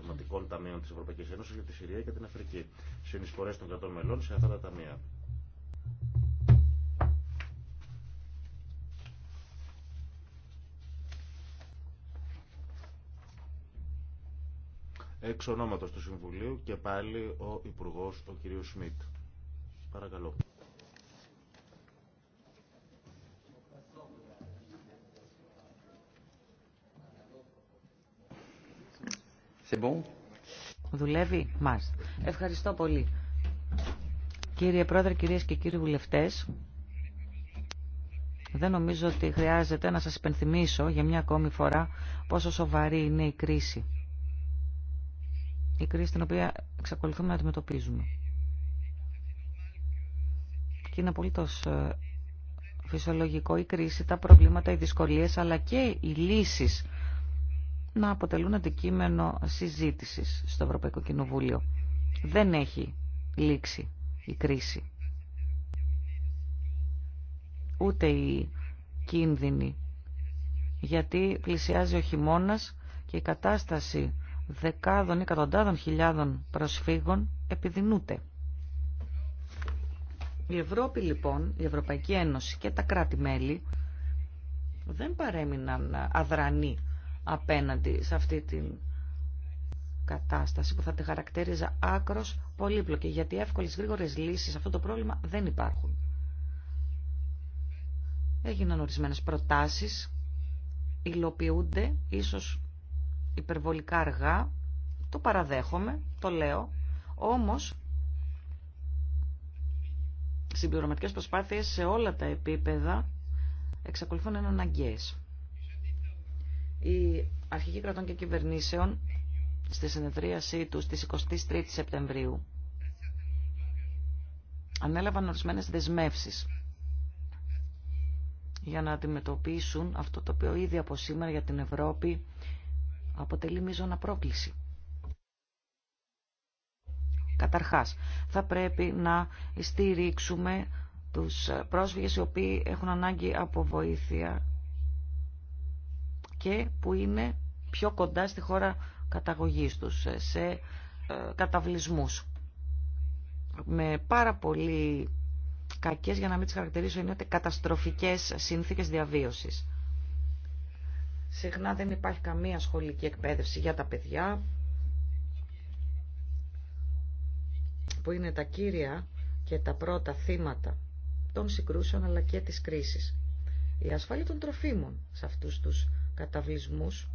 Συνταγματικών Ταμείων της Ευρωπαϊκής Ένωσης για τη Συρία και την Αφρική. συνεισφορές των κρατών μελών σε αυτά τα ταμεία. Εξ ονόματος του Συμβουλίου και πάλι ο Υπουργός, ο κ. Σμιτ. Παρακαλώ. Δουλεύει, μας. Ευχαριστώ πολύ. Κύριε Πρόεδρε, κυρίες και κύριοι βουλευτές, δεν νομίζω ότι χρειάζεται να σας υπενθυμίσω για μια ακόμη φορά πόσο σοβαρή είναι η κρίση. Η κρίση την οποία εξακολουθούμε να αντιμετωπίζουμε. Και είναι απολύτως ε, φυσιολογικό η κρίση, τα προβλήματα, οι δυσκολίες, αλλά και οι λύσεις να αποτελούν αντικείμενο συζήτησης στο Ευρωπαϊκό Κοινοβούλιο. Δεν έχει λήξει η κρίση. Ούτε η κίνδυνη. Γιατί πλησιάζει ο χειμώνας και η κατάσταση δεκάδων ή εκατοντάδων χιλιάδων προσφύγων επιδεινούται. Η Ευρώπη λοιπόν, η Ευρωπαϊκή Ένωση και τα κράτη-μέλη δεν παρέμειναν αδρανοί απέναντι σε αυτή την κατάσταση που θα τη χαρακτήριζα άκρος πολύπλοκη, γιατί εύκολες γρήγορες λύσεις σε αυτό το πρόβλημα δεν υπάρχουν. Έγιναν ορισμένες προτάσεις, υλοποιούνται, ίσως υπερβολικά αργά, το παραδέχομαι, το λέω, όμως συμπληρωματικές προσπάθειες σε όλα τα επίπεδα εξακολουθούν να είναι οι αρχηγοί κρατών και κυβερνήσεων στη συνεδρίασή του της 23 Σεπτεμβρίου ανέλαβαν ορισμένες δεσμεύσεις για να αντιμετωπίσουν αυτό το οποίο ήδη από σήμερα για την Ευρώπη αποτελεί μείζωνα πρόκληση. Καταρχάς, θα πρέπει να στηρίξουμε τους πρόσφυγες οι οποίοι έχουν ανάγκη από βοήθεια και που είναι πιο κοντά στη χώρα καταγωγής τους, ε, σε ε, καταβλισμούς. Με πάρα πολύ κακές, για να μην τις χαρακτηρίσω, είναι ότι καταστροφικές συνθήκες διαβίωσης. Συχνά δεν υπάρχει καμία σχολική εκπαίδευση για τα παιδιά, που είναι τα κύρια και τα πρώτα θύματα των συγκρούσεων αλλά και της κρίσης. Η ασφάλεια των τροφίμων σε αυτούς τους καταβλισμούς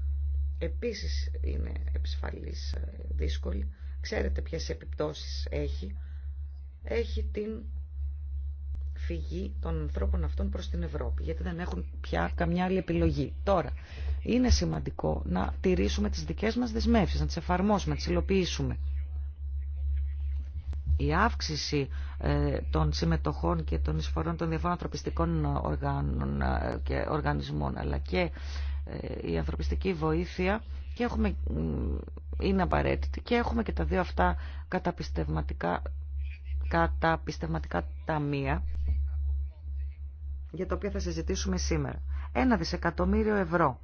επίσης είναι επισφαλής ε, δύσκολη. Ξέρετε ποιες επιπτώσεις έχει. Έχει την φυγή των ανθρώπων αυτών προς την Ευρώπη, γιατί δεν έχουν πια καμιά άλλη επιλογή. Τώρα, είναι σημαντικό να τηρήσουμε τις δικές μας δεσμεύσεις, να τις εφαρμόσουμε, να τις υλοποιήσουμε. Η αύξηση ε, των συμμετοχών και των εισφορών των διαφόρων ανθρωπιστικών οργάνων ε, και οργανισμών, αλλά και ε, η ανθρωπιστική βοήθεια και έχουμε, είναι απαραίτητη και έχουμε και τα δύο αυτά καταπιστευματικά, καταπιστευματικά ταμεία για τα οποία θα συζητήσουμε σήμερα. Ένα δισεκατομμύριο ευρώ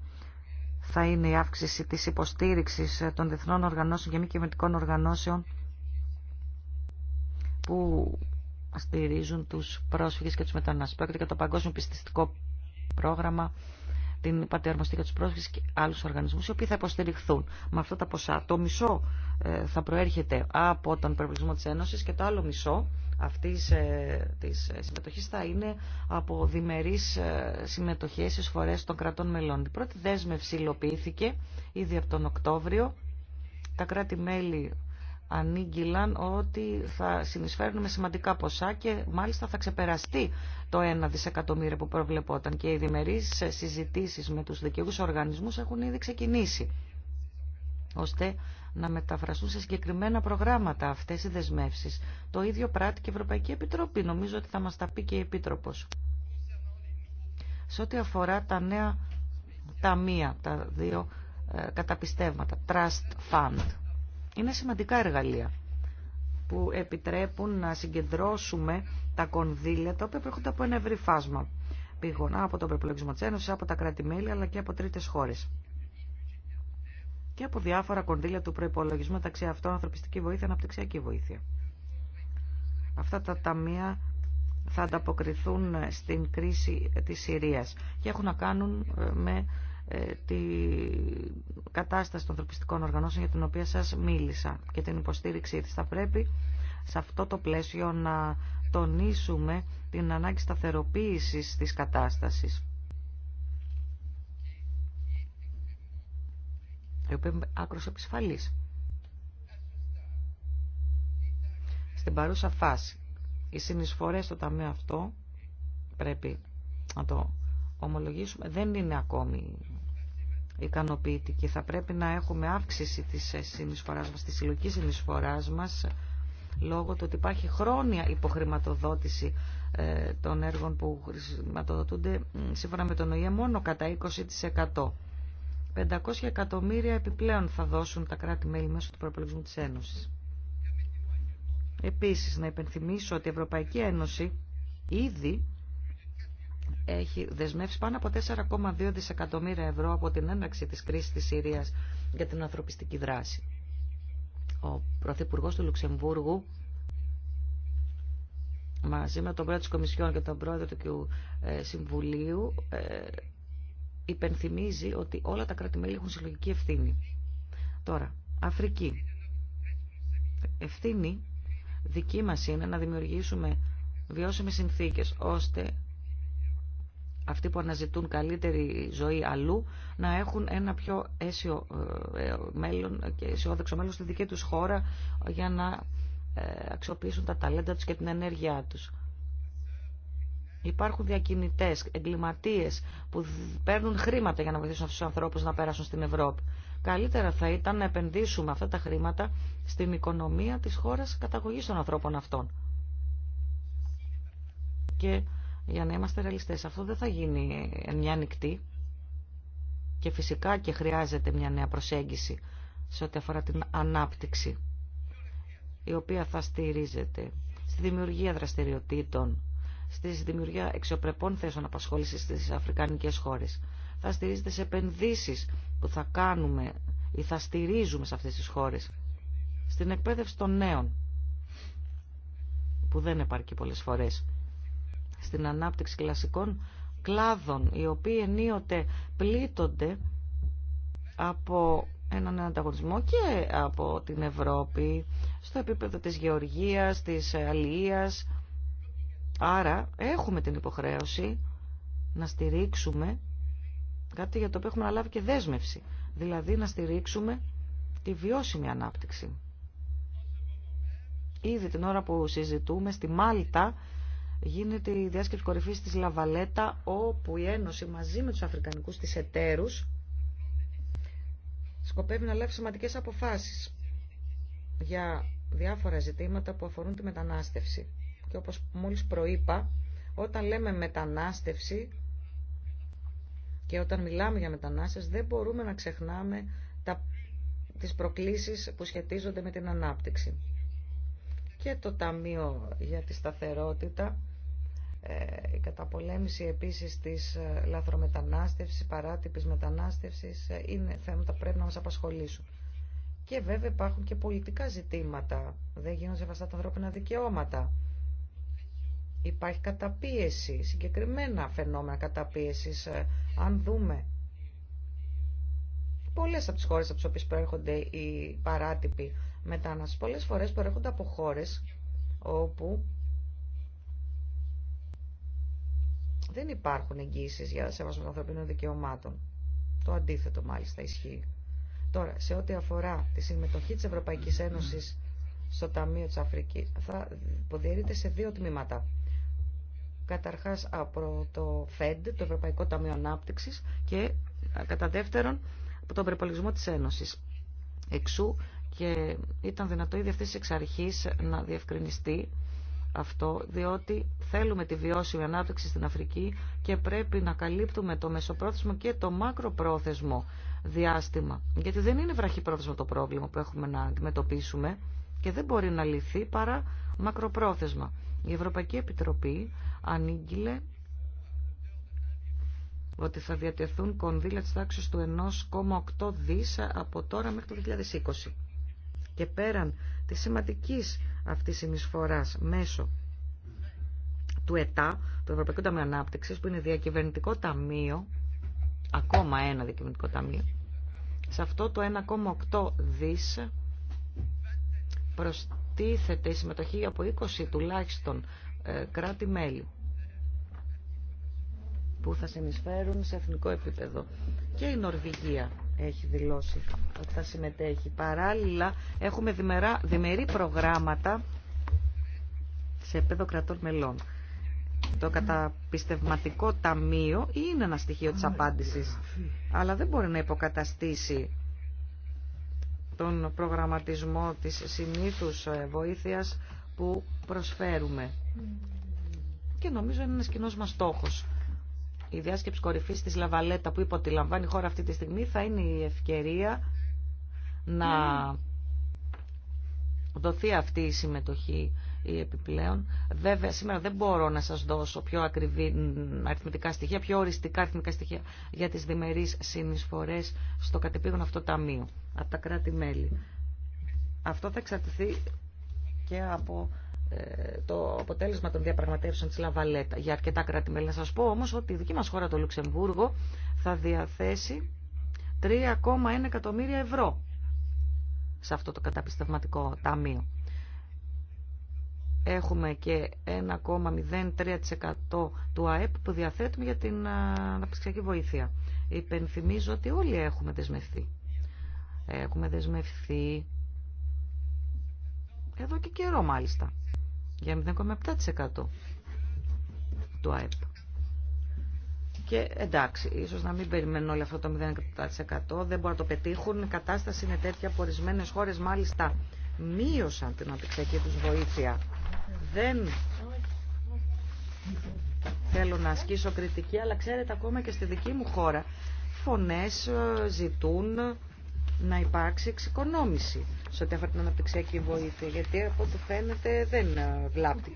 θα είναι η αύξηση της υποστήριξης των διεθνών οργανώσεων και μη κυβερνητικών οργανώσεων που στηρίζουν τους πρόσφυγες και τους μετανάστες. Πρόκειται για το Παγκόσμιο Πιστιστικό Πρόγραμμα την Πατεαρμοστή για τους πρόσφυγες και άλλους οργανισμούς, οι οποίοι θα υποστηριχθούν με αυτά τα ποσά. Το μισό ε, θα προέρχεται από τον περιορισμό της Ένωσης και το άλλο μισό αυτής ε, τη ε, συμμετοχή θα είναι από διμερείς συμμετοχέ στι φορέ των κρατών μελών. Η πρώτη δέσμευση υλοποιήθηκε ήδη από τον Οκτώβριο. Τα κράτη-μέλη ανήγγυλαν ότι θα συνεισφέρουν με σημαντικά ποσά και μάλιστα θα ξεπεραστεί το 1 δισεκατομμύριο που προβλεπόταν και οι διμερείς συζητήσεις με τους δικαιούς οργανισμούς έχουν ήδη ξεκινήσει ώστε να μεταφραστούν σε συγκεκριμένα προγράμματα αυτές οι δεσμεύσεις. Το ίδιο πράττει και η Ευρωπαϊκή Επιτροπή. Νομίζω ότι θα μας τα πει και η Επίτροπος. Σε ό,τι αφορά τα νέα ταμεία, τα δύο ε, καταπιστεύματα, Trust Fund, είναι σημαντικά εργαλεία που επιτρέπουν να συγκεντρώσουμε τα κονδύλια τα οποία προέρχονται από ένα ευρύ φάσμα πήγων από τον προπολογισμό τη Ένωση, από τα κράτη-μέλη αλλά και από τρίτε χώρε. Και από διάφορα κονδύλια του προπολογισμού, μεταξύ αυτών ανθρωπιστική βοήθεια, αναπτυξιακή βοήθεια. Αυτά τα ταμεία θα ανταποκριθούν στην κρίση της Συρίας και έχουν να κάνουν ε, με ε, την κατάσταση των ανθρωπιστικών οργανώσεων για την οποία σας μίλησα και την υποστήριξή της. Θα πρέπει σε αυτό το πλαίσιο να τονίσουμε την ανάγκη σταθεροποίησης της κατάστασης. Η οποία είναι άκρος επισφαλής. Στην παρούσα φάση, οι συνεισφορές στο ταμείο αυτό, πρέπει να το ομολογήσουμε, δεν είναι ακόμη ικανοποιητική. Θα πρέπει να έχουμε αύξηση της συνεισφοράς μας, της συλλογικής συνεισφοράς μας, λόγω του ότι υπάρχει χρόνια υποχρηματοδότηση ε, των έργων που χρηματοδοτούνται σύμφωνα με τον ΟΗΕ μόνο κατά 20%. 500 εκατομμύρια επιπλέον θα δώσουν τα κράτη-μέλη μέσω του προπολογισμού της Ένωσης. Επίσης, να υπενθυμίσω ότι η Ευρωπαϊκή Ένωση ήδη έχει δεσμεύσει πάνω από 4,2 δισεκατομμύρια ευρώ από την έναρξη της κρίσης της Συρίας για την ανθρωπιστική δράση. Ο Πρωθυπουργός του Λουξεμβούργου μαζί με τον πρόεδρο της Κομισιόν και τον πρόεδρο του ε, Συμβουλίου ε, υπενθυμίζει ότι όλα τα κρατη έχουν συλλογική ευθύνη. Τώρα, Αφρική. Ευθύνη δική μας είναι να δημιουργήσουμε βιώσιμες συνθήκες ώστε αυτοί που αναζητούν καλύτερη ζωή αλλού να έχουν ένα πιο αίσιο ε, ε, μέλλον και αισιόδοξο μέλλον στη δική τους χώρα για να ε, αξιοποιήσουν τα ταλέντα τους και την ενέργειά τους. Υπάρχουν διακινητές, εγκληματίες που παίρνουν χρήματα για να βοηθήσουν αυτούς τους ανθρώπους να πέρασουν στην Ευρώπη. Καλύτερα θα ήταν να επενδύσουμε αυτά τα χρήματα στην οικονομία της χώρας καταγωγής των ανθρώπων αυτών. Και για να είμαστε ρεαλιστές. Αυτό δεν θα γίνει μια νυχτή και φυσικά και χρειάζεται μια νέα προσέγγιση σε ό,τι αφορά την ανάπτυξη η οποία θα στηρίζεται στη δημιουργία δραστηριοτήτων, στη δημιουργία εξωπρεπών θέσεων απασχόλησης στις αφρικανικές χώρες. Θα στηρίζεται σε επενδύσεις που θα κάνουμε ή θα στηρίζουμε σε αυτές τις χώρες, στην εκπαίδευση των νέων, που δεν επαρκεί πολλές φορές στην ανάπτυξη κλασικών κλάδων, οι οποίοι ενίοτε πλήττονται από έναν ανταγωνισμό και από την Ευρώπη στο επίπεδο της γεωργίας, της αλληλείας. Άρα έχουμε την υποχρέωση να στηρίξουμε κάτι για το οποίο έχουμε αναλάβει και δέσμευση, δηλαδή να στηρίξουμε τη βιώσιμη ανάπτυξη. Ήδη την ώρα που συζητούμε στη Μάλτα γίνεται η διάσκεψη κορυφής της Λαβαλέτα, όπου η Ένωση μαζί με τους Αφρικανικούς της εταίρους σκοπεύει να λάβει σημαντικές αποφάσεις για διάφορα ζητήματα που αφορούν τη μετανάστευση. Και όπως μόλις προείπα, όταν λέμε μετανάστευση και όταν μιλάμε για μετανάστες, δεν μπορούμε να ξεχνάμε τα, τις προκλήσεις που σχετίζονται με την ανάπτυξη. Και το Ταμείο για τη Σταθερότητα ε, η καταπολέμηση επίσης της ε, λαθρομετανάστευσης, παράτυπης μετανάστευσης ε, είναι θέματα που πρέπει να μας απασχολήσουν. Και βέβαια υπάρχουν και πολιτικά ζητήματα. Δεν γίνονται βαστά τα ανθρώπινα δικαιώματα. Υπάρχει καταπίεση, συγκεκριμένα φαινόμενα καταπίεσης. Αν δούμε πολλές από τις χώρες από τις οποίες προέρχονται οι παράτυποι μετανάστες, πολλές φορές προέρχονται από χώρες όπου δεν υπάρχουν εγγύσει για σεβασμό των ανθρωπίνων δικαιωμάτων. Το αντίθετο μάλιστα ισχύει. Τώρα, σε ό,τι αφορά τη συμμετοχή τη Ευρωπαϊκής Ένωση στο Ταμείο της Αφρικής, θα υποδιαιρείται σε δύο τμήματα. Καταρχάς από το ΦΕΔ, το Ευρωπαϊκό Ταμείο Ανάπτυξης και κατά δεύτερον από τον προπολογισμό τη Ένωση. Εξού και ήταν δυνατό ήδη αυτής εξ αρχή να διευκρινιστεί αυτό, διότι θέλουμε τη βιώσιμη ανάπτυξη στην Αφρική και πρέπει να καλύπτουμε το μεσοπρόθεσμο και το μακροπρόθεσμο διάστημα. Γιατί δεν είναι βραχυπρόθεσμο το πρόβλημα που έχουμε να αντιμετωπίσουμε και δεν μπορεί να λυθεί παρά μακροπρόθεσμα. Η Ευρωπαϊκή Επιτροπή ανήγγειλε ότι θα διατεθούν κονδύλια της τάξης του 1,8 δις από τώρα μέχρι το 2020. Και πέραν τη σημαντικής αυτής συνεισφοράς μέσω του ΕΤΑ, του Ευρωπαϊκού Ταμείου Ανάπτυξη, που είναι διακυβερνητικό ταμείο, ακόμα ένα διακυβερνητικό ταμείο, σε αυτό το 1,8 δι προστίθεται η συμμετοχή από 20 τουλάχιστον ε, κράτη-μέλη που θα συνεισφέρουν σε εθνικό επίπεδο. Και η Νορβηγία έχει δηλώσει ότι θα συμμετέχει. Παράλληλα, έχουμε διμερά, προγράμματα σε επίπεδο κρατών μελών. Το καταπιστευματικό ταμείο είναι ένα στοιχείο της απάντησης, αλλά δεν μπορεί να υποκαταστήσει τον προγραμματισμό της συνήθους ε, βοήθειας που προσφέρουμε. Και νομίζω είναι ένας κοινός μας στόχος. Η διάσκεψη κορυφή τη Λαβαλέτα που είπε ότι λαμβάνει η χώρα αυτή τη στιγμή θα είναι η ευκαιρία να δοθεί αυτή η συμμετοχή ή επιπλέον. Βέβαια, σήμερα δεν μπορώ να σας δώσω πιο ακριβή αριθμητικά στοιχεία, πιο οριστικά αριθμητικά στοιχεία για τις διμερεί συνεισφορέ στο κατεπήγον αυτό ταμείο, από τα κράτη-μέλη. Αυτό θα εξαρτηθεί και από ε, το αποτέλεσμα των διαπραγματεύσεων της Λαβαλέτα για αρκετά κράτη-μέλη. Να σας πω όμως ότι η δική μας χώρα, το Λουξεμβούργο, θα διαθέσει 3,1 εκατομμύρια ευρώ σε αυτό το καταπιστευματικό ταμείο. Έχουμε και 1,03% του ΑΕΠ που διαθέτουμε για την ε, αναπτυξιακή βοήθεια. Υπενθυμίζω ότι όλοι έχουμε δεσμευθεί. Έχουμε δεσμευθεί εδώ και καιρό μάλιστα για 0,7% του ΑΕΠ. Και εντάξει, ίσως να μην περιμένουν όλο αυτό το 0,7%, δεν μπορούν να το πετύχουν. Η κατάσταση είναι τέτοια που ορισμένε χώρες μάλιστα μείωσαν την αναπτυξιακή τους βοήθεια. Δεν θέλω να ασκήσω κριτική, αλλά ξέρετε ακόμα και στη δική μου χώρα φωνές ε, ζητούν να υπάρξει εξοικονόμηση σε ό,τι αφορά την αναπτυξιακή βοήθεια, γιατί από ό,τι φαίνεται δεν ε, βλάπτει.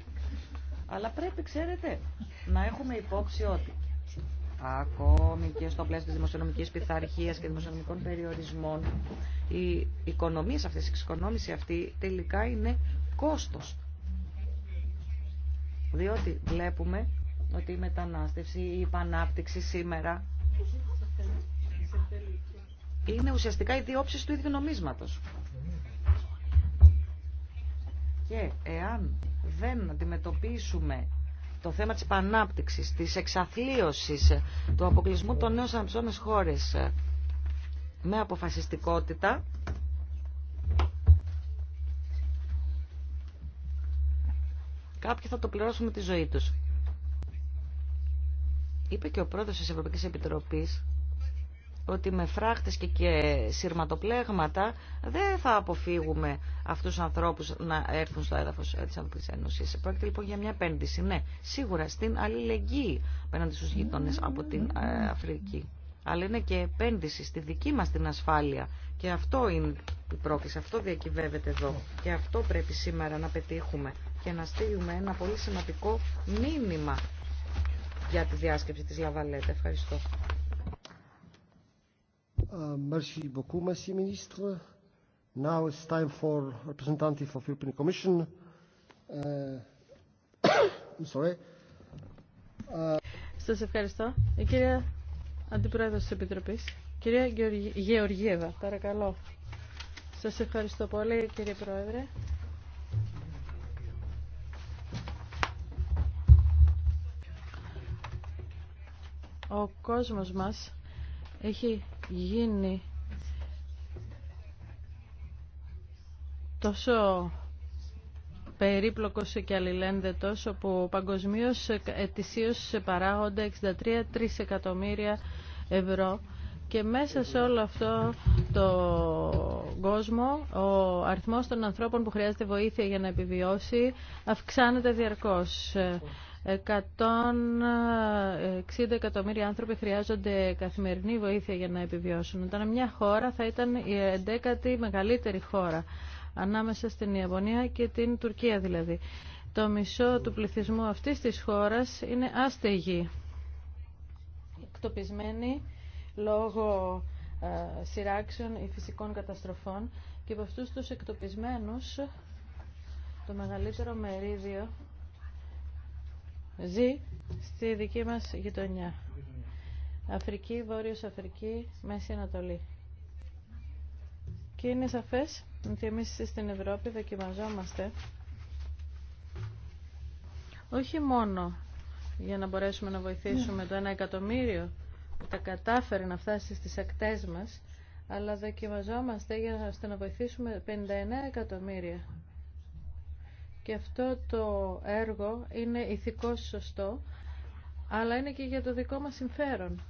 Αλλά πρέπει, ξέρετε, να έχουμε υπόψη ότι ακόμη και στο πλαίσιο της δημοσιονομικής πειθαρχίας και δημοσιονομικών περιορισμών η οικονομία, αυτή η εξοικονόμηση αυτή τελικά είναι κόστος. Διότι βλέπουμε ότι η μετανάστευση, η επανάπτυξη σήμερα είναι ουσιαστικά οι δύο του ίδιου νομίσματος. Και εάν δεν αντιμετωπίσουμε το θέμα της πανάπτυξης, της εξαθλίωσης, του αποκλεισμού των νέων αναψώνες χώρες ε, με αποφασιστικότητα, κάποιοι θα το πληρώσουν με τη ζωή τους. Είπε και ο πρόεδρος της Ευρωπαϊκής Επιτροπής ότι με φράχτες και, και σειρματοπλέγματα δεν θα αποφύγουμε αυτούς τους ανθρώπους να έρθουν στο έδαφος ε, της Ανθρωπής Ένωσης. Πρόκειται λοιπόν για μια επένδυση, ναι, σίγουρα στην αλληλεγγύη απέναντι στους γείτονες από την ε, Αφρική. Αλλά είναι και επένδυση στη δική μας την ασφάλεια. Και αυτό είναι η πρόκληση, αυτό διακυβεύεται εδώ. Και αυτό πρέπει σήμερα να πετύχουμε και να στείλουμε ένα πολύ σημαντικό μήνυμα για τη διάσκεψη της Λαβαλέτα. Ευχαριστώ. Ε, merci beaucoup, Monsieur Ministre. Now it's time for representative of European Commission. I'm ε, sorry. Uh, Σας ευχαριστώ. Η κυρία Αντιπρόεδρος της Επιτροπής, κυρία Γεωργίευα, παρακαλώ. Σας ευχαριστώ πολύ, κύριε Πρόεδρε. Ο κόσμος μας έχει γίνει τόσο περίπλοκος και αλληλένδετος όπου παγκοσμίω ετησίως παράγονται 63 εκατομμύρια ευρώ και μέσα σε όλο αυτό το κόσμο ο αριθμός των ανθρώπων που χρειάζεται βοήθεια για να επιβιώσει αυξάνεται διαρκώς. 160 εκατομμύρια άνθρωποι χρειάζονται καθημερινή βοήθεια για να επιβιώσουν. Ήταν μια χώρα, θα ήταν η 11η μεγαλύτερη χώρα ανάμεσα στην Ιαπωνία και την Τουρκία δηλαδή. Το μισό του πληθυσμού αυτής της χώρας είναι άστεγοι, εκτοπισμένοι λόγω ε, σειράξεων ή φυσικών καταστροφών και από αυτούς τους εκτοπισμένους το μεγαλύτερο μερίδιο ζει στη δική μας γειτονιά. Αφρική, Βόρειος Αφρική, Μέση Ανατολή. Και είναι σαφές ότι εμείς στην Ευρώπη δοκιμαζόμαστε όχι μόνο για να μπορέσουμε να βοηθήσουμε το ένα εκατομμύριο που τα κατάφερε να φτάσει στις ακτές μας, αλλά δοκιμαζόμαστε για να, να βοηθήσουμε 59 εκατομμύρια και αυτό το έργο είναι ηθικό σωστό, αλλά είναι και για το δικό μας συμφέρον.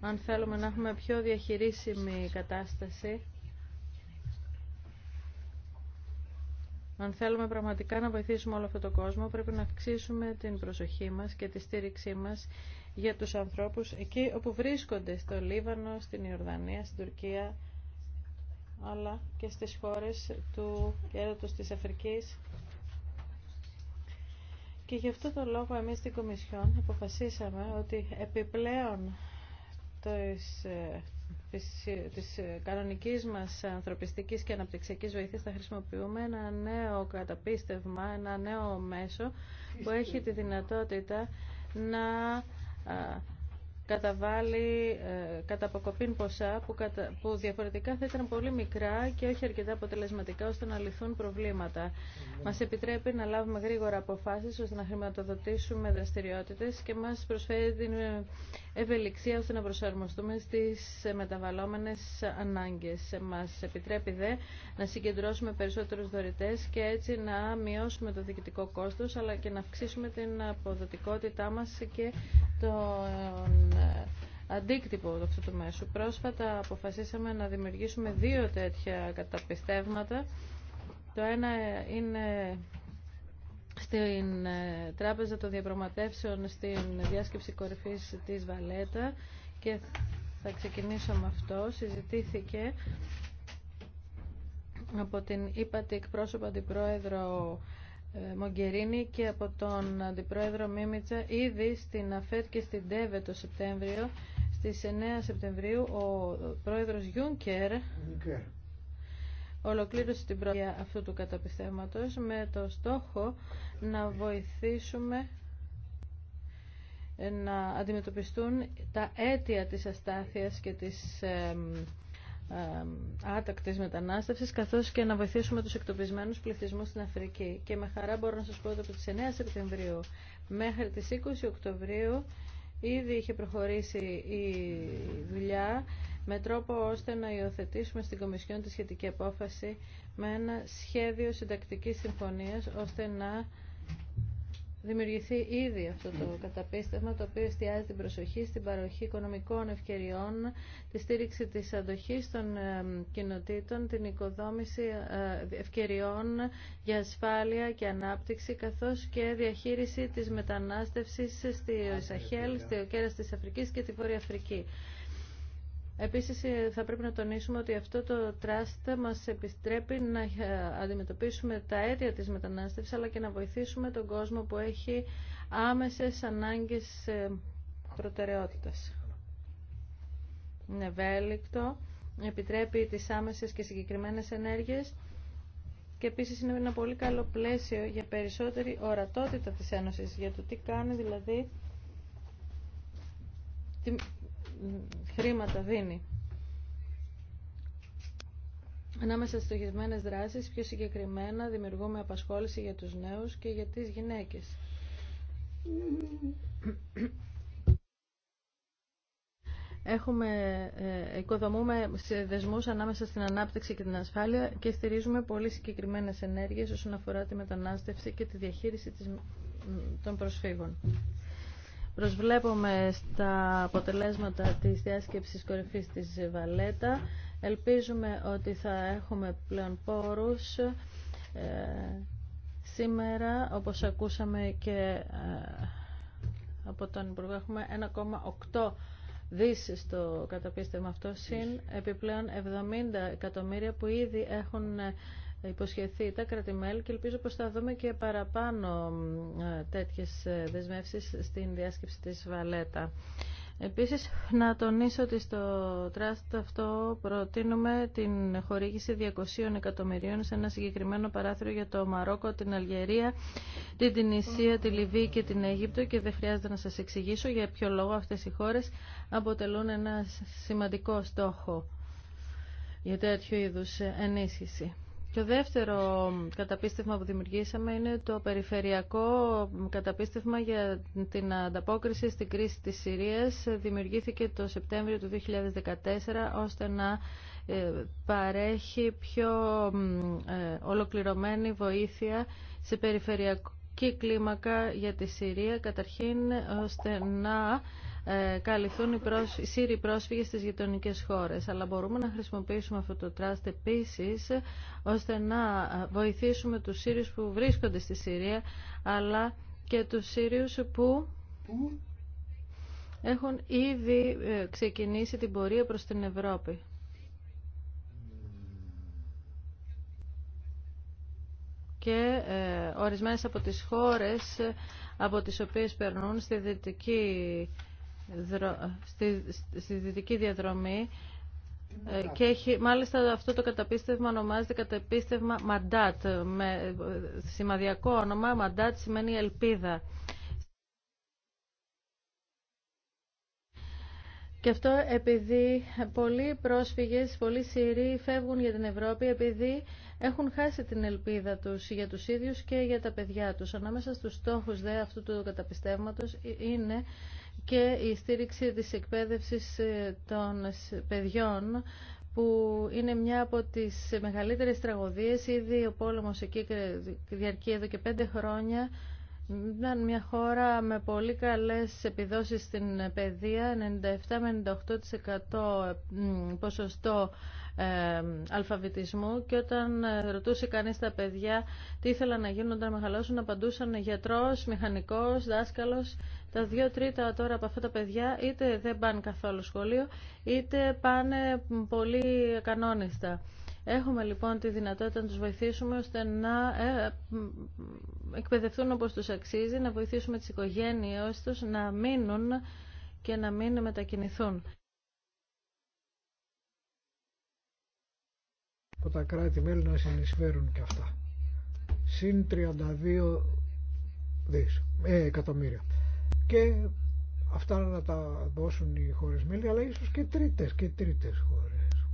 Αν θέλουμε να έχουμε πιο διαχειρίσιμη κατάσταση, αν θέλουμε πραγματικά να βοηθήσουμε όλο αυτό το κόσμο, πρέπει να αυξήσουμε την προσοχή μας και τη στήριξή μας για τους ανθρώπους εκεί όπου βρίσκονται, στο Λίβανο, στην Ιορδανία, στην Τουρκία, αλλά και στις χώρες του κέρατος της Αφρικής. Και γι' αυτό το λόγο εμείς στην Κομισιόν αποφασίσαμε ότι επιπλέον της, ε, της, της κανονικής μας ανθρωπιστικής και αναπτυξιακής βοήθειας θα χρησιμοποιούμε ένα νέο καταπίστευμα, ένα νέο μέσο που έχει τη δυνατότητα να καταβάλει ε, κατά αποκοπήν ποσά που, κατα... που διαφορετικά θα ήταν πολύ μικρά και όχι αρκετά αποτελεσματικά ώστε να λυθούν προβλήματα. Μας επιτρέπει να λάβουμε γρήγορα αποφάσεις ώστε να χρηματοδοτήσουμε δραστηριότητες και μας προσφέρει την ευελιξία ώστε να προσαρμοστούμε στις μεταβαλλόμενες ανάγκες. Μας επιτρέπει δε να συγκεντρώσουμε περισσότερους δωρητές και έτσι να μειώσουμε το διοικητικό κόστος αλλά και να αυξήσουμε την αποδοτικότητά μας και τον ε, αντίκτυπο αυτού του μέσου. Πρόσφατα αποφασίσαμε να δημιουργήσουμε δύο τέτοια καταπιστεύματα. Το ένα είναι στην ε, Τράπεζα των Διαπραγματεύσεων στην διάσκεψη κορυφής της Βαλέτα και θα ξεκινήσω με αυτό. Συζητήθηκε από την ύπατη εκπρόσωπα αντιπρόεδρο ε, Μογκερίνη και από τον Αντιπρόεδρο Μίμητσα ήδη στην ΑΦΕΤ και στην ΤΕΒΕ το Σεπτέμβριο στις 9 Σεπτεμβρίου ο πρόεδρος Γιούνκερ ολοκλήρωσε την πρόεδρο αυτού του καταπιστεύματος με το στόχο να βοηθήσουμε ε, να αντιμετωπιστούν τα αίτια της αστάθειας και της ε, Άτακτη μετανάστευση, καθώς και να βοηθήσουμε τους εκτοπισμένους πληθυσμούς στην Αφρική. Και με χαρά μπορώ να σας πω ότι από τις 9 Σεπτεμβρίου μέχρι τις 20 Οκτωβρίου ήδη είχε προχωρήσει η δουλειά με τρόπο ώστε να υιοθετήσουμε στην Κομισιόν τη σχετική απόφαση με ένα σχέδιο συντακτικής συμφωνίας ώστε να δημιουργηθεί ήδη αυτό το καταπίστευμα το οποίο εστιάζει την προσοχή στην παροχή οικονομικών ευκαιριών, τη στήριξη της αντοχής των ε, κοινοτήτων, την οικοδόμηση ε, ευκαιριών για ασφάλεια και ανάπτυξη καθώς και διαχείριση της μετανάστευσης στη Σαχέλ, στη κέρας της Αφρικής και τη Βόρεια Αφρική. Επίσης ε, θα πρέπει να τονίσουμε ότι αυτό το τράστα μας επιστρέπει να ε, αντιμετωπίσουμε τα αίτια της μετανάστευσης αλλά και να βοηθήσουμε τον κόσμο που έχει άμεσες ανάγκες ε, προτεραιότητας. Είναι ευέλικτο, επιτρέπει τις άμεσες και συγκεκριμένες ενέργειες και επίσης είναι ένα πολύ καλό πλαίσιο για περισσότερη ορατότητα της Ένωσης για το τι κάνει δηλαδή χρήματα δίνει. Ανάμεσα στις στοχευμένες δράσεις, πιο συγκεκριμένα, δημιουργούμε απασχόληση για τους νέους και για τις γυναίκες. Έχουμε, ε, οικοδομούμε δεσμούς ανάμεσα στην ανάπτυξη και την ασφάλεια και στηρίζουμε πολύ συγκεκριμένες ενέργειες όσον αφορά τη μετανάστευση και τη διαχείριση των προσφύγων. Προσβλέπουμε στα αποτελέσματα της διάσκεψης κορυφής της Βαλέτα. Ελπίζουμε ότι θα έχουμε πλέον πόρους ε, σήμερα, όπως ακούσαμε και ε, από τον Υπουργό, έχουμε 1,8 δις στο καταπίστευμα αυτό, συν επιπλέον 70 εκατομμύρια που ήδη έχουν ε, υποσχεθεί τα κρατημέλη και ελπίζω πως θα δούμε και παραπάνω ε, τέτοιες ε, δεσμεύσεις στην διάσκεψη της Βαλέτα. Επίσης, να τονίσω ότι στο τράστ αυτό προτείνουμε την χορήγηση 200 εκατομμυρίων σε ένα συγκεκριμένο παράθυρο για το Μαρόκο, την Αλγερία, την Τινησία, τη Λιβύη και την Αίγυπτο και δεν χρειάζεται να σας εξηγήσω για ποιο λόγο αυτές οι χώρες αποτελούν ένα σημαντικό στόχο για τέτοιου είδους ε, ενίσχυση. Το δεύτερο καταπίστευμα που δημιουργήσαμε είναι το περιφερειακό καταπίστευμα για την ανταπόκριση στην κρίση της Συρίας. Δημιουργήθηκε το Σεπτέμβριο του 2014 ώστε να ε, παρέχει πιο ε, ολοκληρωμένη βοήθεια σε περιφερειακή κλίμακα για τη Συρία καταρχήν ώστε να ε, καλυφθούν οι Σύριοι πρόσφυγες στις γειτονικέ χώρες. Αλλά μπορούμε να χρησιμοποιήσουμε αυτό το τράστ επίση, ώστε να ε, βοηθήσουμε τους Σύριους που βρίσκονται στη Συρία αλλά και τους Σύριους που έχουν ήδη ε, ξεκινήσει την πορεία προς την Ευρώπη. και ορισμένες από τις χώρες από τις οποίες περνούν στη Δυτική στη, στη δυτική διαδρομή ε, και έχει, μάλιστα αυτό το καταπίστευμα ονομάζεται καταπίστευμα Μαντάτ με ε, σημαδιακό όνομα Μαντάτ σημαίνει ελπίδα Και αυτό επειδή πολλοί πρόσφυγες, πολλοί Σύριοι φεύγουν για την Ευρώπη επειδή έχουν χάσει την ελπίδα τους για τους ίδιους και για τα παιδιά τους. Ανάμεσα στους στόχους δε αυτού του καταπιστεύματος ε, είναι και η στήριξη της εκπαίδευσης ε, των παιδιών που είναι μια από τις μεγαλύτερες τραγωδίες. Ήδη ο πόλεμος εκεί διαρκεί εδώ και πέντε χρόνια. Ήταν μια χώρα με πολύ καλές επιδόσεις στην παιδεία, 97 με 98% ε, ποσοστό αλφαβητισμού και όταν ε, ρωτούσε κανείς τα παιδιά τι ήθελαν να γίνουν όταν μεγαλώσουν, απαντούσαν γιατρός, μηχανικός, δάσκαλος. Τα δύο τρίτα τώρα από αυτά τα παιδιά είτε δεν πάνε καθόλου σχολείο, είτε πάνε πολύ κανόνιστα. Έχουμε λοιπόν τη δυνατότητα να τους βοηθήσουμε ώστε να ε, εκπαιδευτούν όπως τους αξίζει, να βοηθήσουμε τις οικογένειές τους να μείνουν και να μην μετακινηθούν. ...που τα κράτη-μέλη να συνεισφέρουν και αυτά. Συν 32 δις, ε, εκατομμύρια. Και αυτά να τα δώσουν οι χώρες μέλη, αλλά ίσως και τρίτες και τρίτες χώρες.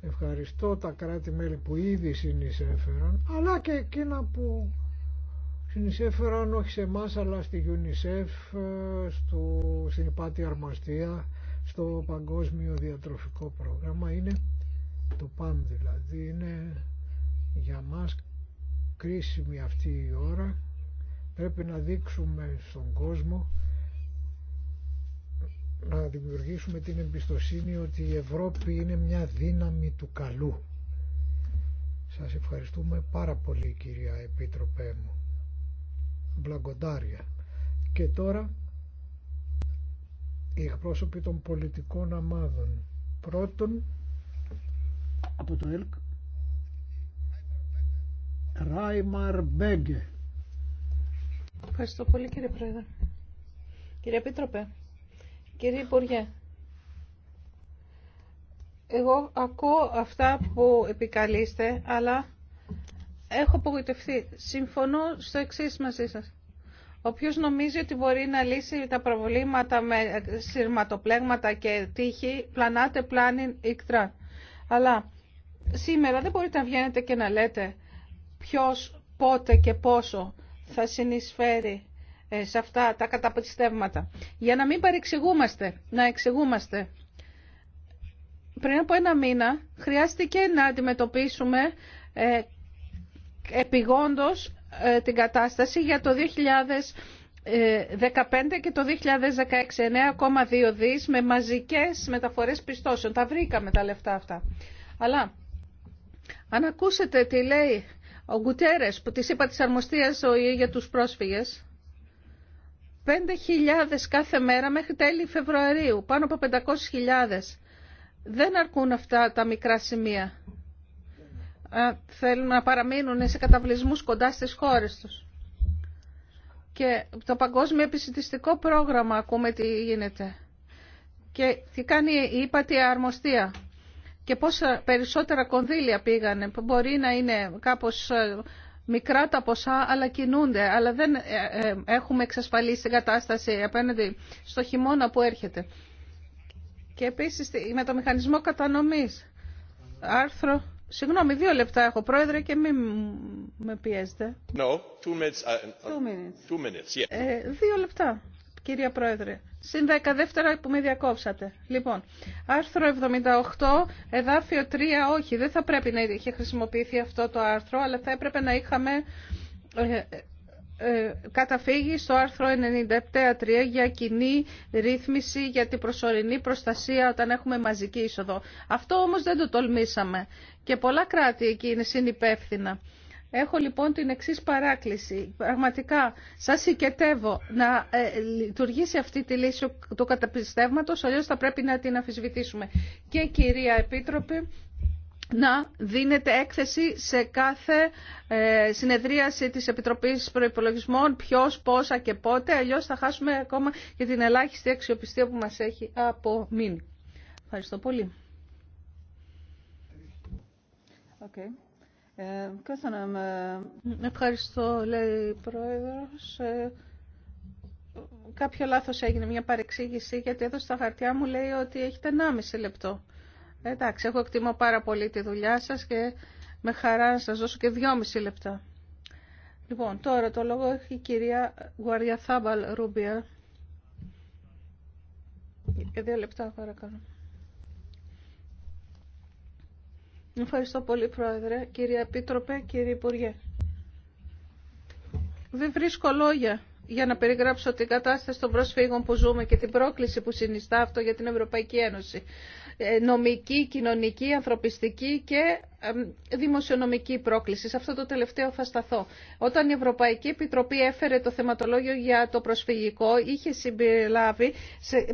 Ευχαριστώ τα κράτη-μέλη που ήδη συνεισέφεραν, αλλά και εκείνα που συνεισέφεραν όχι σε εμά αλλά στη UNICEF, ε, στο, στην Υπάτη Αρμαστία στο παγκόσμιο διατροφικό πρόγραμμα είναι το ΠΑΜ δηλαδή είναι για μας κρίσιμη αυτή η ώρα πρέπει να δείξουμε στον κόσμο να δημιουργήσουμε την εμπιστοσύνη ότι η Ευρώπη είναι μια δύναμη του καλού. Σας ευχαριστούμε πάρα πολύ κυρία Επίτροπέ μου. Βλαγκοντάρια. Και τώρα οι εκπρόσωποι των πολιτικών αμάδων. Πρώτον, από το ΕΛΚ, Ράιμαρ Μπέγκε. Ευχαριστώ πολύ κύριε Πρόεδρε. Κύριε Επίτροπε, κύριε Υπουργέ, εγώ ακούω αυτά που επικαλείστε, αλλά έχω απογοητευτεί. Συμφωνώ στο εξής μαζί σας. Οποιο νομίζει ότι μπορεί να λύσει τα προβλήματα με σειρματοπλέγματα και τύχη, πλανάτε πλάνη ικτρά. Αλλά σήμερα δεν μπορείτε να βγαίνετε και να λέτε ποιος, πότε και πόσο θα συνεισφέρει ε, σε αυτά τα καταπιστεύματα. Για να μην παρεξηγούμαστε, να εξηγούμαστε. Πριν από ένα μήνα χρειάστηκε να αντιμετωπίσουμε ε, επιγόντως ε, την κατάσταση για το 2015 και το 2016 9,2 δις με μαζικές μεταφορές πιστώσεων. Τα βρήκαμε τα λεφτά αυτά. Αλλά αν ακούσετε τι λέει ο Γκουτέρες που της είπα της αρμοστίας για τους πρόσφυγες 5.000 κάθε μέρα μέχρι τέλη Φεβρουαρίου, πάνω από 500.000. Δεν αρκούν αυτά τα μικρά σημεία. Ε, θέλουν να παραμείνουν σε καταβλισμούς κοντά στις χώρες τους. Και το παγκόσμιο επισητιστικό πρόγραμμα ακούμε τι γίνεται. Και τι κάνει η ύπατη αρμοστία. Και πόσα περισσότερα κονδύλια πήγανε. Μπορεί να είναι κάπως ε, μικρά τα ποσά, αλλά κινούνται. Αλλά δεν ε, έχουμε εξασφαλίσει την κατάσταση απέναντι στο χειμώνα που έρχεται. Και επίσης με το μηχανισμό κατανομής. Άρθρο Συγγνώμη, δύο λεπτά έχω, Πρόεδρε, και μην με πιέζετε. No, two minutes. Uh, uh, two minutes. Two minutes ε, δύο λεπτά, κυρία Πρόεδρε. Συν δεκαδεύτερα που με διακόψατε. Λοιπόν, άρθρο 78, εδάφιο 3, όχι, δεν θα πρέπει να είχε χρησιμοποιηθεί αυτό το άρθρο, αλλά θα έπρεπε να είχαμε ε, ε, καταφύγει στο άρθρο 97.3 για κοινή ρύθμιση για την προσωρινή προστασία όταν έχουμε μαζική είσοδο. Αυτό όμως δεν το τολμήσαμε και πολλά κράτη εκεί είναι συνυπεύθυνα. Έχω λοιπόν την εξή παράκληση. Πραγματικά σας συγκετεύω να ε, λειτουργήσει αυτή τη λύση του καταπιστεύματος, αλλιώς θα πρέπει να την αφισβητήσουμε. Και κυρία Επίτροπη, να δίνεται έκθεση σε κάθε ε, συνεδρίαση της Επιτροπής Προϋπολογισμών ποιος, πόσα και πότε, αλλιώς θα χάσουμε ακόμα και την ελάχιστη αξιοπιστία που μας έχει απομείνει. Ευχαριστώ πολύ. Okay. Ε, ε, Ευχαριστώ, λέει η Πρόεδρος. κάποιο λάθος έγινε, μια παρεξήγηση, γιατί εδώ στα χαρτιά μου λέει ότι έχετε 1,5 λεπτό. Εντάξει, εγώ εκτιμώ πάρα πολύ τη δουλειά σας και με χαρά να σας δώσω και δυόμιση λεπτά. Λοιπόν, τώρα το λόγο έχει η κυρία Γουαριαθάμπαλ Ρούμπια. Για δύο λεπτά, παρακαλώ. Ευχαριστώ πολύ, Πρόεδρε. Κύριε Επίτροπε, κύριε Υπουργέ. Δεν βρίσκω λόγια για να περιγράψω την κατάσταση των προσφύγων που ζούμε και την πρόκληση που συνιστά αυτό για την Ευρωπαϊκή Ένωση. Ε, νομική, κοινωνική, ανθρωπιστική και δημοσιονομική πρόκληση. Σε αυτό το τελευταίο θα σταθώ. Όταν η Ευρωπαϊκή Επιτροπή έφερε το θεματολόγιο για το προσφυγικό, είχε συμπεριλάβει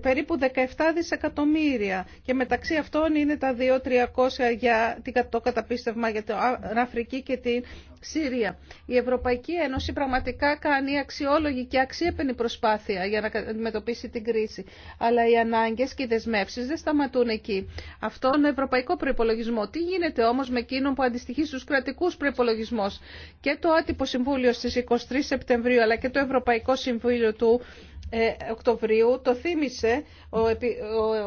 περίπου 17 δισεκατομμύρια και μεταξύ αυτών είναι τα 2-300 για το καταπίστευμα για την Αφρική και την Σύρια. Η Ευρωπαϊκή Ένωση πραγματικά κάνει αξιόλογη και αξιέπαινη προσπάθεια για να αντιμετωπίσει την κρίση. Αλλά οι ανάγκε και οι δεσμεύσει δεν σταματούν εκεί. Αυτόν ευρωπαϊκό προπολογισμό. Τι γίνεται όμω με εκείνον που αντιστοιχεί στους κρατικούς προπολογισμού. Και το άτυπο συμβούλιο στις 23 Σεπτεμβρίου αλλά και το Ευρωπαϊκό Συμβούλιο του Οκτωβρίου, το θύμισε ο, επι,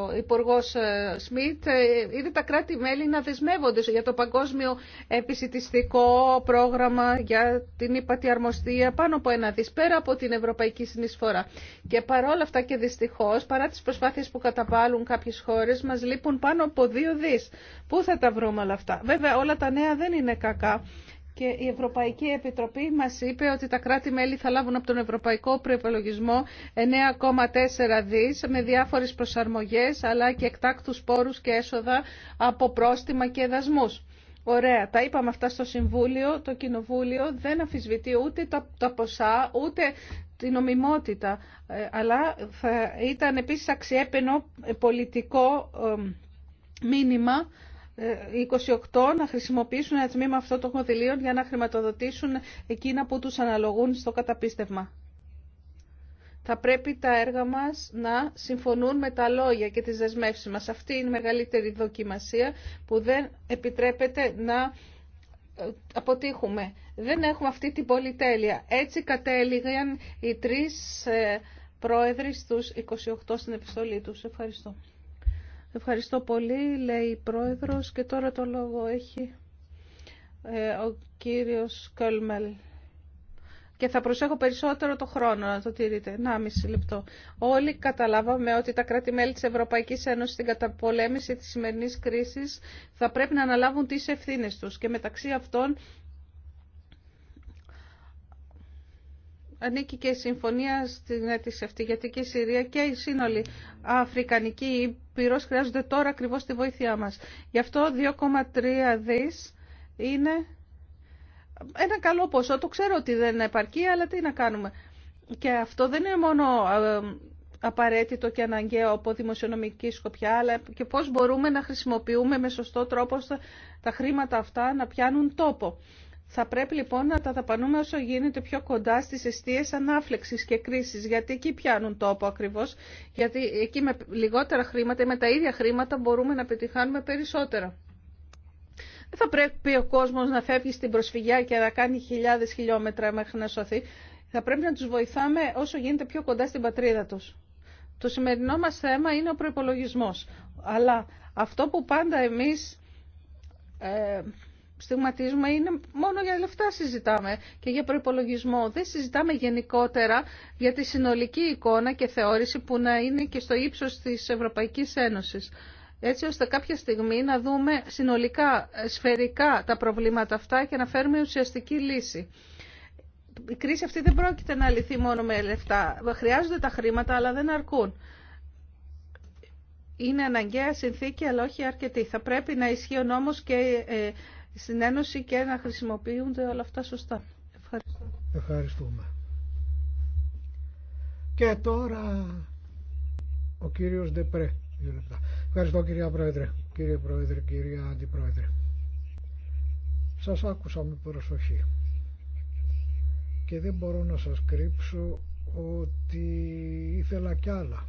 ο Υπουργός ε, Σμιτ, ε, είδε τα κράτη-μέλη να δεσμεύονται για το παγκόσμιο επισητιστικό πρόγραμμα για την υπατιαρμοστία πάνω από ένα δις, πέρα από την ευρωπαϊκή συνεισφορά. Και παρόλα αυτά και δυστυχώς, παρά τις προσπάθειες που καταβάλουν κάποιες χώρες, μας λείπουν πάνω από δύο δις. Πού θα τα βρούμε όλα αυτά. Βέβαια όλα τα νέα δεν είναι κακά. Και η Ευρωπαϊκή Επιτροπή μας είπε ότι τα κράτη-μέλη θα λάβουν από τον Ευρωπαϊκό Προϋπολογισμό 9,4 δις με διάφορες προσαρμογές αλλά και εκτάκτους πόρους και έσοδα από πρόστιμα και δασμούς. Ωραία, τα είπαμε αυτά στο Συμβούλιο, το Κοινοβούλιο δεν αφισβητεί ούτε τα, τα ποσά, ούτε την νομιμότητα, ε, αλλά θα ήταν επίσης αξιέπαινο πολιτικό ε, μήνυμα 28 να χρησιμοποιήσουν ένα τμήμα αυτών των κονδυλίων για να χρηματοδοτήσουν εκείνα που τους αναλογούν στο καταπίστευμα. Θα πρέπει τα έργα μας να συμφωνούν με τα λόγια και τις δεσμεύσεις μας. Αυτή είναι η μεγαλύτερη δοκιμασία που δεν επιτρέπεται να ε, αποτύχουμε. Δεν έχουμε αυτή την πολυτέλεια. Έτσι κατέληγαν οι τρεις ε, πρόεδροι στους 28 στην επιστολή τους. Ευχαριστώ. Ευχαριστώ πολύ, λέει η Πρόεδρος και τώρα το λόγο έχει ε, ο κύριος Κόλμελ. Και θα προσέχω περισσότερο το χρόνο να το τηρείτε. Να, μισή λεπτό. Όλοι καταλάβαμε ότι τα κράτη-μέλη της Ευρωπαϊκής Ένωσης στην καταπολέμηση της σημερινής κρίσης θα πρέπει να αναλάβουν τις ευθύνες τους. Και μεταξύ αυτών ανήκει και η συμφωνία στην αίτηση αυτή, γιατί και η Συρία και η σύνολη Αφρικανική πυρός χρειάζονται τώρα ακριβώς τη βοήθειά μας. Γι' αυτό 2,3 δις είναι ένα καλό ποσό. Το ξέρω ότι δεν επαρκεί, αλλά τι να κάνουμε. Και αυτό δεν είναι μόνο απαραίτητο και αναγκαίο από δημοσιονομική σκοπιά, αλλά και πώς μπορούμε να χρησιμοποιούμε με σωστό τρόπο τα χρήματα αυτά να πιάνουν τόπο. Θα πρέπει λοιπόν να τα δαπανούμε όσο γίνεται πιο κοντά στις αιστείες ανάφλεξης και κρίσης, γιατί εκεί πιάνουν τόπο ακριβώς, γιατί εκεί με λιγότερα χρήματα ή με τα ίδια χρήματα μπορούμε να πετυχάνουμε περισσότερα. Δεν θα πρέπει ο κόσμος να φεύγει στην προσφυγιά και να κάνει χιλιάδες χιλιόμετρα μέχρι να σωθεί. Θα πρέπει να τους βοηθάμε όσο γίνεται πιο κοντά στην πατρίδα τους. Το σημερινό μας θέμα είναι ο προπολογισμό. Αλλά αυτό που πάντα εμείς... Ε, στιγματίζουμε είναι μόνο για λεφτά συζητάμε και για προϋπολογισμό. Δεν συζητάμε γενικότερα για τη συνολική εικόνα και θεώρηση που να είναι και στο ύψος της Ευρωπαϊκής Ένωσης. Έτσι ώστε κάποια στιγμή να δούμε συνολικά, σφαιρικά τα προβλήματα αυτά και να φέρουμε ουσιαστική λύση. Η κρίση αυτή δεν πρόκειται να λυθεί μόνο με λεφτά. Χρειάζονται τα χρήματα αλλά δεν αρκούν. Είναι αναγκαία συνθήκη αλλά όχι αρκετή. Θα πρέπει να ο νόμος και ε, στην Ένωση και να χρησιμοποιούνται όλα αυτά σωστά. Ευχαριστώ. Ευχαριστούμε. Και τώρα ο κύριος Ντεπρέ. Ευχαριστώ κυρία Πρόεδρε, κύριε Πρόεδρε, κυρία Αντιπρόεδρε. Σας άκουσα με προσοχή και δεν μπορώ να σας κρύψω ότι ήθελα κι άλλα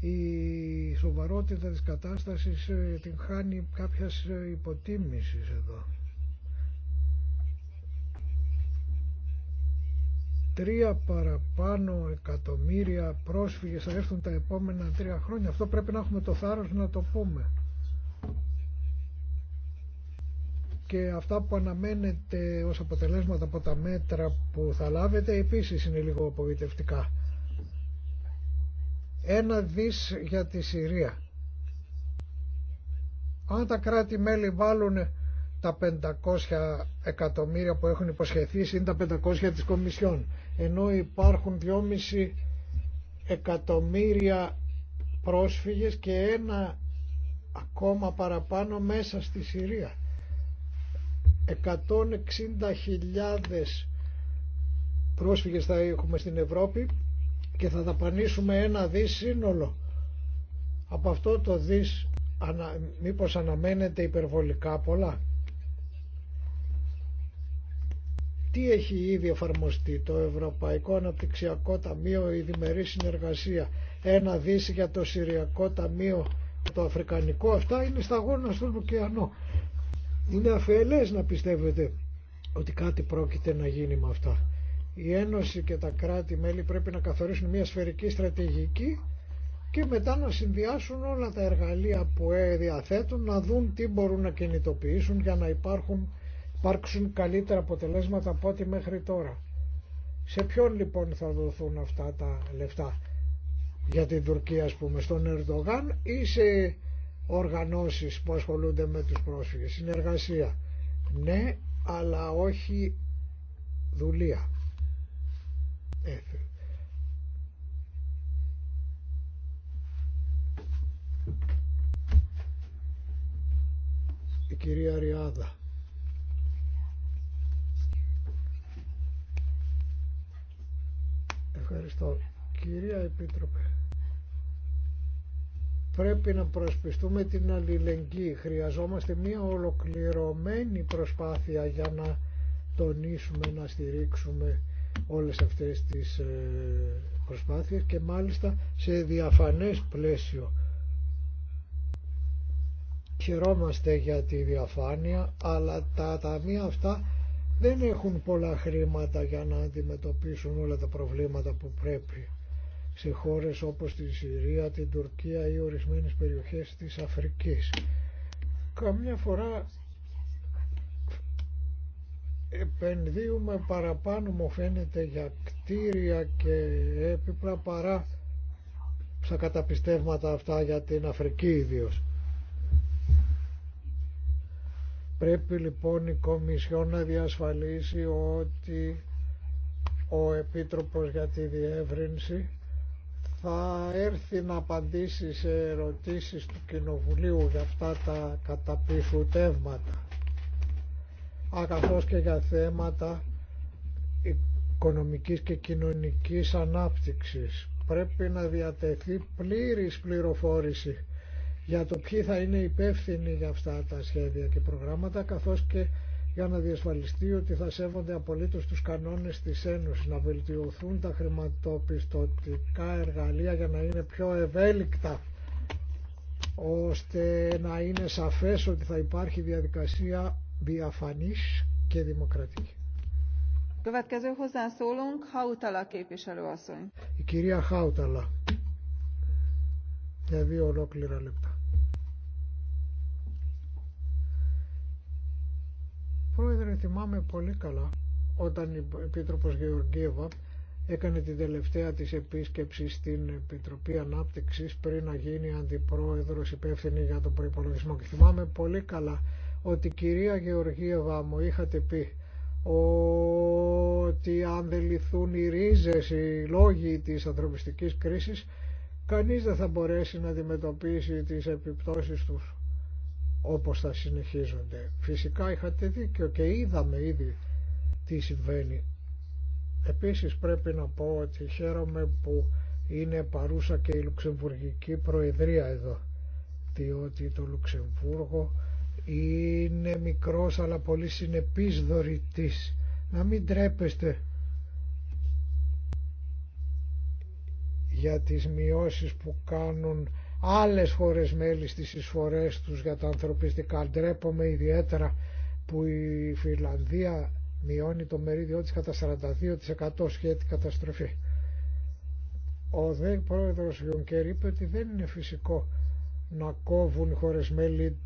η σοβαρότητα της κατάστασης ε, την χάνει κάποιας ε, υποτίμησης εδώ. Τρία παραπάνω εκατομμύρια πρόσφυγες θα έρθουν τα επόμενα τρία χρόνια. Αυτό πρέπει να έχουμε το θάρρος να το πούμε. Και αυτά που αναμένετε ως αποτελέσματα από τα μέτρα που θα λάβετε επίσης είναι λίγο απογοητευτικά. Ένα δις για τη Συρία. Αν τα κράτη-μέλη βάλουν τα 500 εκατομμύρια που έχουν υποσχεθεί είναι τα 500 της Κομισιόν ενώ υπάρχουν 2,5 εκατομμύρια πρόσφυγες και ένα ακόμα παραπάνω μέσα στη Συρία 160.000 πρόσφυγες θα έχουμε στην Ευρώπη και θα δαπανίσουμε ένα δις σύνολο. Από αυτό το δις ανα, μήπως αναμένεται υπερβολικά πολλά. Τι έχει ήδη εφαρμοστεί το Ευρωπαϊκό Αναπτυξιακό Ταμείο η διμερή συνεργασία. Ένα δις για το Συριακό Ταμείο το Αφρικανικό αυτά είναι σταγόνα στον ωκεανό. Είναι αφελές να πιστεύετε ότι κάτι πρόκειται να γίνει με αυτά η Ένωση και τα κράτη-μέλη πρέπει να καθορίσουν μια σφαιρική στρατηγική και μετά να συνδυάσουν όλα τα εργαλεία που διαθέτουν, να δουν τι μπορούν να κινητοποιήσουν για να υπάρχουν, υπάρξουν καλύτερα αποτελέσματα από ό,τι μέχρι τώρα. Σε ποιον λοιπόν θα δοθούν αυτά τα λεφτά για την Τουρκία, α πούμε, στον Ερντογάν ή σε οργανώσεις που ασχολούνται με τους πρόσφυγες. Συνεργασία. Ναι, αλλά όχι δουλεία. Η κυρία Ριάδα. Ευχαριστώ. Κυρία Επίτροπε, πρέπει να προσπιστούμε την αλληλεγγύη. Χρειαζόμαστε μια ολοκληρωμένη προσπάθεια για να τονίσουμε, να στηρίξουμε όλες αυτές τις ε, προσπάθειες και μάλιστα σε διαφανές πλαίσιο. Χαιρόμαστε για τη διαφάνεια, αλλά τα ταμεία αυτά δεν έχουν πολλά χρήματα για να αντιμετωπίσουν όλα τα προβλήματα που πρέπει σε χώρες όπως τη Συρία, την Τουρκία ή ορισμένες περιοχές της Αφρικής. Καμιά φορά επενδύουμε παραπάνω μου φαίνεται για κτίρια και έπιπλα παρά στα καταπιστεύματα αυτά για την Αφρική ιδίως. Πρέπει λοιπόν η Κομισιόν να διασφαλίσει ότι ο Επίτροπος για τη Διεύρυνση θα έρθει να απαντήσει σε ερωτήσεις του Κοινοβουλίου για αυτά τα καταπιστεύματα καθώς και για θέματα οικονομικής και κοινωνικής ανάπτυξης. Πρέπει να διατεθεί πλήρης πληροφόρηση για το ποιοι θα είναι υπεύθυνοι για αυτά τα σχέδια και προγράμματα, καθώς και για να διασφαλιστεί ότι θα σέβονται απολύτως τους κανόνες της Ένωσης, να βελτιωθούν τα χρηματοπιστωτικά εργαλεία για να είναι πιο ευέλικτα, ώστε να είναι σαφές ότι θα υπάρχει διαδικασία διαφανής και δημοκρατή. Η κυρία Χάουταλα για δύο ολόκληρα λεπτά. Πρόεδρε, θυμάμαι πολύ καλά όταν η Επίτροπος Γεωργίευα έκανε την τελευταία της επίσκεψη στην Επιτροπή Ανάπτυξης πριν να γίνει αντιπρόεδρος υπεύθυνη για τον προϋπολογισμό. Και θυμάμαι πολύ καλά ότι κυρία Γεωργίευα μου είχατε πει ότι αν δεν λυθούν οι ρίζες, οι λόγοι της ανθρωπιστικής κρίσης, κανείς δεν θα μπορέσει να αντιμετωπίσει τις επιπτώσεις τους όπως θα συνεχίζονται. Φυσικά είχατε δίκιο και είδαμε ήδη τι συμβαίνει. Επίσης πρέπει να πω ότι χαίρομαι που είναι παρούσα και η Λουξεμβουργική Προεδρία εδώ, διότι το Λουξεμβούργο είναι μικρός αλλά πολύ συνεπής δωρητής. Να μην τρέπεστε για τις μειώσεις που κάνουν άλλες χώρες μέλη στις εισφορές τους για τα ανθρωπιστικά. Ντρέπομαι ιδιαίτερα που η Φιλανδία μειώνει το μερίδιό της κατά 42% σχέτη καταστροφή. Ο δε πρόεδρος Γιονκέρ είπε ότι δεν είναι φυσικό να κόβουν χώρες μέλη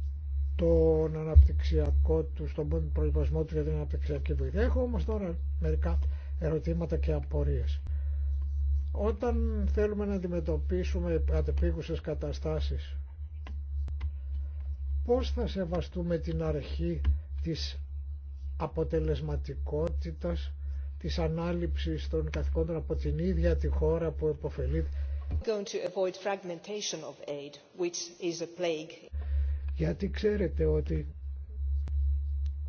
...τον αναπτυξιακό του, στον προϋπασμό του για την αναπτυξιακή βοήθεια. Έχω όμως τώρα μερικά ερωτήματα και απορίες. Όταν θέλουμε να αντιμετωπίσουμε κατεπίγουσες καταστάσεις, πώς θα σεβαστούμε την αρχή της αποτελεσματικότητας της ανάληψης των καθηκόντων από την ίδια τη χώρα που επωφελείται γιατί ξέρετε ότι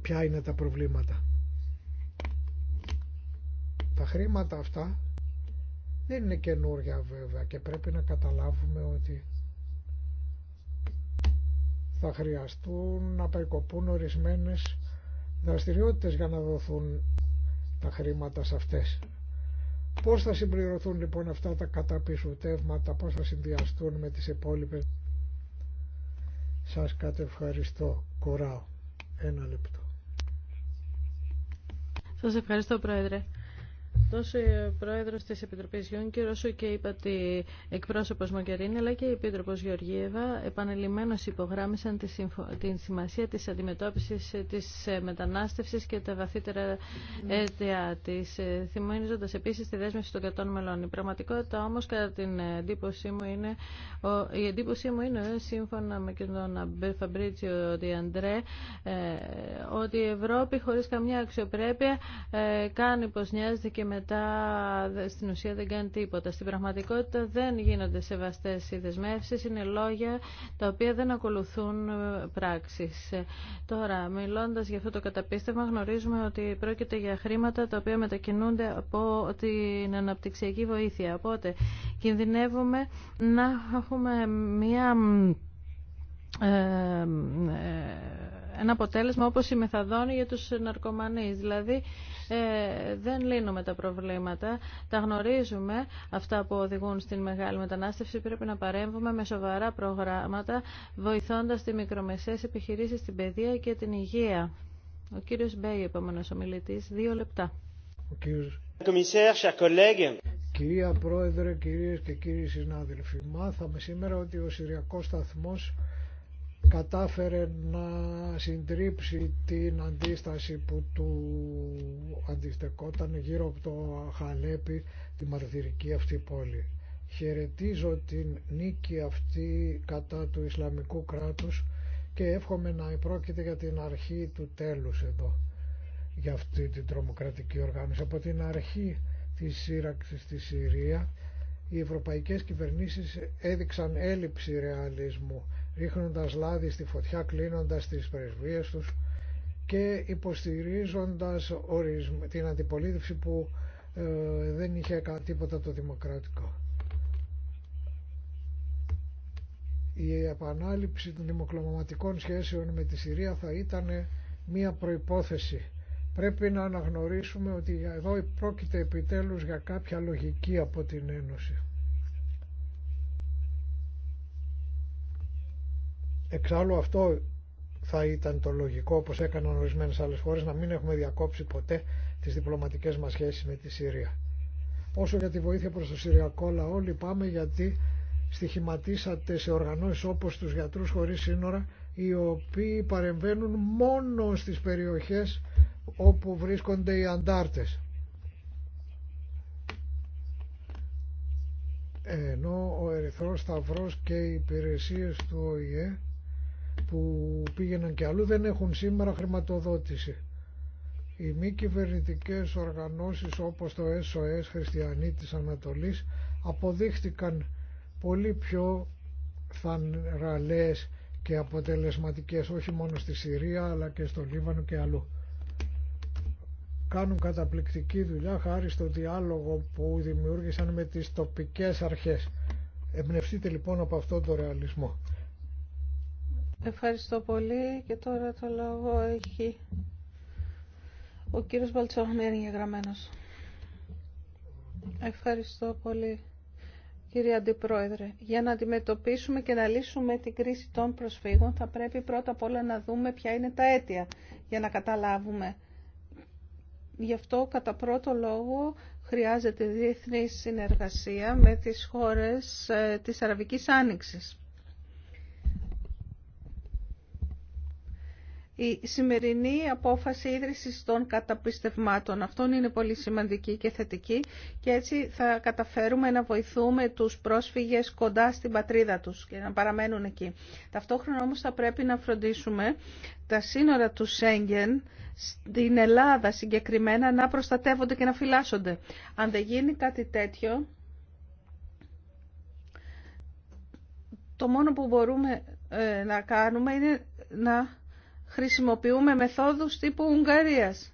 ποια είναι τα προβλήματα. Τα χρήματα αυτά δεν είναι καινούρια βέβαια και πρέπει να καταλάβουμε ότι θα χρειαστούν να περικοπούν ορισμένες δραστηριότητες για να δοθούν τα χρήματα σε αυτές. Πώς θα συμπληρωθούν λοιπόν αυτά τα καταπισουτεύματα, πώς θα συνδυαστούν με τις υπόλοιπες σας κατευχαριστώ. Κοράω. Ένα λεπτό. Σας ευχαριστώ, Πρόεδρε. Τόσο ο πρόεδρο τη Επιτροπή Γιούνκερ, όσο και είπα ότι εκπρόσωπο Μογκερίνη, αλλά και η Επίτροπο Γεωργίευα, επανελειμμένω υπογράμμισαν τη, την σημασία τη αντιμετώπιση τη ε, μετανάστευση και τα βαθύτερα αίτια τη, ε, θυμίζοντα επίση τη δέσμευση των κρατών μελών. Η πραγματικότητα όμω, κατά την εντύπωσή μου, είναι, η εντύπωσή μου είναι, ε, σύμφωνα με τον Φαμπρίτσιο Διαντρέ, ότι η Ευρώπη χωρί καμιά αξιοπρέπεια κάνει πω νοιάζεται και μετά στην ουσία δεν κάνει τίποτα. Στην πραγματικότητα δεν γίνονται σεβαστές οι δεσμεύσεις, είναι λόγια τα οποία δεν ακολουθούν ε, πράξεις. Τώρα, μιλώντας για αυτό το καταπίστευμα, γνωρίζουμε ότι πρόκειται για χρήματα τα οποία μετακινούνται από την αναπτυξιακή βοήθεια. Οπότε, κινδυνεύουμε να έχουμε μία... ε, ε ένα αποτέλεσμα όπως η μεθαδόνη για τους ναρκωμανείς. Δηλαδή ε, δεν λύνουμε τα προβλήματα, τα γνωρίζουμε αυτά που οδηγούν στην μεγάλη μετανάστευση. Πρέπει να παρέμβουμε με σοβαρά προγράμματα βοηθώντας τις μικρομεσαίες επιχειρήσεις στην παιδεία και την υγεία. Ο κύριος Μπέι, επόμενος ομιλητής, δύο λεπτά. Κυρία Πρόεδρε, κυρίες και κύριοι συνάδελφοι, μάθαμε σήμερα ότι ο Συριακός Σταθμός κατάφερε να συντρίψει την αντίσταση που του αντιστεκόταν γύρω από το Χαλέπι, τη μαρτυρική αυτή πόλη. Χαιρετίζω την νίκη αυτή κατά του Ισλαμικού κράτους και εύχομαι να επρόκειται για την αρχή του τέλους εδώ, για αυτή την τρομοκρατική οργάνωση. Από την αρχή της σύραξης στη Συρία, οι ευρωπαϊκές κυβερνήσεις έδειξαν έλλειψη ρεαλισμού ρίχνοντας λάδι στη φωτιά, κλείνοντας τις πρεσβείες τους και υποστηρίζοντας την αντιπολίτευση που ε, δεν είχε τίποτα το δημοκρατικό. Η επανάληψη των δημοκλωματικών σχέσεων με τη Συρία θα ήταν μία προϋπόθεση. Πρέπει να αναγνωρίσουμε ότι εδώ πρόκειται επιτέλους για κάποια λογική από την Ένωση. Εξάλλου αυτό θα ήταν το λογικό όπως έκαναν ορισμένες άλλες φορές να μην έχουμε διακόψει ποτέ τις διπλωματικές μας σχέσεις με τη Συρία. Όσο για τη βοήθεια προς το Συριακό λαό λυπάμαι γιατί στοιχηματίσατε σε οργανώσεις όπως τους γιατρούς χωρίς σύνορα οι οποίοι παρεμβαίνουν μόνο στις περιοχές όπου βρίσκονται οι αντάρτες. Ενώ ο Ερυθρός Σταυρός και οι υπηρεσίες του ΟΗΕ που πήγαιναν και αλλού δεν έχουν σήμερα χρηματοδότηση. Οι μη κυβερνητικέ οργανώσεις όπως το SOS Χριστιανοί της Ανατολής αποδείχτηκαν πολύ πιο θαραλέε και αποτελεσματικές όχι μόνο στη Συρία αλλά και στο Λίβανο και αλλού. Κάνουν καταπληκτική δουλειά χάρη στο διάλογο που δημιούργησαν με τις τοπικές αρχές. Εμπνευστείτε λοιπόν από αυτό το ρεαλισμό. Ευχαριστώ πολύ και τώρα το λόγο έχει ο κύριος Βαλτσόχνερ γεγραμμένος. Ευχαριστώ πολύ κύριε Αντιπρόεδρε. Για να αντιμετωπίσουμε και να λύσουμε την κρίση των προσφύγων θα πρέπει πρώτα απ' όλα να δούμε ποια είναι τα αίτια για να καταλάβουμε. Γι' αυτό κατά πρώτο λόγο χρειάζεται διεθνή συνεργασία με τις χώρες ε, της Αραβικής Άνοιξης. Η σημερινή απόφαση ίδρυσης των καταπιστευμάτων αυτών είναι πολύ σημαντική και θετική και έτσι θα καταφέρουμε να βοηθούμε τους πρόσφυγες κοντά στην πατρίδα τους και να παραμένουν εκεί. Ταυτόχρονα όμως θα πρέπει να φροντίσουμε τα σύνορα του Σέγγεν στην Ελλάδα συγκεκριμένα να προστατεύονται και να φυλάσσονται. Αν δεν γίνει κάτι τέτοιο, το μόνο που μπορούμε ε, να κάνουμε είναι να χρησιμοποιούμε μεθόδους τύπου Ουγγαρίας.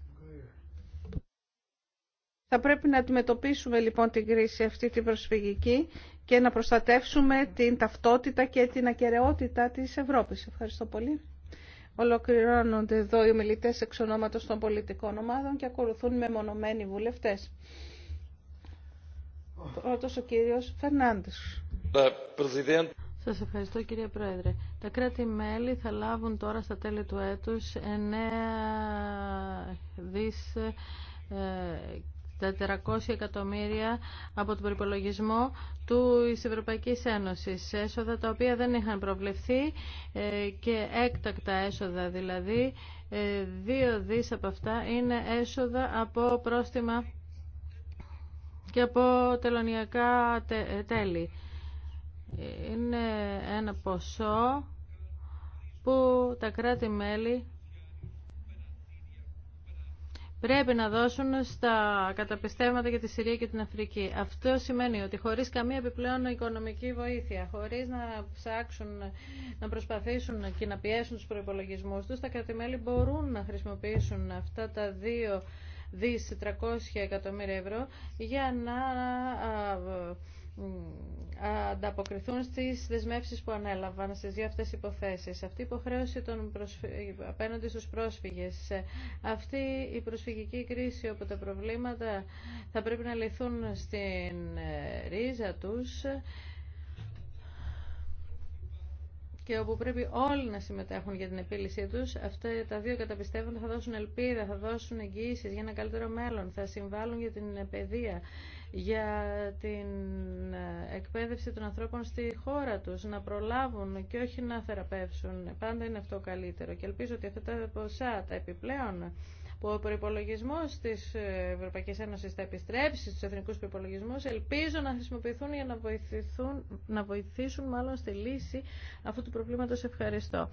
Θα πρέπει να αντιμετωπίσουμε λοιπόν την κρίση αυτή την προσφυγική και να προστατεύσουμε την ταυτότητα και την ακαιρεότητα της Ευρώπης. Ευχαριστώ πολύ. Ολοκληρώνονται εδώ οι ομιλητέ εξ ονόματος των πολιτικών ομάδων και ακολουθούν μεμονωμένοι βουλευτές. Πρώτος ο κύριος Φερνάντης. Σας ευχαριστώ κύριε Πρόεδρε. Τα κράτη-μέλη θα λάβουν τώρα στα τέλη του έτους 9 δις 400 ε, εκατομμύρια από τον προπολογισμό του Ευρωπαϊκής Ένωσης. Έσοδα τα οποία δεν είχαν προβλεφθεί ε, και έκτακτα έσοδα δηλαδή. Ε, δύο δις από αυτά είναι έσοδα από πρόστιμα και από τελωνιακά τέλη είναι ένα ποσό που τα κράτη-μέλη πρέπει να δώσουν στα καταπιστεύματα για τη Συρία και την Αφρική. Αυτό σημαίνει ότι χωρίς καμία επιπλέον οικονομική βοήθεια, χωρίς να ψάξουν, να προσπαθήσουν και να πιέσουν τους προϋπολογισμούς τους, τα κράτη-μέλη μπορούν να χρησιμοποιήσουν αυτά τα δύο δις 300 εκατομμύρια ευρώ για να ανταποκριθούν στις δεσμεύσεις που ανέλαβαν στις δύο αυτές υποθέσεις. Αυτή η υποχρέωση των απέναντι στους πρόσφυγες, ε, αυτή η προσφυγική κρίση όπου τα προβλήματα θα πρέπει να λυθούν στην ε, ρίζα τους και όπου πρέπει όλοι να συμμετέχουν για την επίλυσή τους, αυτά τα δύο καταπιστεύονται θα δώσουν ελπίδα, θα δώσουν εγγύησεις για ένα καλύτερο μέλλον, θα συμβάλλουν για την παιδεία, για την ε, εκπαίδευση των ανθρώπων στη χώρα τους, να προλάβουν και όχι να θεραπεύσουν. Πάντα είναι αυτό καλύτερο και ελπίζω ότι αυτά τα ποσά, τα επιπλέον, που ο προπολογισμό τη Ευρωπαϊκή Ένωση θα επιστρέψει στου εθνικού προπολογισμού, ελπίζω να χρησιμοποιηθούν για να, να βοηθήσουν μάλλον στη λύση αυτού του προβλήματο. Ευχαριστώ.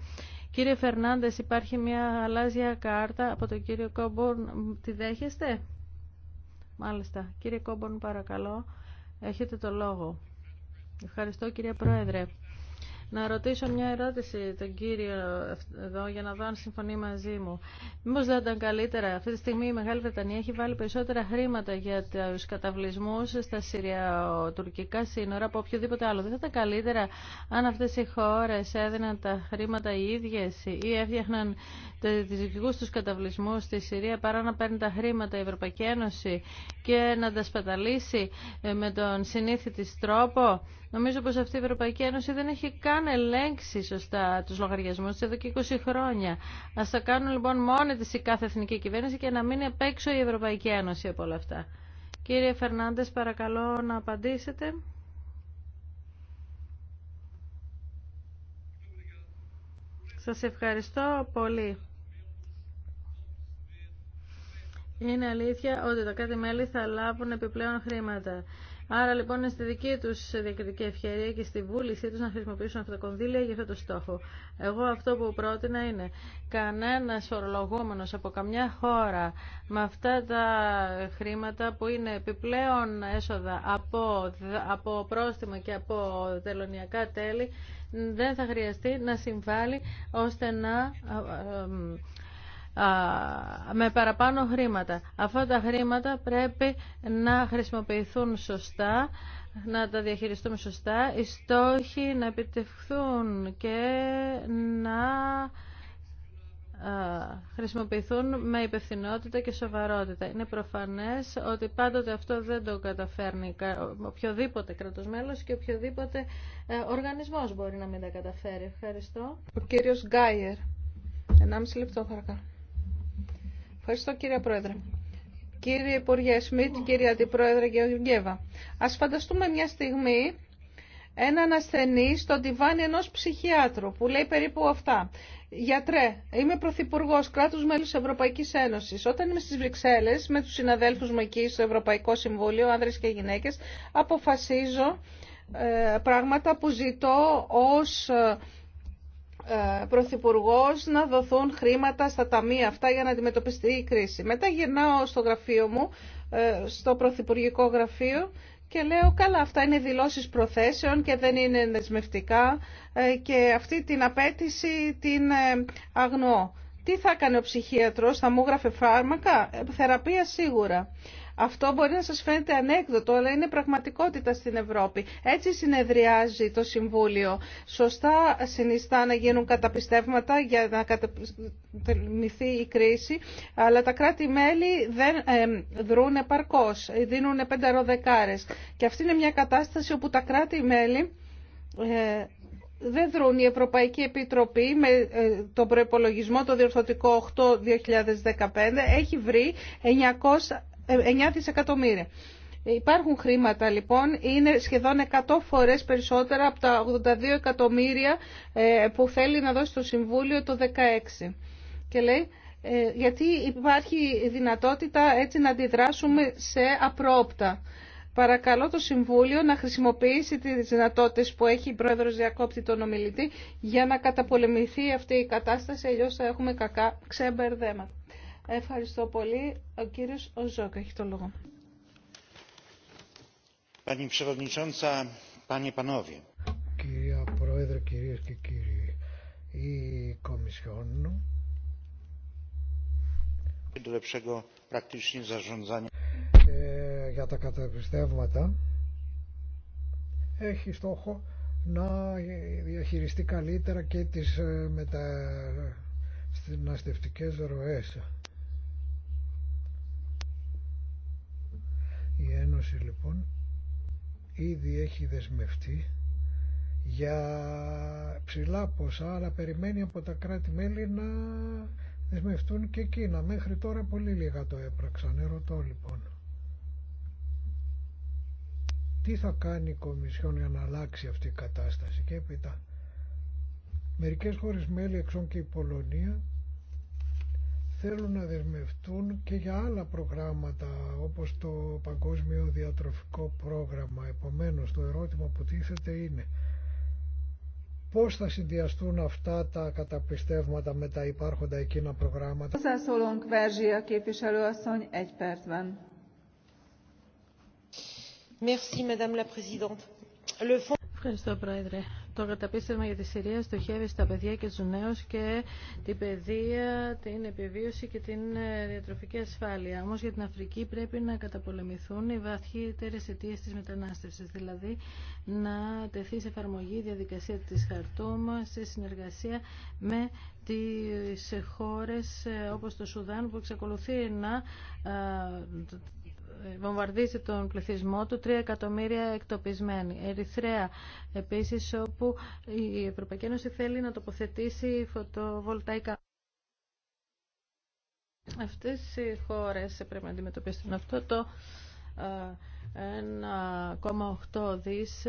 Κύριε Φερνάντε, υπάρχει μια αλλάζια κάρτα από τον κύριο Κόμπορν. Τη δέχεστε? Μάλιστα. Κύριε Κόμπον, παρακαλώ, έχετε το λόγο. Ευχαριστώ, κύριε Πρόεδρε να ρωτήσω μια ερώτηση τον κύριο εδώ για να δω αν συμφωνεί μαζί μου. Μήπω δεν ήταν καλύτερα. Αυτή τη στιγμή η Μεγάλη Βρετανία έχει βάλει περισσότερα χρήματα για του καταβλισμού στα Συριαοτουρκικά σύνορα από οποιοδήποτε άλλο. Δεν θα ήταν καλύτερα αν αυτέ οι χώρε έδιναν τα χρήματα οι ίδιε ή έφτιαχναν του δικού του καταβλισμού στη Συρία παρά να παίρνει τα χρήματα η Ευρωπαϊκή Ένωση και να τα σπαταλήσει ε, με τον συνήθι τρόπο. Νομίζω πως αυτή η Ευρωπαϊκή Ένωση δεν έχει καν ελέγξει σωστά τους λογαριασμούς εδώ και 20 χρόνια. Ας τα κάνουν λοιπόν μόνη της η κάθε εθνική κυβέρνηση και να μην απ' έξω η Ευρωπαϊκή Ένωση από όλα αυτά. Κύριε Φερνάντες, παρακαλώ να απαντήσετε. Σας ευχαριστώ πολύ. Είναι αλήθεια ότι τα κάτι μέλη θα λάβουν επιπλέον χρήματα. Άρα λοιπόν είναι στη δική του διακριτική ευκαιρία και στη βούλησή του να χρησιμοποιήσουν αυτά τα κονδύλια για αυτό το στόχο. Εγώ αυτό που πρότεινα είναι κανένα φορολογούμενο από καμιά χώρα με αυτά τα χρήματα που είναι επιπλέον έσοδα από, από πρόστιμο και από τελωνιακά τέλη δεν θα χρειαστεί να συμβάλλει ώστε να ε, ε, ε, με παραπάνω χρήματα. Αυτά τα χρήματα πρέπει να χρησιμοποιηθούν σωστά, να τα διαχειριστούμε σωστά, οι στόχοι να επιτευχθούν και να χρησιμοποιηθούν με υπευθυνότητα και σοβαρότητα. Είναι προφανές ότι πάντοτε αυτό δεν το καταφέρνει οποιοδήποτε κράτος και οποιοδήποτε ε, οργανισμός μπορεί να μην τα καταφέρει. Ευχαριστώ. Ο κύριος Γκάιερ. Ενάμιση λεπτό παρακαλώ. Ευχαριστώ κύριε Πρόεδρε. Κύριε Υπουργέ Σμιτ, κύριε Αντιπρόεδρε Γεωργιέβα, ας φανταστούμε μια στιγμή έναν ασθενή στον τιβάνι ενός ψυχιάτρου που λέει περίπου αυτά. Γιατρέ, είμαι πρωθυπουργό κράτου μέλου Ευρωπαϊκή Ένωση. Όταν είμαι στι Βρυξέλλε με του συναδέλφου μου εκεί στο Ευρωπαϊκό Συμβούλιο, άνδρε και γυναίκε, αποφασίζω ε, πράγματα που ζητώ ως ε, ε, Πρωθυπουργό να δοθούν χρήματα στα ταμεία αυτά για να αντιμετωπιστεί η κρίση. Μετά γυρνάω στο γραφείο μου, ε, στο Πρωθυπουργικό Γραφείο και λέω καλά αυτά είναι δηλώσεις προθέσεων και δεν είναι δεσμευτικά ε, και αυτή την απέτηση την αγνοώ. Τι θα έκανε ο ψυχίατρος, θα μου γράφε φάρμακα, θεραπεία σίγουρα. Αυτό μπορεί να σας φαίνεται ανέκδοτο, αλλά είναι πραγματικότητα στην Ευρώπη. Έτσι συνεδριάζει το Συμβούλιο. Σωστά συνιστά να γίνουν καταπιστεύματα για να καταπιστευθεί η κρίση, αλλά τα κράτη-μέλη δεν δρούν επαρκώς, δίνουν πενταροδεκάρες. Και αυτή είναι μια κατάσταση όπου τα κράτη-μέλη ε, δεν δρούν η Ευρωπαϊκή Επιτροπή με ε, τον προπολογισμό το διορθωτικό 8-2015 έχει βρει 9 δισεκατομμύρια. Υπάρχουν χρήματα λοιπόν, είναι σχεδόν 100 φορές περισσότερα από τα 82 εκατομμύρια ε, που θέλει να δώσει το Συμβούλιο το 16. Και λέει, ε, γιατί υπάρχει δυνατότητα έτσι να αντιδράσουμε σε απρόπτα. Παρακαλώ το Συμβούλιο να χρησιμοποιήσει τις δυνατότητες που έχει η Πρόεδρος Διακόπτη τον ομιλητή για να καταπολεμηθεί αυτή η κατάσταση, αλλιώς θα έχουμε κακά ξεμπερδέματα. Ευχαριστώ πολύ. Ο κύριος Οζόκα, έχει το λόγο. Κυρία Πρόεδρε, κυρίες και κύριοι, η Κομισιόν ε, για τα καταπιστεύματα έχει στόχο να διαχειριστεί καλύτερα και τις ε, μεταναστευτικές ροές. Ένωση λοιπόν ήδη έχει δεσμευτεί για ψηλά ποσά αλλά περιμένει από τα κράτη-μέλη να δεσμευτούν και εκείνα. Μέχρι τώρα πολύ λίγα το έπραξαν. Ερωτώ λοιπόν. Τι θα κάνει η Κομισιόν για να αλλάξει αυτή η κατάσταση και έπειτα. Μερικές χώρες μέλη εξών και η Πολωνία θέλουν να δεσμευτούν και για άλλα προγράμματα όπως το Παγκόσμιο Διατροφικό Πρόγραμμα. Επομένως το ερώτημα που τίθεται είναι πώς θα συνδυαστούν αυτά τα καταπιστεύματα με τα υπάρχοντα εκείνα προγράμματα. Ευχαριστώ, Πρόεδρε. Το καταπίστευμα για τη Συρία στοχεύει στα παιδιά και του νέους και την παιδεία, την επιβίωση και την ε, διατροφική ασφάλεια. Όμως για την Αφρική πρέπει να καταπολεμηθούν οι βαθύτερες αιτίες της μετανάστευσης, δηλαδή να τεθεί σε εφαρμογή η διαδικασία της χαρτούμα σε συνεργασία με τις χώρες ε, όπως το Σουδάν που εξακολουθεί να ε, βομβαρδίζει τον πληθυσμό του, 3 εκατομμύρια εκτοπισμένοι. Ερυθρέα επίσης όπου η Ευρωπαϊκή Ένωση θέλει να τοποθετήσει φωτοβολταϊκά. Αυτές οι χώρες πρέπει να αντιμετωπίσουν αυτό το 1,8 ε, δις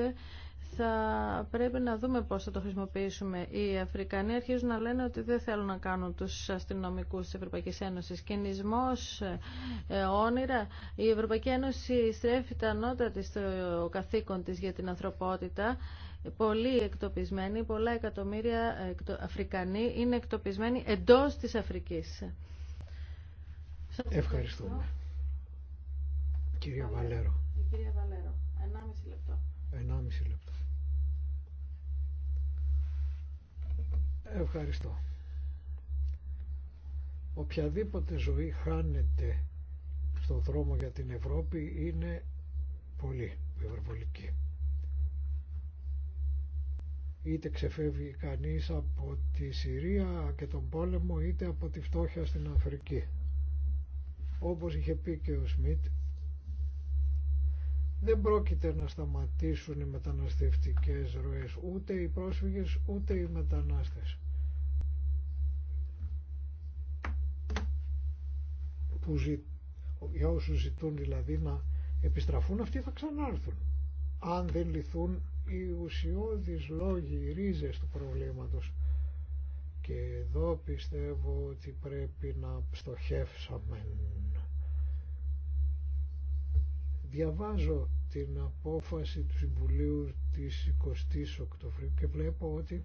θα πρέπει να δούμε πώς θα το χρησιμοποιήσουμε. Οι Αφρικανοί αρχίζουν να λένε ότι δεν θέλουν να κάνουν τους αστυνομικούς της Ευρωπαϊκής Ένωσης. Κινησμός, ε, όνειρα. Η Ευρωπαϊκή Ένωση στρέφει τα νότα στο καθήκον της για την ανθρωπότητα. Πολλοί εκτοπισμένοι, πολλά εκατομμύρια Αφρικανοί είναι εκτοπισμένοι εντός της Αφρικής. Ευχαριστούμε. Κυρία Βαλέρο. Κυρία Βαλέρο, 1,5 λεπτό. 1,5 λεπτό. Ευχαριστώ. Οποιαδήποτε ζωή χάνεται στον δρόμο για την Ευρώπη είναι πολύ υπερβολική. Είτε ξεφεύγει κανείς από τη Συρία και τον πόλεμο είτε από τη φτώχεια στην Αφρική. Όπως είχε πει και ο Σμιτ, δεν πρόκειται να σταματήσουν οι μεταναστευτικές ροές, ούτε οι πρόσφυγες, ούτε οι μετανάστες. Που ζη... Για όσους ζητούν δηλαδή να επιστραφούν, αυτοί θα ξανάρθουν. Αν δεν λυθούν οι ουσιώδεις λόγοι, οι ρίζες του προβλήματος. Και εδώ πιστεύω ότι πρέπει να στοχεύσαμε Διαβάζω την απόφαση του Συμβουλίου της 20ης Οκτωβρίου και βλέπω ότι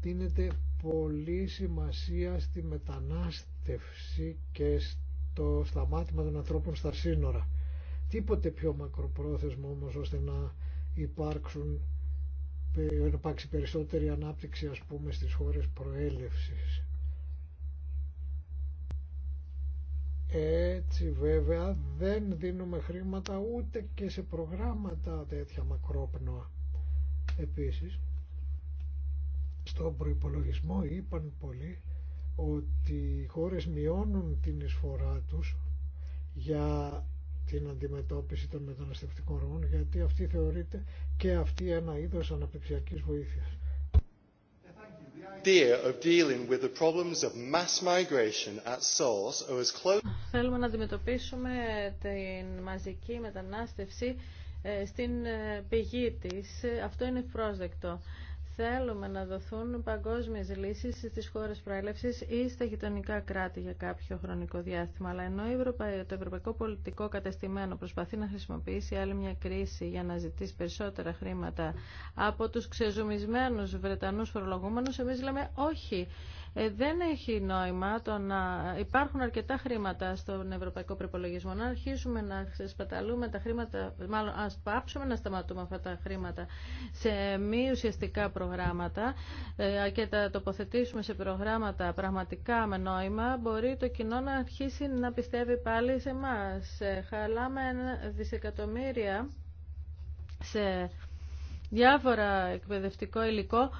δίνεται πολύ σημασία στη μετανάστευση και στο σταμάτημα των ανθρώπων στα σύνορα. Τίποτε πιο μακροπρόθεσμο όμως ώστε να υπάρξουν να υπάρξει περισσότερη ανάπτυξη ας πούμε στις χώρες προέλευσης. Έτσι βέβαια δεν δίνουμε χρήματα ούτε και σε προγράμματα τέτοια μακρόπνοα. Επίσης, στον προϋπολογισμό είπαν πολλοί ότι οι χώρες μειώνουν την εισφορά τους για την αντιμετώπιση των μεταναστευτικών ροών γιατί αυτή θεωρείται και αυτή ένα είδος αναπτυξιακής βοήθειας idea of dealing with the problems of mass migration at source or as close. Θέλουμε να αντιμετωπίσουμε την μαζική μετανάστευση ε, στην ε, πηγή της. Αυτό είναι πρόσδεκτο. Θέλουμε να δοθούν παγκόσμιες λύσεις στις χώρες προέλευσης ή στα γειτονικά κράτη για κάποιο χρονικό διάστημα. Αλλά ενώ το ευρωπαϊκό πολιτικό κατεστημένο προσπαθεί να χρησιμοποιήσει άλλη μια κρίση για να ζητήσει περισσότερα χρήματα από τους ξεζουμισμένους Βρετανούς φορολογούμενους, εμείς λέμε όχι. Ε, δεν έχει νόημα το να υπάρχουν αρκετά χρήματα στον ευρωπαϊκό προπολογισμό. Να αρχίσουμε να σπαταλούμε τα χρήματα, μάλλον να πάψουμε να σταματούμε αυτά τα χρήματα σε μη ουσιαστικά προγράμματα ε, και τα τοποθετήσουμε σε προγράμματα πραγματικά με νόημα, μπορεί το κοινό να αρχίσει να πιστεύει πάλι σε εμά. Ε, χαλάμε δισεκατομμύρια σε διάφορα εκπαιδευτικό υλικό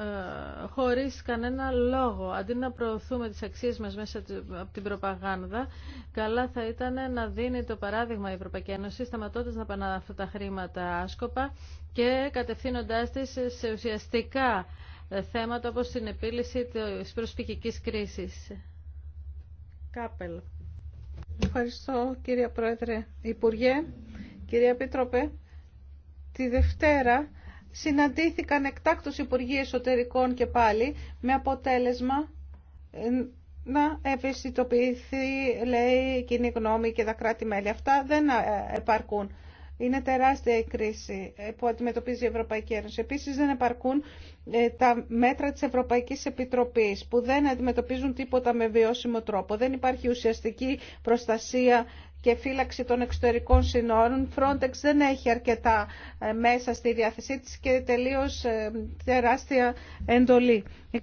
ε, χωρίς κανένα λόγο. Αντί να προωθούμε τις αξίες μας μέσα από την προπαγάνδα, καλά θα ήταν να δίνει το παράδειγμα η Ευρωπαϊκή Ένωση, σταματώντας να πανά αυτά τα χρήματα άσκοπα και κατευθύνοντάς τις σε ουσιαστικά ε, θέματα όπως την επίλυση της προσφυγικής κρίσης. Κάπελ. Ευχαριστώ κύριε Πρόεδρε. Υπουργέ, κυρία Πίτροπε, τη Δευτέρα συναντήθηκαν εκτάκτως Υπουργοί Εσωτερικών και πάλι με αποτέλεσμα ε, να ευαισθητοποιηθεί, λέει, η κοινή γνώμη και τα κράτη-μέλη. Αυτά δεν ε, επαρκούν. Είναι τεράστια η κρίση ε, που αντιμετωπίζει η Ευρωπαϊκή Ένωση. Επίσης δεν επαρκούν τα μέτρα της Ευρωπαϊκής Επιτροπής που δεν αντιμετωπίζουν τίποτα με βιώσιμο τρόπο. Δεν υπάρχει ουσιαστική προστασία και φύλαξη των εξωτερικών συνόρων. Frontex δεν έχει αρκετά ε, μέσα στη διάθεσή της και τελείως ε, τεράστια εντολή. 160.000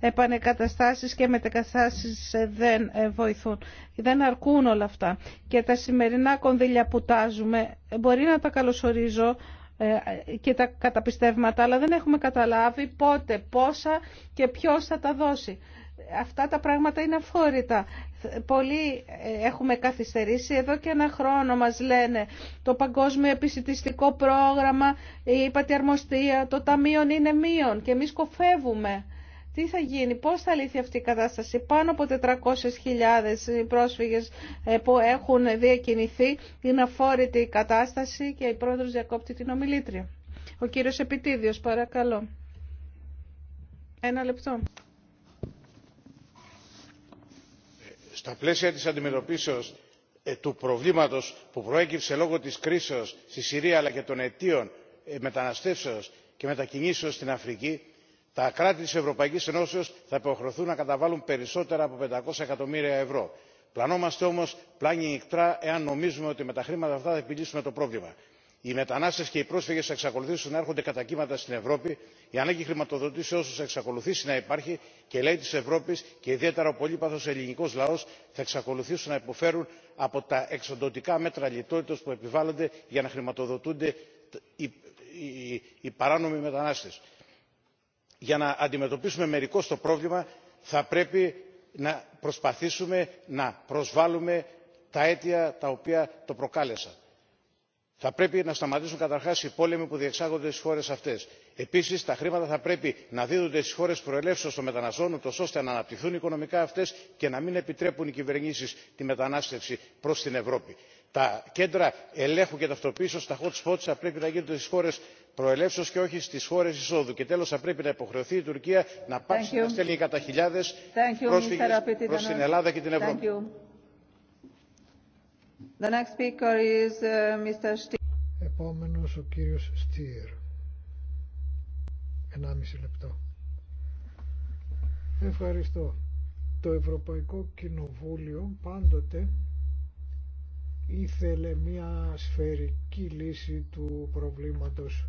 επανεκαταστάσεις και μετεκαταστάσεις ε, δεν βοηθούν. Δεν αρκούν όλα αυτά. Και τα σημερινά κονδύλια που τάζουμε μπορεί να τα καλωσορίζω και τα καταπιστεύματα, αλλά δεν έχουμε καταλάβει πότε, πόσα και ποιος θα τα δώσει αυτά τα πράγματα είναι αφόρητα. Πολλοί ε, έχουμε καθυστερήσει. Εδώ και ένα χρόνο μας λένε το παγκόσμιο επισητιστικό πρόγραμμα, η πατιαρμοστία, το ταμείο είναι μείον και εμείς κοφεύουμε. Τι θα γίνει, πώς θα λύθει αυτή η κατάσταση. Πάνω από 400.000 πρόσφυγες ε, που έχουν διακινηθεί. Είναι αφόρητη η κατάσταση και η πρόεδρος διακόπτει την ομιλήτρια. Ο κύριος Επιτίδιος, παρακαλώ. Ένα λεπτό. στα πλαίσια της αντιμετωπίσεως ε, του προβλήματος που προέκυψε λόγω της κρίσεως στη συρία αλλά και των αιτίων ε, μεταναστεύσεως και μετακινήσεως στην αφρική τα κράτη της ευρωπαϊκής ενώσεως θα υποχρεωθούν να καταβάλουν περισσότερα από 500 εκατομμύρια ευρώ. πλανόμαστε όμως πλάνη νυχτρά, εάν νομίζουμε ότι με τα χρήματα αυτά θα επιλύσουμε το πρόβλημα οι μετανάστε και οι πρόσφυγε θα εξακολουθήσουν να έρχονται κατά κύματα στην ευρώπη η ανάγκη χρηματοδοτήσεώ όσο θα εξακολουθήσει να υπάρχει και οι λαοί τη ευρώπη και ιδιαίτερα ο πολύπαθο ελληνικό λαό θα εξακολουθήσουν να υποφέρουν από τα εξοντοτικά μέτρα λιτότητα που επιβάλλονται για να χρηματοδοτούνται οι παράνομοι μετανάστε. για να αντιμετωπίσουμε μερικώς το πρόβλημα θα πρέπει να προσπαθήσουμε να προσβάλλουμε τα αίτια τα οποία το προκάλεσαν θα πρέπει να σταματήσουν καταρχά οι πόλεμοι που διεξάγονται στι χώρε αυτέ. επίση τα χρήματα θα πρέπει να δίδονται στι χώρε προελεύσεω των μεταναστών ούτω ώστε να αναπτυχθούν οικονομικά αυτέ και να μην επιτρέπουν οι κυβερνήσει τη μετανάστευση προ την ευρώπη. τα κέντρα ελέγχου και ταυτοποίηση τα hot spots θα πρέπει να γίνονται στι χώρε προελεύσεω και όχι στι χώρε εισόδου. και τέλο θα πρέπει να υποχρεωθεί η τουρκία να πάψει να στέλνει κατά χιλιάδε πρόσφυγε προ την ελλάδα και την ευρώπη. The uh, Επόμενος ο κύριος Στίερ. Ενάμιση λεπτό. Ευχαριστώ. Το Ευρωπαϊκό Κοινοβούλιο πάντοτε ήθελε μια σφαιρική λύση του προβλήματος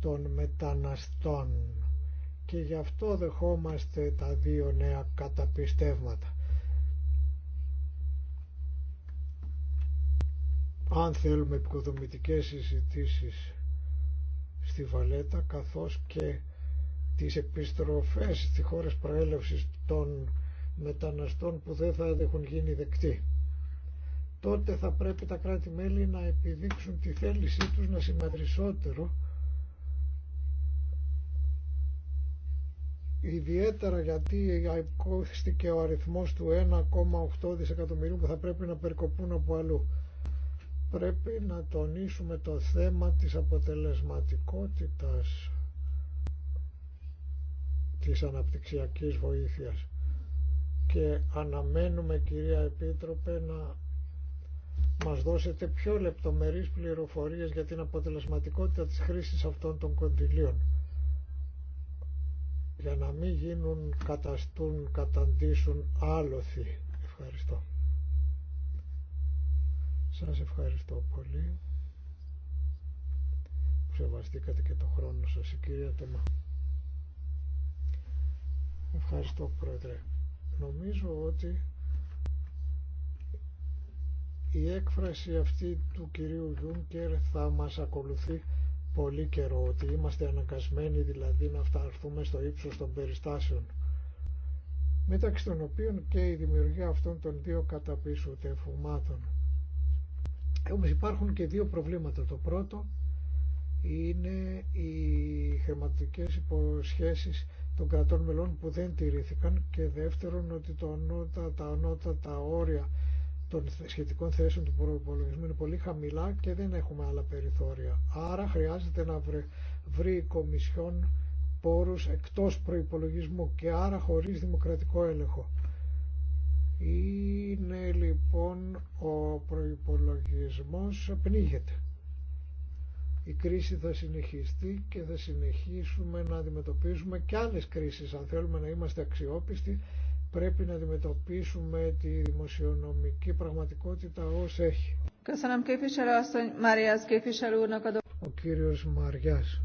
των μεταναστών και γι' αυτό δεχόμαστε τα δύο νέα καταπιστεύματα. αν θέλουμε επικοδομητικές συζητήσεις στη Βαλέτα καθώς και τις επιστροφές στις χώρες προέλευσης των μεταναστών που δεν θα έχουν γίνει δεκτοί. Τότε θα πρέπει τα κράτη-μέλη να επιδείξουν τη θέλησή τους να συμμετρησότερο ιδιαίτερα γιατί ακούστηκε ο αριθμός του 1,8 δισεκατομμυρίου που θα πρέπει να περικοπούν από αλλού πρέπει να τονίσουμε το θέμα της αποτελεσματικότητας της αναπτυξιακής βοήθειας και αναμένουμε κυρία Επίτροπε να μας δώσετε πιο λεπτομερείς πληροφορίες για την αποτελεσματικότητα της χρήσης αυτών των κοντιλίων για να μην γίνουν καταστούν, καταντήσουν άλοθη. Ευχαριστώ. Σας ευχαριστώ πολύ που σεβαστήκατε και το χρόνο σας η κυρία Τεμά. Ευχαριστώ πρόεδρε. Νομίζω ότι η έκφραση αυτή του κυρίου Γιούνκερ θα μας ακολουθεί πολύ καιρό, ότι είμαστε αναγκασμένοι δηλαδή να φταρθούμε στο ύψος των περιστάσεων, μεταξύ των οποίων και η δημιουργία αυτών των δύο καταπίσου τεφουμάτων. Όμως υπάρχουν και δύο προβλήματα. Το πρώτο είναι οι χρηματικές υποσχέσεις των κρατών μελών που δεν τηρήθηκαν και δεύτερον ότι το ανώτα, τα τα όρια των σχετικών θέσεων του προπολογισμού είναι πολύ χαμηλά και δεν έχουμε άλλα περιθώρια. Άρα χρειάζεται να βρει, βρει η Κομισιόν πόρους εκτός προϋπολογισμού και άρα χωρίς δημοκρατικό έλεγχο. Είναι λοιπόν ο προϋπολογισμός πνίγεται. Η κρίση θα συνεχιστεί και θα συνεχίσουμε να αντιμετωπίζουμε και άλλες κρίσεις. Αν θέλουμε να είμαστε αξιόπιστοι πρέπει να αντιμετωπίσουμε τη δημοσιονομική πραγματικότητα ως έχει. Ο κύριος Μαριάς.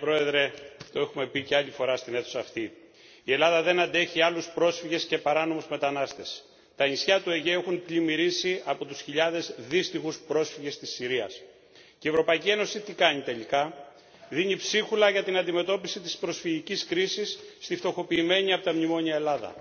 Πρόεδρε, το έχουμε πει και άλλη φορά στην αίθουσα αυτή. Η Ελλάδα δεν αντέχει άλλους πρόσφυγες και παράνομους μετανάστες. Τα νησιά του Αιγαίου έχουν πλημμυρίσει από τους χιλιάδες δύστιχους πρόσφυγες της Συρίας. Και η Ευρωπαϊκή Ένωση τι κάνει τελικά. Δίνει ψίχουλα για την αντιμετώπιση της προσφυγικής κρίσης στη φτωχοποιημένη από τα μνημόνια Ελλάδα.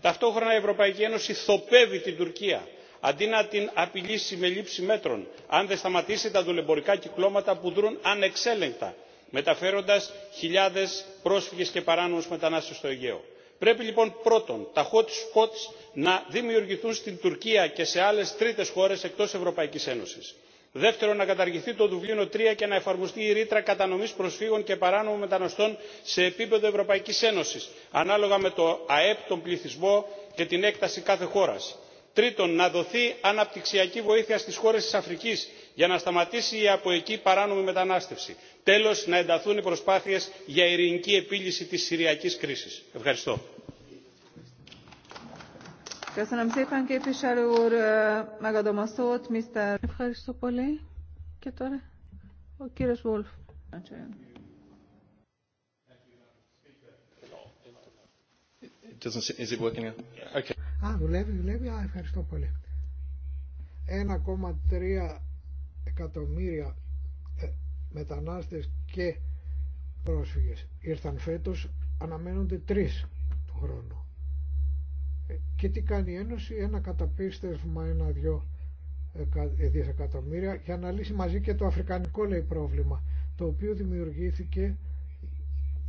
Ταυτόχρονα η Ευρωπαϊκή Ένωση θοπεύει την Τουρκία αντί να την απειλήσει με λήψη μέτρων αν δεν σταματήσει τα δουλεμπορικά κυκλώματα που δρούν ανεξέλεγκτα μεταφέροντας χιλιάδες πρόσφυγες και παράνομους μετανάστες στο αιγαίο. πρέπει λοιπόν πρώτον τα hot spots να δημιουργηθούν στην τουρκία και σε άλλες τρίτες χώρες εκτός ευρωπαϊκής ένωσης. δεύτερον να καταργηθεί το δουβλίνο τρία και να εφαρμοστεί η ρήτρα κατανομής προσφύγων και παράνομων μεταναστών σε επίπεδο ευρωπαϊκής ένωσης ανάλογα με το αεπ τον πληθυσμό και την έκταση κάθε χώρας τρίτον να δοθεί αναπτυξιακή βοήθεια στις χώρες της αφρικής για να σταματήσει η από εκεί παράνομη μετανάστευση. τέλος να ενταθούν οι προσπάθειες για ειρηνική επίλυση της συριακής κρίσης. ευχαριστώ. Ευχαριστώ πολύ. Και τώρα ο Α, δουλεύει, δουλεύει. Α, ευχαριστώ πολύ. 1,3 εκατομμύρια ε, μετανάστες και πρόσφυγες ήρθαν φέτος, αναμένονται τρεις του χρόνου. Ε, και τι κάνει η Ένωση, ένα καταπίστευμα, ένα-δυο ε, δισεκατομμύρια για να λύσει μαζί και το αφρικανικό λέει πρόβλημα το οποίο δημιουργήθηκε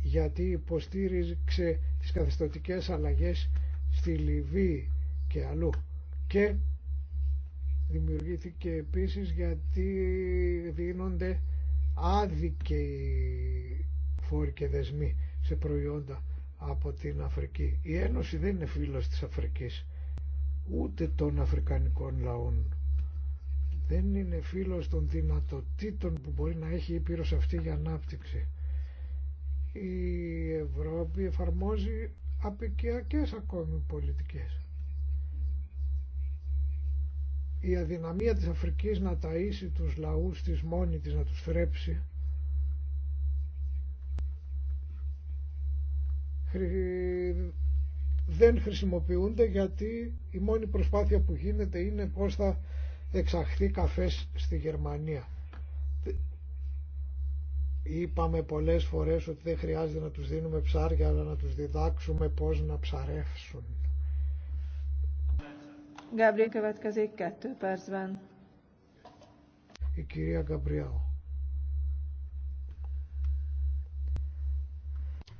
γιατί υποστήριξε τις καθεστωτικές αλλαγές στη Λιβύη και αλλού και δημιουργήθηκε επίσης γιατί δίνονται άδικοι φόροι και δεσμοί σε προϊόντα από την Αφρική. Η Ένωση δεν είναι φίλος της Αφρικής ούτε των Αφρικανικών λαών. Δεν είναι φίλος των δυνατοτήτων που μπορεί να έχει η Ήπειρος αυτή για ανάπτυξη. Η Ευρώπη εφαρμόζει απικιακές ακόμη πολιτικές. Η αδυναμία της Αφρικής να ταΐσει τους λαούς της μόνη της, να τους θρέψει, δεν χρησιμοποιούνται γιατί η μόνη προσπάθεια που γίνεται είναι πώς θα εξαχθεί καφές στη Γερμανία. Είπαμε πολλές φορές ότι δεν χρειάζεται να τους δίνουμε ψάρια αλλά να τους διδάξουμε πώς να ψαρεύσουν. Η κυρία Γκαμπριάου.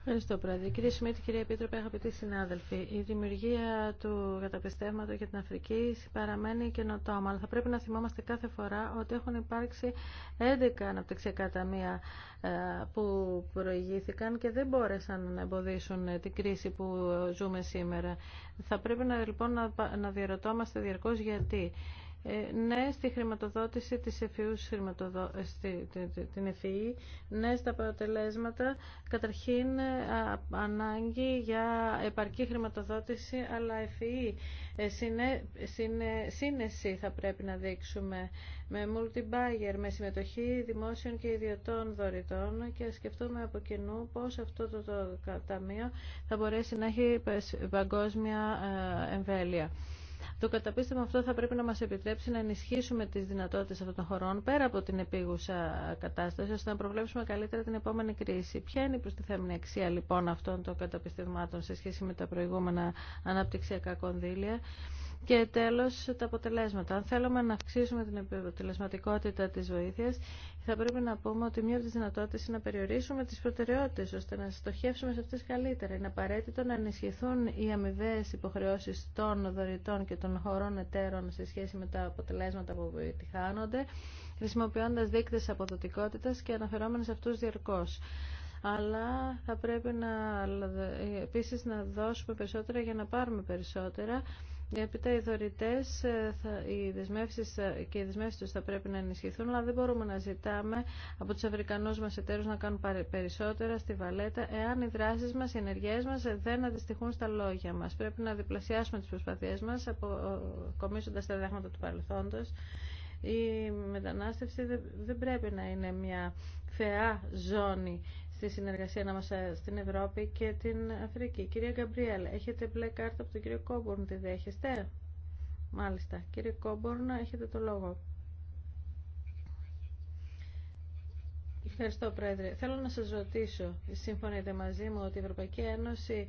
Ευχαριστώ, Πρόεδρε. Κύριε Σιμίτη, κύριε Επίτροπε, αγαπητοί συνάδελφοι, η δημιουργία του καταπιστεύματο για την Αφρική παραμένει καινοτόμα, αλλά θα πρέπει να θυμόμαστε κάθε φορά ότι έχουν υπάρξει 11 αναπτυξιακά ταμεία ε, που προηγήθηκαν και δεν μπόρεσαν να εμποδίσουν ε, την κρίση που ζούμε σήμερα. Θα πρέπει να, λοιπόν να διαρωτώμαστε διαρκώ γιατί. Ε, ναι στη χρηματοδότηση της εφηούς χρηματοδο... Ε, την Εφη, ναι στα αποτελέσματα, καταρχήν ε, ανάγκη για επαρκή χρηματοδότηση, αλλά ε, σύνεση θα πρέπει να δείξουμε με multi-buyer, με συμμετοχή δημόσιων και ιδιωτών δωρητών και σκεφτούμε από κοινού πώς αυτό το, το ταμείο θα μπορέσει να έχει παγκόσμια εμβέλεια. Το καταπίστευμα αυτό θα πρέπει να μας επιτρέψει να ενισχύσουμε τις δυνατότητες αυτών των χωρών πέρα από την επίγουσα κατάσταση, ώστε να προβλέψουμε καλύτερα την επόμενη κρίση. Ποια είναι η προστιθέμενη αξία λοιπόν αυτών των καταπιστευμάτων σε σχέση με τα προηγούμενα αναπτυξιακά κονδύλια. Και τέλος τα αποτελέσματα. Αν θέλουμε να αυξήσουμε την αποτελεσματικότητα της βοήθειας, θα πρέπει να πούμε ότι μία από τις δυνατότητες είναι να περιορίσουμε τις προτεραιότητες, ώστε να στοχεύσουμε σε αυτές καλύτερα. Είναι απαραίτητο να ενισχυθούν οι αμοιβέ υποχρεώσεις των δωρητών και των χωρών εταίρων σε σχέση με τα αποτελέσματα που επιτυχάνονται, χρησιμοποιώντας δείκτες αποδοτικότητας και αναφερόμενες αυτούς διαρκώς αλλά θα πρέπει να, επίσης να δώσουμε περισσότερα για να πάρουμε περισσότερα Έπειτα οι δωρητέ ε, ε, και οι δεσμεύσει του θα πρέπει να ενισχυθούν, αλλά δεν μπορούμε να ζητάμε από του Αφρικανού μα εταίρου να κάνουν περισσότερα στη βαλέτα, εάν οι δράσει μα, οι ενεργέ μα δεν αντιστοιχούν στα λόγια μα. Πρέπει να διπλασιάσουμε τι προσπαθίε μα, κομίσοντας τα δέχματα του παρελθόντο. Η μετανάστευση δεν πρέπει να είναι μια θεά ζώνη στη συνεργασία ανάμεσα στην Ευρώπη και την Αφρική. Κυρία Γκαμπριέλ, έχετε μπλε κάρτα από τον κύριο Κόμπορν, τη δέχεστε. Μάλιστα. Κύριε Κόμπορν, έχετε το λόγο. Ευχαριστώ, Πρόεδρε. Θέλω να σας ρωτήσω, συμφωνείτε μαζί μου ότι η Ευρωπαϊκή Ένωση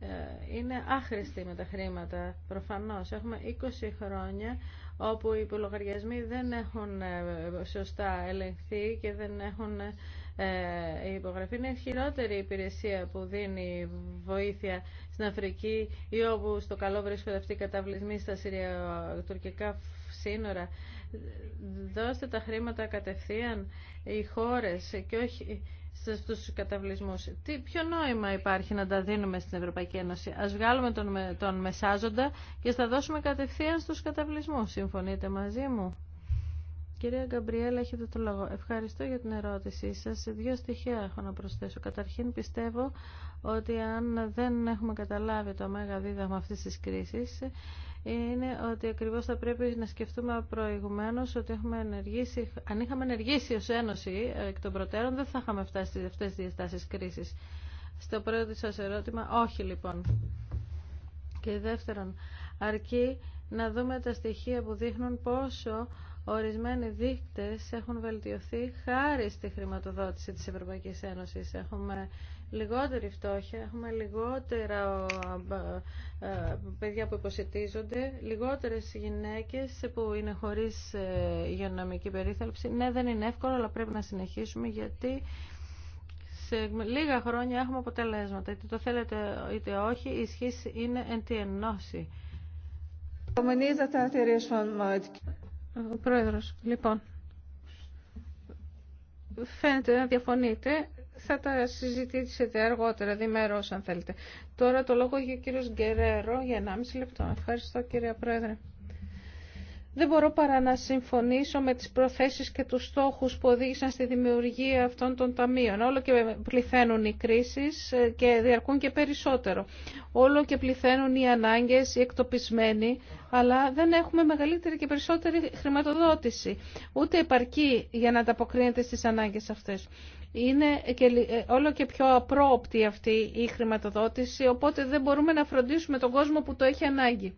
ε, είναι άχρηστη με τα χρήματα, προφανώς. Έχουμε 20 χρόνια όπου οι υπολογαριασμοί δεν έχουν ε, σωστά ελεγχθεί και δεν έχουν ε, ε, η υπογραφή είναι η χειρότερη υπηρεσία που δίνει βοήθεια στην Αφρική ή όπου στο καλό βρίσκονται αυτοί οι καταβλισμοί στα τουρκικά σύνορα. Δώστε τα χρήματα κατευθείαν οι χώρες και όχι στους καταβλισμούς. Τι, ποιο νόημα υπάρχει να τα δίνουμε στην Ευρωπαϊκή Ένωση. Ας βγάλουμε τον, τον μεσάζοντα και θα δώσουμε κατευθείαν στους καταβλισμούς. Συμφωνείτε μαζί μου. Κυρία Γκαμπριέλα, έχετε το λόγο. Ευχαριστώ για την ερώτησή Σα Δύο στοιχεία έχω να προσθέσω. Καταρχήν πιστεύω ότι αν δεν έχουμε καταλάβει το μέγα δίδαγμα αυτής της κρίσης, είναι ότι ακριβώ θα πρέπει να σκεφτούμε προηγουμένω ότι έχουμε ενεργήσει, αν είχαμε ενεργήσει ω Ένωση εκ των προτέρων, δεν θα είχαμε φτάσει σε αυτέ τι διαστάσεις κρίσης. Στο πρώτο σα ερώτημα, όχι λοιπόν. Και δεύτερον, αρκεί να δούμε τα στοιχεία που δείχνουν πόσο Ορισμένοι δείκτες έχουν βελτιωθεί χάρη στη χρηματοδότηση της Ευρωπαϊκής Ένωσης. Έχουμε λιγότερη φτώχεια, έχουμε λιγότερα ε, ε, παιδιά που υποσυτίζονται, λιγότερες γυναίκες που είναι χωρίς ε, υγειονομική περίθαλψη. Ναι, δεν είναι εύκολο, αλλά πρέπει να συνεχίσουμε γιατί σε λίγα χρόνια έχουμε αποτελέσματα. Είτε το θέλετε είτε όχι, η είναι εν τη ενώση. Ο Πρόεδρος, λοιπόν, φαίνεται να διαφωνείτε. Θα τα συζητήσετε αργότερα, διμερώς αν θέλετε. Τώρα το λόγο για ο κύριος Γκερέρο για 1,5 λεπτό. Ευχαριστώ κύριε Πρόεδρε. Δεν μπορώ παρά να συμφωνήσω με τις προθέσεις και τους στόχους που οδήγησαν στη δημιουργία αυτών των ταμείων. Όλο και πληθαίνουν οι κρίσεις ε, και διαρκούν και περισσότερο. Όλο και πληθαίνουν οι ανάγκες, οι εκτοπισμένοι, αλλά δεν έχουμε μεγαλύτερη και περισσότερη χρηματοδότηση. Ούτε επαρκή για να ανταποκρίνεται στις ανάγκες αυτές. Είναι ε, όλο και πιο απρόοπτη αυτή η χρηματοδότηση, οπότε δεν μπορούμε να φροντίσουμε τον κόσμο που το έχει ανάγκη.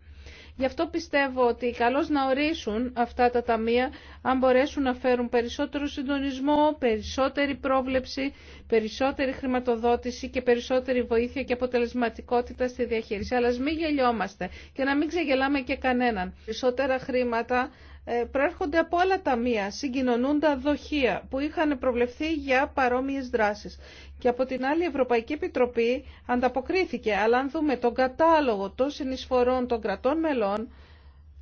Γι' αυτό πιστεύω ότι καλώς να ορίσουν αυτά τα ταμεία αν μπορέσουν να φέρουν περισσότερο συντονισμό, περισσότερη πρόβλεψη, περισσότερη χρηματοδότηση και περισσότερη βοήθεια και αποτελεσματικότητα στη διαχείριση. Αλλά μην γελιόμαστε και να μην ξεγελάμε και κανέναν. Περισσότερα χρήματα ε, προέρχονται από άλλα ταμεία, συγκοινωνούν τα δοχεία που είχαν προβλεφθεί για παρόμοιες δράσεις. Και από την άλλη η Ευρωπαϊκή Επιτροπή ανταποκρίθηκε, αλλά αν δούμε τον κατάλογο των συνεισφορών των κρατών μελών,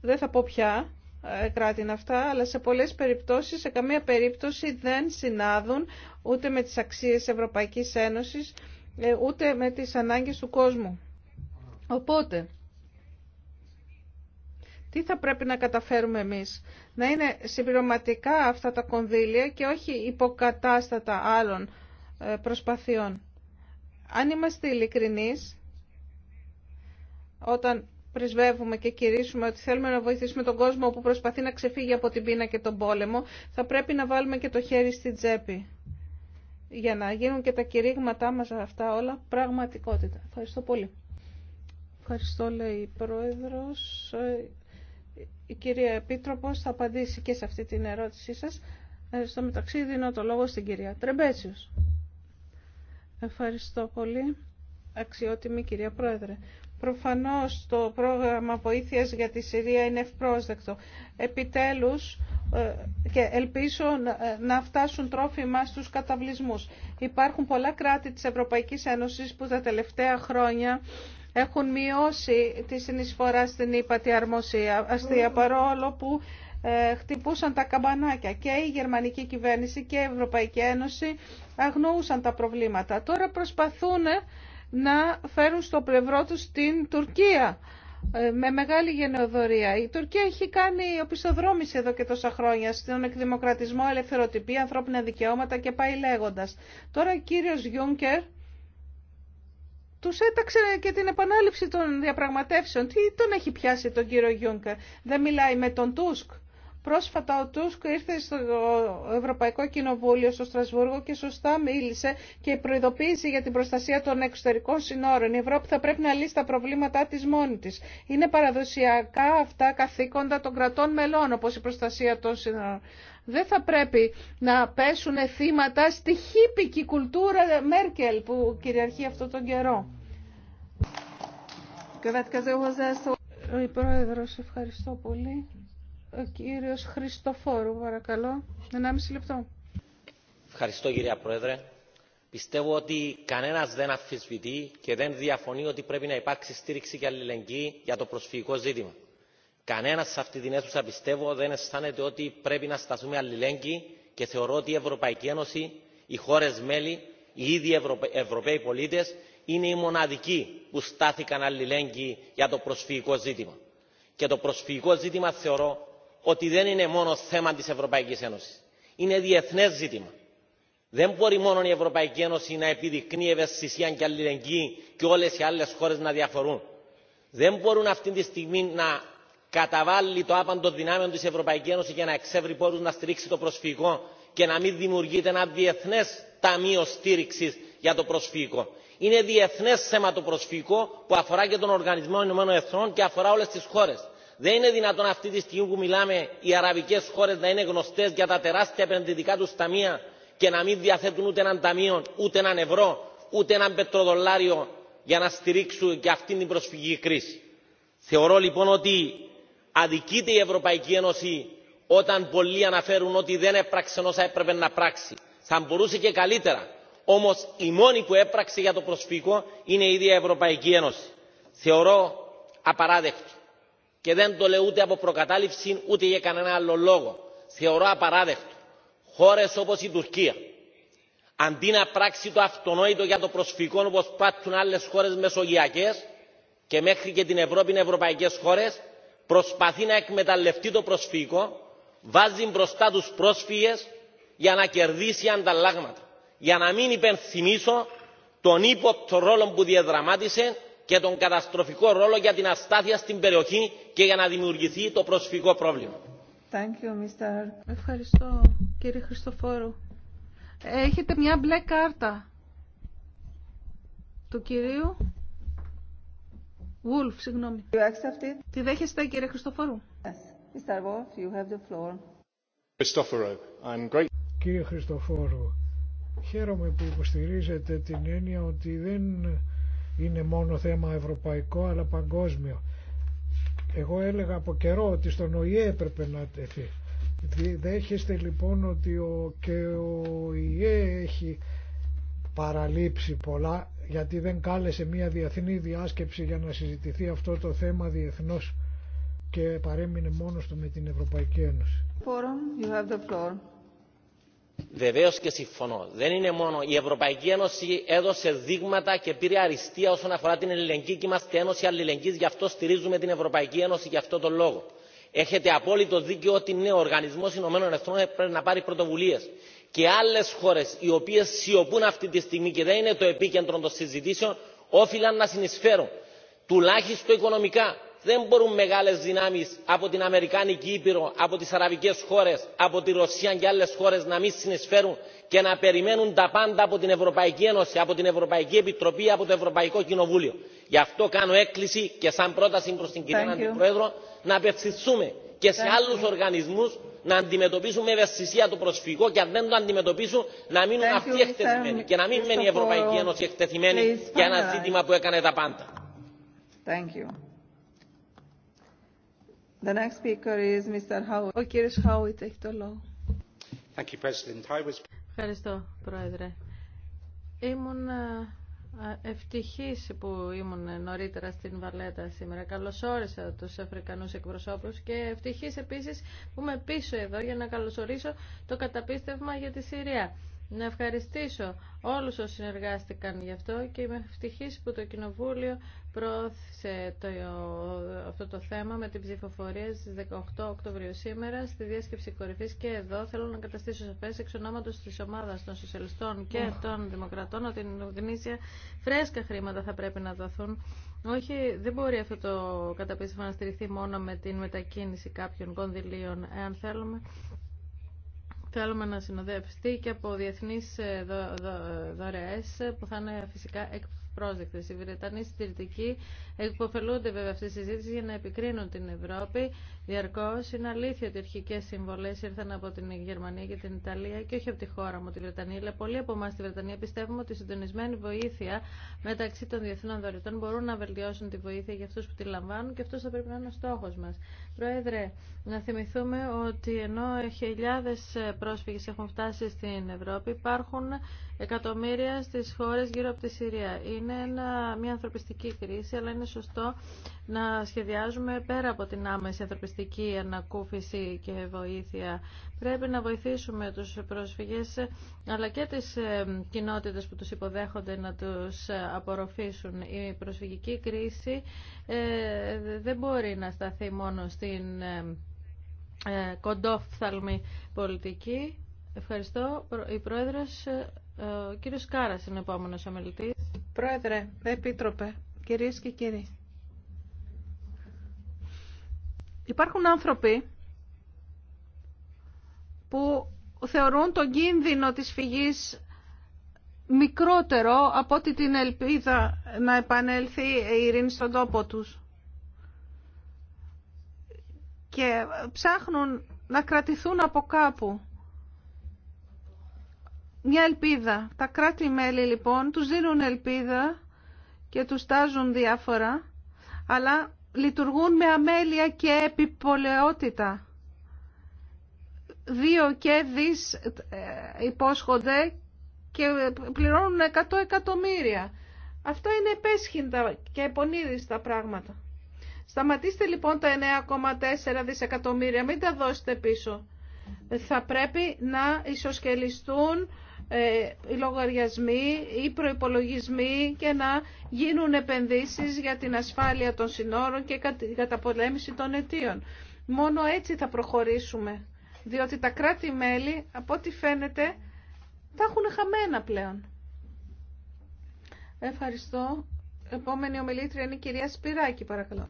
δεν θα πω πια ε, κράτη είναι αυτά, αλλά σε πολλές περιπτώσεις, σε καμία περίπτωση δεν συνάδουν ούτε με τις αξίες Ευρωπαϊκής Ένωσης, ε, ούτε με τις ανάγκες του κόσμου. Οπότε, τι θα πρέπει να καταφέρουμε εμείς. Να είναι συμπληρωματικά αυτά τα κονδύλια και όχι υποκατάστατα άλλων ε, προσπαθειών. Αν είμαστε ειλικρινεί, όταν πρεσβεύουμε και κηρύσουμε ότι θέλουμε να βοηθήσουμε τον κόσμο που προσπαθεί να ξεφύγει από την πείνα και τον πόλεμο, θα πρέπει να βάλουμε και το χέρι στην τσέπη για να γίνουν και τα κηρύγματά μας αυτά όλα πραγματικότητα. Ευχαριστώ πολύ. Ευχαριστώ λέει η Πρόεδρος. Ε, η κυρία Επίτροπος θα απαντήσει και σε αυτή την ερώτησή σας. Ε, στο μεταξύ δίνω το λόγο στην κυρία Τρεμπέτσιος. Ευχαριστώ πολύ, αξιότιμη κυρία Πρόεδρε. Προφανώς το πρόγραμμα βοήθειας για τη Συρία είναι ευπρόσδεκτο. Επιτέλους, ε, και ελπίζω ε, να φτάσουν τρόφιμα στους καταβλισμούς. Υπάρχουν πολλά κράτη της Ευρωπαϊκής Ένωσης που τα τελευταία χρόνια έχουν μειώσει τη συνεισφορά στην ύπατη αστεία παρόλο που ε, χτυπούσαν τα καμπανάκια και η γερμανική κυβέρνηση και η Ευρωπαϊκή Ένωση αγνοούσαν τα προβλήματα. Τώρα προσπαθούν να φέρουν στο πλευρό τους την Τουρκία ε, με μεγάλη γενεοδορία. Η Τουρκία έχει κάνει οπισθοδρόμηση εδώ και τόσα χρόνια στον εκδημοκρατισμό, ελευθεροτυπία, ανθρώπινα δικαιώματα και πάει λέγοντα. Τώρα ο κύριος Γιούνκερ του έταξε και την επανάληψη των διαπραγματεύσεων. Τι τον έχει πιάσει τον κύριο Γιούνκερ. Δεν μιλάει με τον Τούσκ Πρόσφατα ο Τούσκ ήρθε στο Ευρωπαϊκό Κοινοβούλιο στο Στρασβούργο και σωστά μίλησε και προειδοποίησε για την προστασία των εξωτερικών συνόρων. Η Ευρώπη θα πρέπει να λύσει τα προβλήματά τη μόνη τη. Είναι παραδοσιακά αυτά καθήκοντα των κρατών μελών, όπω η προστασία των συνόρων. Δεν θα πρέπει να πέσουν θύματα στη χύπικη κουλτούρα Μέρκελ που κυριαρχεί αυτόν τον καιρό. Ο Πρόεδρος, ευχαριστώ πολύ. Ο κύριος Χριστοφόρου, παρακαλώ. 1,5 λεπτό. Ευχαριστώ κυρία Πρόεδρε. Πιστεύω ότι κανένας δεν αφισβητεί και δεν διαφωνεί ότι πρέπει να υπάρξει στήριξη και αλληλεγγύη για το προσφυγικό ζήτημα. Κανένας σε αυτή την αίθουσα πιστεύω δεν αισθάνεται ότι πρέπει να σταθούμε αλληλέγγυοι και θεωρώ ότι η Ευρωπαϊκή Ένωση, οι χώρες μέλη, οι ίδιοι Ευρωπα... Ευρωπαίοι πολίτες είναι οι μοναδικοί που στάθηκαν αλληλέγγυοι για το προσφυγικό ζήτημα. Και το προσφυγικό ζήτημα θεωρώ ότι δεν είναι μόνο θέμα της Ευρωπαϊκής Ένωσης. Είναι διεθνές ζήτημα. Δεν μπορεί μόνο η Ευρωπαϊκή Ένωση να επιδεικνύει ευαισθησία και αλληλεγγύη και όλες οι άλλες χώρες να διαφορούν. Δεν μπορούν αυτή τη στιγμή να καταβάλει το άπαντο δυνάμεων της Ευρωπαϊκή Ένωση για να εξεύρει πόρους να στηρίξει το προσφυγικό και να μην δημιουργείται ένα διεθνές ταμείο στήριξης για το προσφυγικό. Είναι διεθνές θέμα το προσφυγικό που αφορά και τον Οργανισμό Ηνωμένων Εθνών και αφορά όλες τις χώρες. Δεν είναι δυνατόν αυτή τη στιγμή που μιλάμε οι αραβικέ χώρε να είναι γνωστέ για τα τεράστια επενδυτικά του ταμεία και να μην διαθέτουν ούτε έναν ταμείο, ούτε έναν ευρώ, ούτε έναν πετροδολάριο για να στηρίξουν και αυτή την προσφυγική κρίση. Θεωρώ λοιπόν ότι αδικείται η Ευρωπαϊκή Ένωση όταν πολλοί αναφέρουν ότι δεν έπραξε όσα έπρεπε να πράξει. Θα μπορούσε και καλύτερα. Όμω η μόνη που έπραξε για το προσφυγικό είναι η ίδια η Ευρωπαϊκή Ένωση. Θεωρώ απαράδεκτο και δεν το λέω ούτε από προκατάληψη ούτε για κανένα άλλο λόγο. Θεωρώ απαράδεκτο χώρε όπω η Τουρκία, αντί να πράξει το αυτονόητο για το προσφυγικό όπω πράττουν άλλε χώρε μεσογειακέ και μέχρι και την Ευρώπη είναι ευρωπαϊκέ χώρε, προσπαθεί να εκμεταλλευτεί το προσφυγικό, βάζει μπροστά του πρόσφυγε για να κερδίσει ανταλλάγματα. Για να μην υπενθυμίσω τον ύποπτο ρόλο που διαδραμάτισε και τον καταστροφικό ρόλο για την αστάθεια στην περιοχή και για να δημιουργηθεί το προσφυγικό πρόβλημα. Ευχαριστώ, κύριε Χριστοφόρου. Έχετε μια μπλε κάρτα του κυρίου Wolf, συγγνώμη. Τη δέχεστε, κύριε Χριστοφόρου. Yes. Mr. Wolf, you have the floor. I'm great. Κύριε Χριστοφόρου, χαίρομαι που υποστηρίζετε την έννοια ότι δεν είναι μόνο θέμα ευρωπαϊκό αλλά παγκόσμιο. Εγώ έλεγα από καιρό ότι στον ΟΗΕ έπρεπε να τεθεί. Δέχεστε λοιπόν ότι ο, και ο ΟΗΕ έχει παραλείψει πολλά γιατί δεν κάλεσε μια διεθνή διάσκεψη για να συζητηθεί αυτό το θέμα διεθνώς και παρέμεινε μόνος του με την Ευρωπαϊκή Ένωση. Forum, you have the floor. Βεβαίω και συμφωνώ. Δεν είναι μόνο. Η Ευρωπαϊκή Ένωση έδωσε δείγματα και πήρε αριστεία όσον αφορά την ελληνική και είμαστε Ένωση Αλληλεγγύη. Γι' αυτό στηρίζουμε την Ευρωπαϊκή Ένωση για αυτό τον λόγο. Έχετε απόλυτο δίκιο ότι ναι, ο Οργανισμό Ηνωμένων Εθνών πρέπει να πάρει πρωτοβουλίε. Και άλλε χώρε οι οποίε σιωπούν αυτή τη στιγμή και δεν είναι το επίκεντρο των συζητήσεων όφυλαν να συνεισφέρουν. Τουλάχιστον οικονομικά δεν μπορούν μεγάλες δυνάμεις από την Αμερικάνικη Ήπειρο, από τις Αραβικές χώρες, από τη Ρωσία και άλλες χώρες να μην συνεισφέρουν και να περιμένουν τα πάντα από την Ευρωπαϊκή Ένωση, από την Ευρωπαϊκή Επιτροπή, από το Ευρωπαϊκό Κοινοβούλιο. Γι' αυτό κάνω έκκληση και σαν πρόταση προς την κυρία Αντιπρόεδρο να απευθυνθούμε και σε άλλους οργανισμούς να αντιμετωπίσουν με ευαισθησία το προσφυγικό και αν δεν το αντιμετωπίσουν να μείνουν αυτοί εκτεθειμένοι και να μην μένει η Ευρωπαϊκή Ένωση εκτεθειμένη για ένα ζήτημα που έκανε τα πάντα. The next speaker is Mr. Ο έχει το λόγο. Thank you, President. Ευχαριστώ, Πρόεδρε. Ήμουν ε, ευτυχής που ήμουν νωρίτερα στην Βαλέτα σήμερα. Καλωσόρισα τους Αφρικανούς εκπροσώπους και ευτυχής επίσης που είμαι πίσω εδώ για να καλωσορίσω το καταπίστευμα για τη Συρία. Να ευχαριστήσω όλους όσοι συνεργάστηκαν γι' αυτό και είμαι ευτυχής που το Κοινοβούλιο πρόθεσε το, αυτό το θέμα με την ψηφοφορία στις 18 Οκτωβρίου σήμερα στη διάσκεψη κορυφής και εδώ θέλω να καταστήσω σαφές εξ ονόματος της ομάδας των σοσιαλιστών και των δημοκρατών ότι γνήσια φρέσκα χρήματα θα πρέπει να δοθούν όχι, δεν μπορεί αυτό το καταπίστευμα να στηριχθεί μόνο με την μετακίνηση κάποιων κονδυλίων, εάν θέλουμε θέλουμε να συνοδευτεί και από διεθνείς ε, δωρεές που θα είναι φυσικά εκ οι Βρετανοί συντηρητικοί εκποφελούνται βέβαια αυτή τη συζήτηση για να επικρίνουν την Ευρώπη Διαρκώ Είναι αλήθεια ότι οι αρχικές συμβολές ήρθαν από την Γερμανία και την Ιταλία και όχι από τη χώρα μου, τη Βρετανία. Αλλά πολλοί από εμά στη Βρετανία πιστεύουμε ότι η συντονισμένη βοήθεια μεταξύ των διεθνών δωρητών μπορούν να βελτιώσουν τη βοήθεια για αυτούς που τη λαμβάνουν και αυτό θα πρέπει να είναι ο στόχος μας. Πρόεδρε, να θυμηθούμε ότι ενώ χιλιάδες πρόσφυγες έχουν φτάσει στην Ευρώπη, υπάρχουν εκατομμύρια στις χώρες γύρω από τη Συρία. Είναι μια ανθρωπιστική κρίση, αλλά είναι σωστό να σχεδιάζουμε πέρα από την άμεση ανθρωπιστική ανθρωπιστική ανακούφιση και βοήθεια. Πρέπει να βοηθήσουμε τους πρόσφυγες αλλά και τις ε, κοινότητες που τους υποδέχονται να τους ε, απορροφήσουν. Η προσφυγική κρίση ε, δεν μπορεί να σταθεί μόνο στην κοντόφθαλμη πολιτική. Ευχαριστώ. Η Πρόεδρος, ο κύριος Κάρας είναι ο επόμενος ομιλητής. Πρόεδρε, Επίτροπε, κυρίες και κύριοι. Υπάρχουν άνθρωποι που θεωρούν τον κίνδυνο της φυγής μικρότερο από ότι την ελπίδα να επανέλθει η ειρήνη στον τόπο τους. Και ψάχνουν να κρατηθούν από κάπου. Μια ελπίδα. Τα κράτη-μέλη λοιπόν τους δίνουν ελπίδα και τους τάζουν διάφορα, αλλά λειτουργούν με αμέλεια και επιπολαιότητα. Δύο και δις ε, υπόσχονται και πληρώνουν 100 εκατομμύρια. Αυτά είναι επέσχυντα και επονίδιστα πράγματα. Σταματήστε λοιπόν τα 9,4 δισεκατομμύρια, μην τα δώσετε πίσω. Θα πρέπει να ισοσκελιστούν ε, οι λογαριασμοί, οι προϋπολογισμοί και να γίνουν επενδύσεις για την ασφάλεια των συνόρων και την καταπολέμηση των αιτίων. Μόνο έτσι θα προχωρήσουμε, διότι τα κράτη-μέλη, από ό,τι φαίνεται, τα έχουν χαμένα πλέον. Ευχαριστώ. Επόμενη ομιλήτρια είναι η κυρία Σπυράκη, παρακαλώ.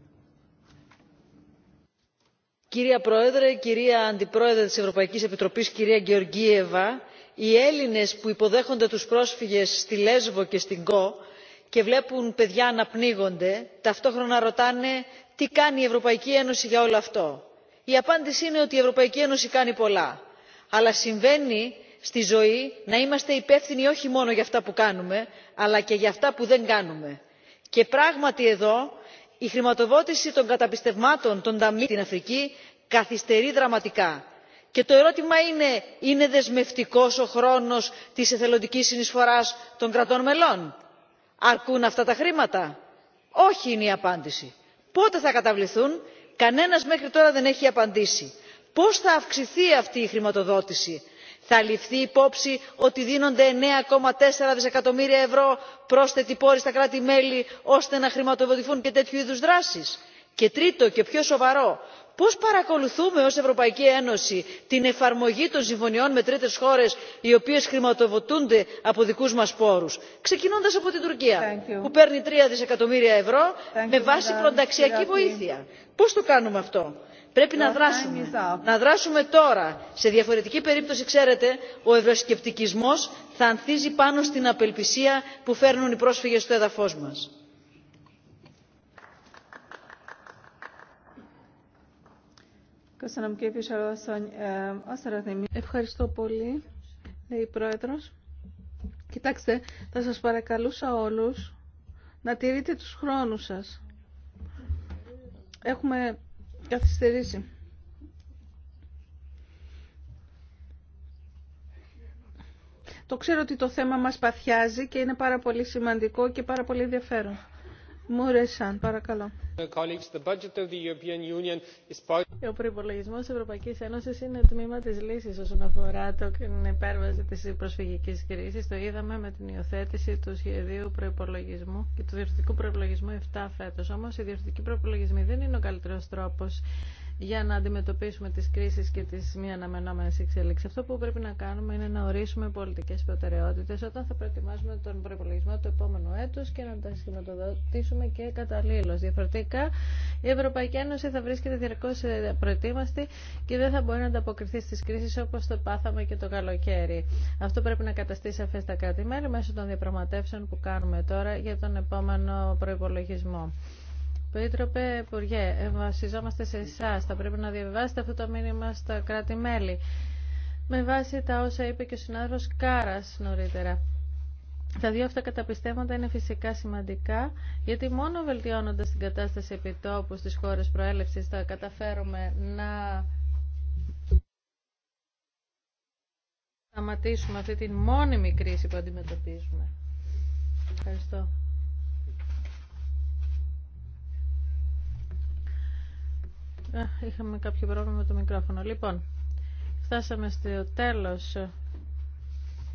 Κυρία Πρόεδρε, κυρία Αντιπρόεδρε της Ευρωπαϊκής Επιτροπής, κυρία Γεωργίεβα οι έλληνες που υποδέχονται τους πρόσφυγες στη λέσβο και στην Κώ και βλέπουν παιδιά να πνίγονται ταυτόχρονα ρωτάνε τι κάνει η ευρωπαϊκή ένωση για όλο αυτό. η απάντηση είναι ότι η ευρωπαϊκή ένωση κάνει πολλά αλλά συμβαίνει στη ζωή να είμαστε υπεύθυνοι όχι μόνο για αυτά που κάνουμε αλλά και για αυτά που δεν κάνουμε και πράγματι εδώ η χρηματοδότηση των καταπιστευμάτων των ταμείων στην αφρική καθυστερεί δραματικά και το ερώτημα είναι είναι δεσμευτικός ο χρόνος της εθελοντικής συνεισφοράς των κρατών μελών; αρκούν αυτά τα χρήματα; όχι είναι η απάντηση. πότε θα καταβληθούν; κανένας μέχρι τώρα δεν έχει απαντήσει. πώς θα αυξηθεί αυτή η χρηματοδότηση; θα ληφθεί υπόψη ότι δίνονται 9,4 δισεκατομμύρια ευρώ πρόσθετη πόρη στα κράτη μέλη ώστε να χρηματοδοτηθούν και τέτοιου είδους δράσεις; και τρίτο και πιο σοβαρό πώς παρακολουθούμε ως ευρωπαϊκή ένωση την εφαρμογή των συμφωνιών με τρίτες χώρες οι οποίες χρηματοδοτούνται από δικούς μας πόρους ξεκινώντας από την τουρκία που παίρνει τρία δισεκατομμύρια ευρώ με βάση προταξιακή βοήθεια. πώς το κάνουμε αυτό; πρέπει να δράσουμε. να δράσουμε τώρα. σε διαφορετική περίπτωση ξέρετε ο ευρωσκεπτικισμός θα ανθίζει πάνω στην απελπισία που φέρνουν οι πρόσφυγες στο έδαφος μας. Ευχαριστώ πολύ, η Πρόεδρος. Κοιτάξτε, θα σας παρακαλούσα όλους να τηρείτε τους χρόνους σας. Έχουμε καθυστερήσει. Το ξέρω ότι το θέμα μας παθιάζει και είναι πάρα πολύ σημαντικό και πάρα πολύ ενδιαφέρον. Ο προπολογισμό τη Ευρωπαϊκή Ένωση είναι τμήμα τη λύση όσον αφορά την υπέρβαση τη προσφυγική κρίση. Το είδαμε με την υιοθέτηση του σχεδίου προπολογισμού και του διορθωτικού προπολογισμού 7 φέτο. Όμω, οι διορθωτικοί προπολογισμοί δεν είναι ο καλύτερο τρόπο για να αντιμετωπίσουμε τις κρίσεις και τις μη αναμενόμενες εξέλιξεις. Αυτό που πρέπει να κάνουμε είναι να ορίσουμε πολιτικές προτεραιότητες όταν θα προετοιμάσουμε τον προπολογισμό του επόμενου έτους και να τα σχηματοδοτήσουμε και καταλήλως. Διαφορετικά, η Ευρωπαϊκή Ένωση θα βρίσκεται διαρκώς προετοίμαστη και δεν θα μπορεί να ανταποκριθεί στις κρίσεις όπως το πάθαμε και το καλοκαίρι. Αυτό πρέπει να καταστήσει σαφέ τα κράτη-μέλη μέσω των διαπραγματεύσεων που κάνουμε τώρα για τον επόμενο προπολογισμό. Πίτροπε Υπουργέ, βασιζόμαστε σε εσά. Θα πρέπει να διαβιβάσετε αυτό το μήνυμα στα κράτη-μέλη. Με βάση τα όσα είπε και ο συνάδελφος Κάρας νωρίτερα. Τα δύο αυτά καταπιστεύματα είναι φυσικά σημαντικά, γιατί μόνο βελτιώνοντας την κατάσταση επιτόπου στις χώρες προέλευσης θα καταφέρουμε να σταματήσουμε αυτή την μόνιμη κρίση που αντιμετωπίζουμε. Ευχαριστώ. Είχαμε κάποιο πρόβλημα με το μικρόφωνο. Λοιπόν, φτάσαμε στο τέλος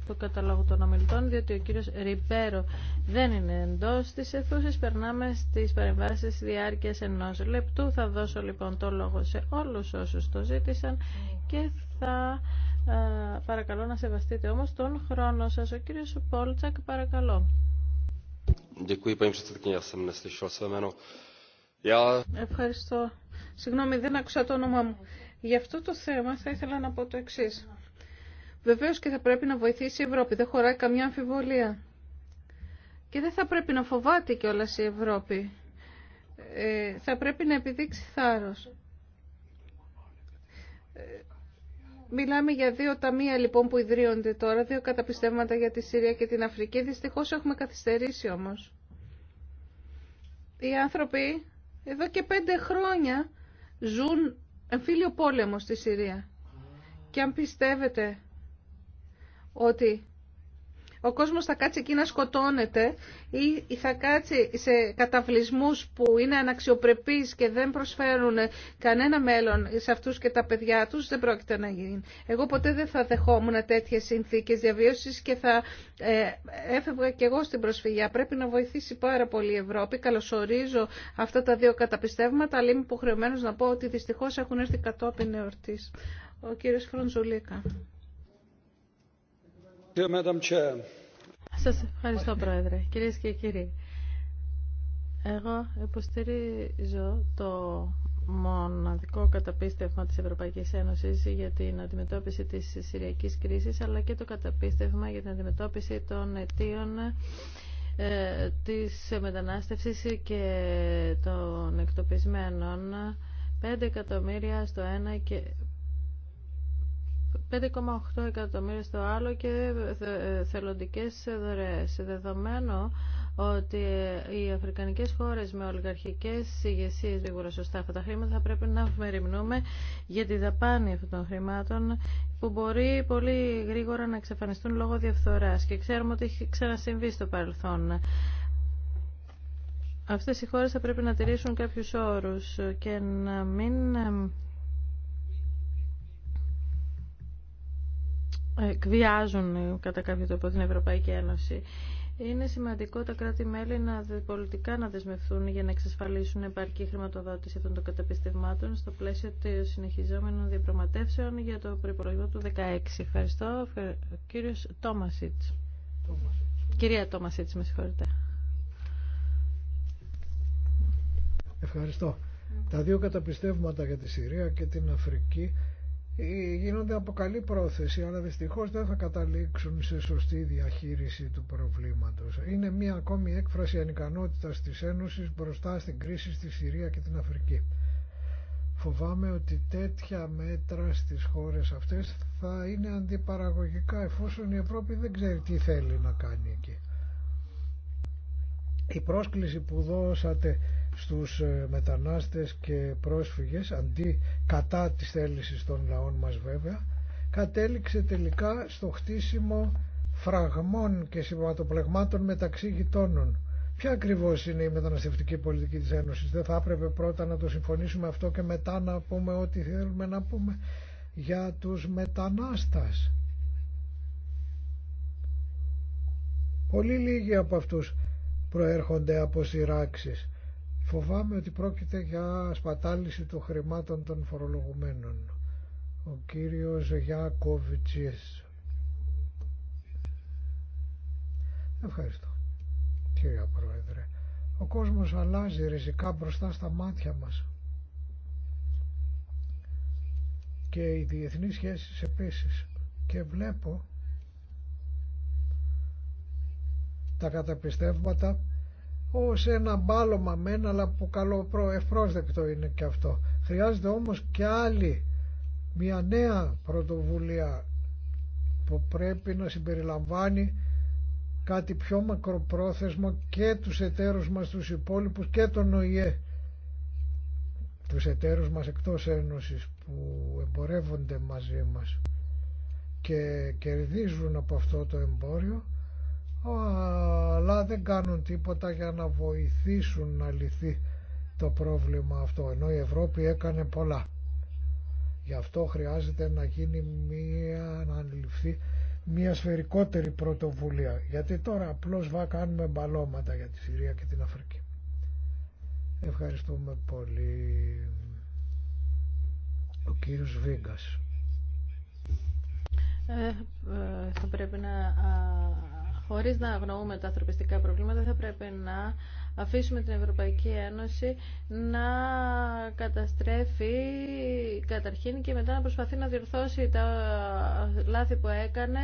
του καταλόγου των ομιλητών, διότι ο κύριος Ριμπέρο δεν είναι εντός της αιθούσης. Περνάμε στις παρεμβάσεις διάρκειας ενός λεπτού. Θα δώσω λοιπόν το λόγο σε όλους όσους το ζήτησαν και θα παρακαλώ να σεβαστείτε όμως τον χρόνο σας. Ο κύριος Πόλτσακ, παρακαλώ. Ευχαριστώ. Συγγνώμη, δεν άκουσα το όνομά μου. Γι' αυτό το θέμα θα ήθελα να πω το εξή. Βεβαίω και θα πρέπει να βοηθήσει η Ευρώπη. Δεν χωράει καμιά αμφιβολία. Και δεν θα πρέπει να φοβάται κιόλα η Ευρώπη. Ε, θα πρέπει να επιδείξει θάρρος. Ε, μιλάμε για δύο ταμεία λοιπόν που ιδρύονται τώρα, δύο καταπιστεύματα για τη Συρία και την Αφρική. Δυστυχώ έχουμε καθυστερήσει όμω. Οι άνθρωποι εδώ και πέντε χρόνια ζουν εμφύλιο πόλεμο στη Συρία. Και αν πιστεύετε ότι ο κόσμος θα κάτσει εκεί να σκοτώνεται ή θα κάτσει σε καταβλισμούς που είναι αναξιοπρεπείς και δεν προσφέρουν κανένα μέλλον σε αυτούς και τα παιδιά τους, δεν πρόκειται να γίνει. Εγώ ποτέ δεν θα δεχόμουν τέτοιες συνθήκες διαβίωσης και θα ε, έφευγα και εγώ στην προσφυγιά. Πρέπει να βοηθήσει πάρα πολύ η Ευρώπη. Καλωσορίζω αυτά τα δύο καταπιστεύματα, αλλά είμαι υποχρεωμένος να πω ότι δυστυχώς έχουν έρθει κατόπιν εορτής. Ο κύριος Φρονζουλίκα. Σας ευχαριστώ, Πρόεδρε. Κυρίες και κύριοι, εγώ υποστηρίζω το μοναδικό καταπίστευμα της Ευρωπαϊκής Ένωσης για την αντιμετώπιση της Συριακής κρίσης, αλλά και το καταπίστευμα για την αντιμετώπιση των αιτίων ε, της μετανάστευσης και των εκτοπισμένων 5 εκατομμύρια στο 1 και 5,8 εκατομμύρια στο άλλο και ε, θελοντικές δωρεές. Δεδομένο ότι οι αφρικανικές χώρες με ολιγαρχικές ηγεσίες δίγουρα σωστά αυτά τα χρήματα θα πρέπει να μεριμνούμε για τη δαπάνη αυτών των χρημάτων που μπορεί πολύ γρήγορα να εξαφανιστούν λόγω διαφθοράς και ξέρουμε ότι έχει ξανασυμβεί στο παρελθόν. Αυτές οι χώρες θα πρέπει να τηρήσουν κάποιους όρους και να μην ε, εκβιάζουν κατά κάποιο τρόπο την Ευρωπαϊκή Ένωση. Είναι σημαντικό τα κράτη-μέλη να πολιτικά να δεσμευθούν για να εξασφαλίσουν επαρκή χρηματοδότηση αυτών των καταπιστευμάτων στο πλαίσιο των συνεχιζόμενων διαπραγματεύσεων για το προπολογισμό του 2016. Ευχαριστώ. κύριος Κυρία Τόμασιτ, με συγχωρείτε. Ευχαριστώ. Τα δύο καταπιστεύματα για τη Συρία και την Αφρική γίνονται από καλή πρόθεση αλλά δυστυχώς δεν θα καταλήξουν σε σωστή διαχείριση του προβλήματος. Είναι μια ακόμη έκφραση ανικανότητας της Ένωσης μπροστά στην κρίση στη Συρία και την Αφρική. Φοβάμαι ότι τέτοια μέτρα στις χώρες αυτές θα είναι αντιπαραγωγικά εφόσον η Ευρώπη δεν ξέρει τι θέλει να κάνει εκεί. Η πρόσκληση που δώσατε στους ε, μετανάστες και πρόσφυγες αντί κατά της θέλησης των λαών μας βέβαια κατέληξε τελικά στο χτίσιμο φραγμών και συμβατοπλεγμάτων μεταξύ γειτόνων. Ποια ακριβώ είναι η μεταναστευτική πολιτική της Ένωσης. Δεν θα έπρεπε πρώτα να το συμφωνήσουμε αυτό και μετά να πούμε ό,τι θέλουμε να πούμε για τους μετανάστας. Πολύ λίγοι από αυτούς προέρχονται από σειράξεις Φοβάμαι ότι πρόκειται για σπατάληση των χρημάτων των φορολογουμένων. Ο κύριος Γιάκοβιτσιές. Ευχαριστώ, κύριε Πρόεδρε. Ο κόσμος αλλάζει ριζικά μπροστά στα μάτια μας. Και οι διεθνείς σχέσεις επίσης. Και βλέπω τα καταπιστεύματα ως ένα μπάλωμα μεν αλλά που καλό ευπρόσδεκτο είναι και αυτό. Χρειάζεται όμως και άλλη μια νέα πρωτοβουλία που πρέπει να συμπεριλαμβάνει κάτι πιο μακροπρόθεσμο και τους εταίρους μας τους υπόλοιπους και τον ΟΗΕ τους εταίρους μας εκτός Ένωσης που εμπορεύονται μαζί μας και κερδίζουν από αυτό το εμπόριο αλλά δεν κάνουν τίποτα για να βοηθήσουν να λυθεί το πρόβλημα αυτό, ενώ η Ευρώπη έκανε πολλά. Γι' αυτό χρειάζεται να γίνει μία, να μία σφαιρικότερη πρωτοβουλία. Γιατί τώρα απλώς βά κάνουμε μπαλώματα για τη Συρία και την Αφρική. Ευχαριστούμε πολύ ο κύριος Βίγκας. Ε, ε, θα πρέπει να χωρίς να αγνοούμε τα ανθρωπιστικά προβλήματα, θα πρέπει να αφήσουμε την Ευρωπαϊκή Ένωση να καταστρέφει καταρχήν και μετά να προσπαθεί να διορθώσει τα λάθη που έκανε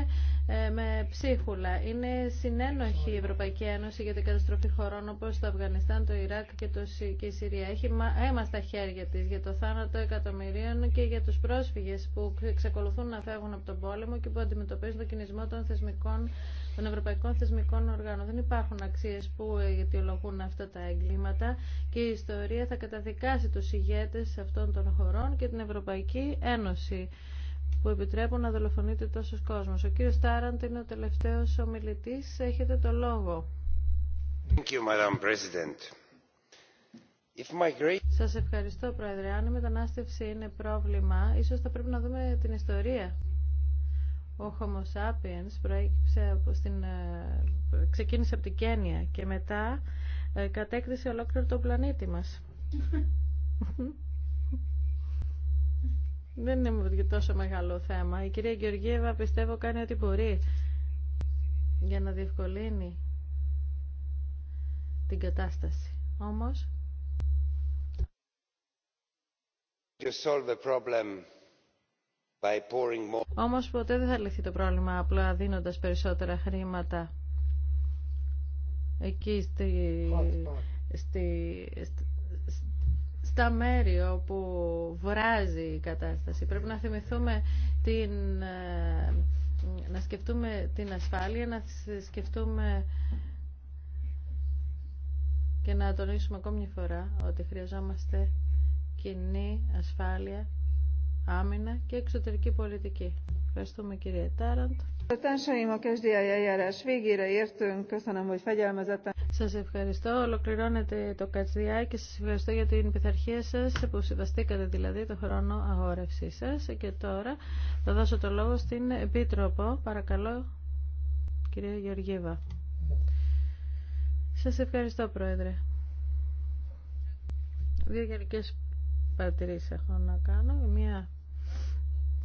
ε, με ψίχουλα. Είναι συνένοχη η Ευρωπαϊκή Ένωση για την καταστροφή χωρών όπως το Αφγανιστάν, το Ιράκ και, το, και η Συρία. Έχει αίμα στα χέρια της για το θάνατο εκατομμυρίων και για τους πρόσφυγες που εξακολουθούν να φεύγουν από τον πόλεμο και που αντιμετωπίζουν τον κινησμό των θεσμικών των ευρωπαϊκών θεσμικών οργάνων. Δεν υπάρχουν αξίες που αιτιολογούν αυτά τα εγκλήματα και η ιστορία θα καταδικάσει τους ηγέτε αυτών των χωρών και την Ευρωπαϊκή Ένωση που επιτρέπουν να δολοφονείται τόσο κόσμο. Ο κύριος Τάραντ είναι ο τελευταίο ομιλητή, Έχετε το λόγο. Thank Σας ευχαριστώ, Πρόεδρε. Αν η μετανάστευση είναι πρόβλημα, ίσως θα πρέπει να δούμε την ιστορία ο Homo sapiens από στην, ε, ξεκίνησε από την Κένια και μετά ε, κατέκτησε ολόκληρο τον πλανήτη μας. Δεν είναι τόσο μεγάλο θέμα. Η κυρία Γεωργίευα πιστεύω κάνει ό,τι μπορεί για να διευκολύνει την κατάσταση. Όμως... Όμως ποτέ δεν θα λυθεί το πρόβλημα απλά δίνοντας περισσότερα χρήματα εκεί στη, στα μέρη όπου βράζει η κατάσταση. Πρέπει να θυμηθούμε την, ε, να σκεφτούμε την ασφάλεια, να σκεφτούμε και να τονίσουμε ακόμη μια φορά ότι χρειαζόμαστε κοινή ασφάλεια άμυνα και εξωτερική πολιτική. Ευχαριστούμε κύριε Τάραντ. Σα ευχαριστώ. Ολοκληρώνεται το κατσδιά και σας ευχαριστώ για την πειθαρχία σα που συμβαστήκατε δηλαδή το χρόνο αγόρευσή σα Και τώρα θα δώσω το λόγο στην Επίτροπο. Παρακαλώ κυρία Γεωργίβα. Σα ευχαριστώ Πρόεδρε. Δύο παρατηρήσει έχω να κάνω. Η μία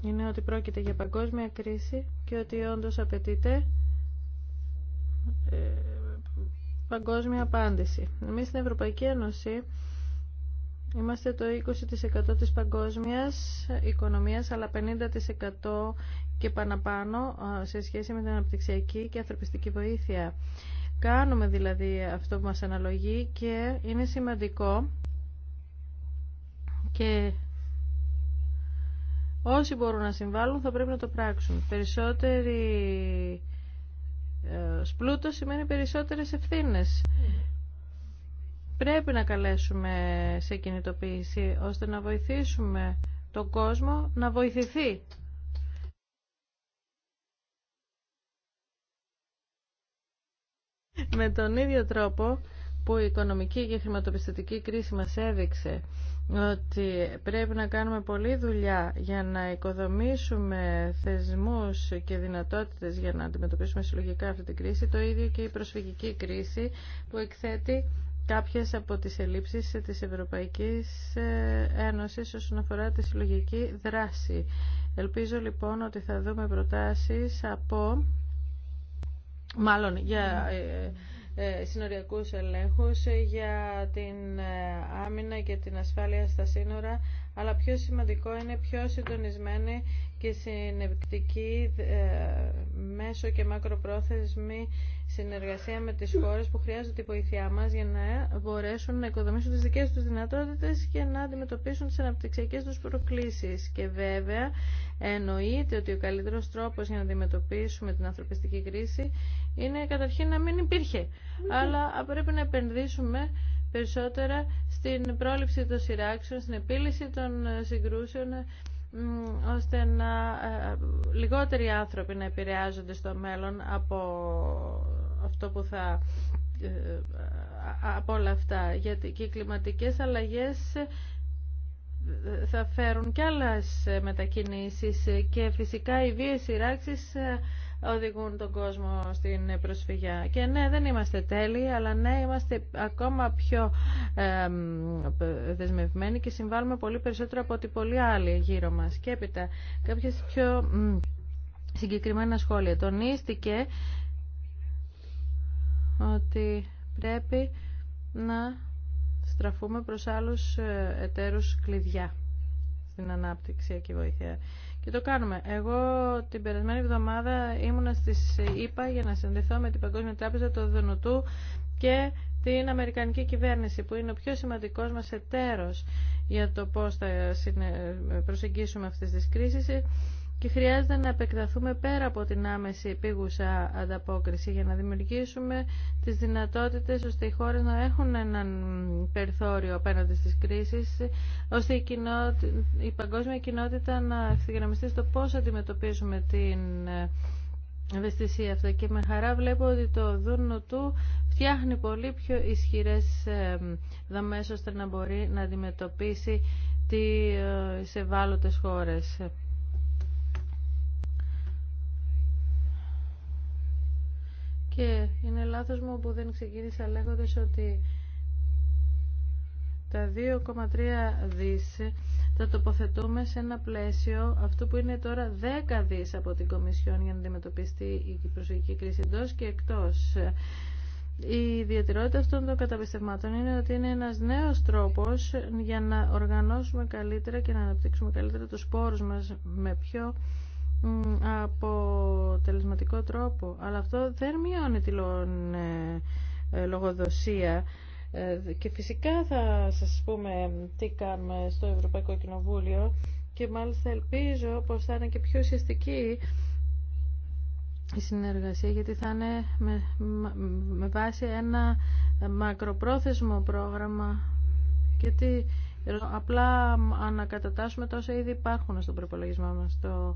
είναι ότι πρόκειται για παγκόσμια κρίση και ότι όντως απαιτείται ε, παγκόσμια απάντηση. Εμείς στην Ευρωπαϊκή Ένωση είμαστε το 20% της παγκόσμιας οικονομίας, αλλά 50% και παραπάνω ε, σε σχέση με την αναπτυξιακή και ανθρωπιστική βοήθεια. Κάνουμε δηλαδή αυτό που μας αναλογεί και είναι σημαντικό και όσοι μπορούν να συμβάλλουν θα πρέπει να το πράξουν. Περισσότερη ε, σπλούτο σημαίνει περισσότερες ευθύνες. Πρέπει να καλέσουμε σε κινητοποίηση ώστε να βοηθήσουμε τον κόσμο να βοηθηθεί. Με τον ίδιο τρόπο που η οικονομική και χρηματοπιστωτική κρίση μας έδειξε ότι πρέπει να κάνουμε πολλή δουλειά για να οικοδομήσουμε θεσμούς και δυνατότητες για να αντιμετωπίσουμε συλλογικά αυτή την κρίση, το ίδιο και η προσφυγική κρίση που εκθέτει κάποιες από τις ελλείψεις της Ευρωπαϊκής ε, Ένωσης όσον αφορά τη συλλογική δράση. Ελπίζω λοιπόν ότι θα δούμε προτάσεις από... Μάλλον για... Ε, ε, συνοριακούς ελέγχους για την ε, άμυνα και την ασφάλεια στα σύνορα, αλλά πιο σημαντικό είναι πιο συντονισμένη και συνεπτική ε, μέσο και μακροπρόθεσμη συνεργασία με τις χώρες που χρειάζονται τη βοήθειά μας για να μπορέσουν να οικοδομήσουν τις δικές τους δυνατότητες και να αντιμετωπίσουν τις αναπτυξιακές τους προκλήσεις. Και βέβαια εννοείται ότι ο καλύτερος τρόπος για να αντιμετωπίσουμε την ανθρωπιστική κρίση είναι καταρχήν να μην υπήρχε. Αλλά πρέπει να επενδύσουμε περισσότερα στην πρόληψη των σειράξεων, στην επίλυση των ε, συγκρούσεων, ώστε να ε, λιγότεροι άνθρωποι να επηρεάζονται στο μέλλον από αυτό που θα ε, από όλα αυτά γιατί και οι κλιματικές αλλαγές θα φέρουν και άλλες μετακινήσεις και φυσικά οι βίες σειράξεις οδηγούν τον κόσμο στην προσφυγιά. Και ναι, δεν είμαστε τέλειοι, αλλά ναι, είμαστε ακόμα πιο δεσμευμένοι και συμβάλλουμε πολύ περισσότερο από ότι πολλοί άλλοι γύρω μας. Και έπειτα κάποιες πιο συγκεκριμένα σχόλια. Τονίστηκε ότι πρέπει να στραφούμε προς άλλους ε, εταίρους κλειδιά στην ανάπτυξη και βοήθεια. Και το κάνουμε. Εγώ την περασμένη εβδομάδα ήμουνα στη ΗΠΑ για να συνδεθώ με την Παγκόσμια Τράπεζα του Δουνουτού και την Αμερικανική κυβέρνηση που είναι ο πιο σημαντικός μας εταίρος για το πώς θα προσεγγίσουμε αυτές τις κρίσεις και χρειάζεται να επεκταθούμε πέρα από την άμεση επίγουσα ανταπόκριση για να δημιουργήσουμε τις δυνατότητες ώστε οι χώρες να έχουν έναν περιθώριο απέναντι στις κρίσεις ώστε η, η παγκόσμια κοινότητα να ευθυγραμμιστεί στο πώς αντιμετωπίζουμε την ευαισθησία αυτή. και με χαρά βλέπω ότι το δούνο του φτιάχνει πολύ πιο ισχυρές δαμές ώστε να μπορεί να αντιμετωπίσει τις ευάλωτες χώρες. Και είναι λάθος μου που δεν ξεκίνησα λέγοντας ότι τα 2,3 δις θα τοποθετούμε σε ένα πλαίσιο αυτού που είναι τώρα 10 δις από την Κομισιόν για να αντιμετωπιστεί η προσωπική κρίση εντό και εκτός. Η ιδιαιτερότητα αυτών των καταπιστευμάτων είναι ότι είναι ένας νέος τρόπος για να οργανώσουμε καλύτερα και να αναπτύξουμε καλύτερα τους σπόρους μας με πιο αποτελεσματικό τρόπο. Αλλά αυτό δεν μειώνει τη ε, ε, λογοδοσία. Ε, και φυσικά θα σας πούμε τι κάνουμε στο Ευρωπαϊκό Κοινοβούλιο και μάλιστα ελπίζω πως θα είναι και πιο ουσιαστική η συνεργασία γιατί θα είναι με, βάση ένα μακροπρόθεσμο πρόγραμμα γιατί απλά ανακατατάσσουμε τόσα ήδη υπάρχουν στον προπολογισμό μας. Το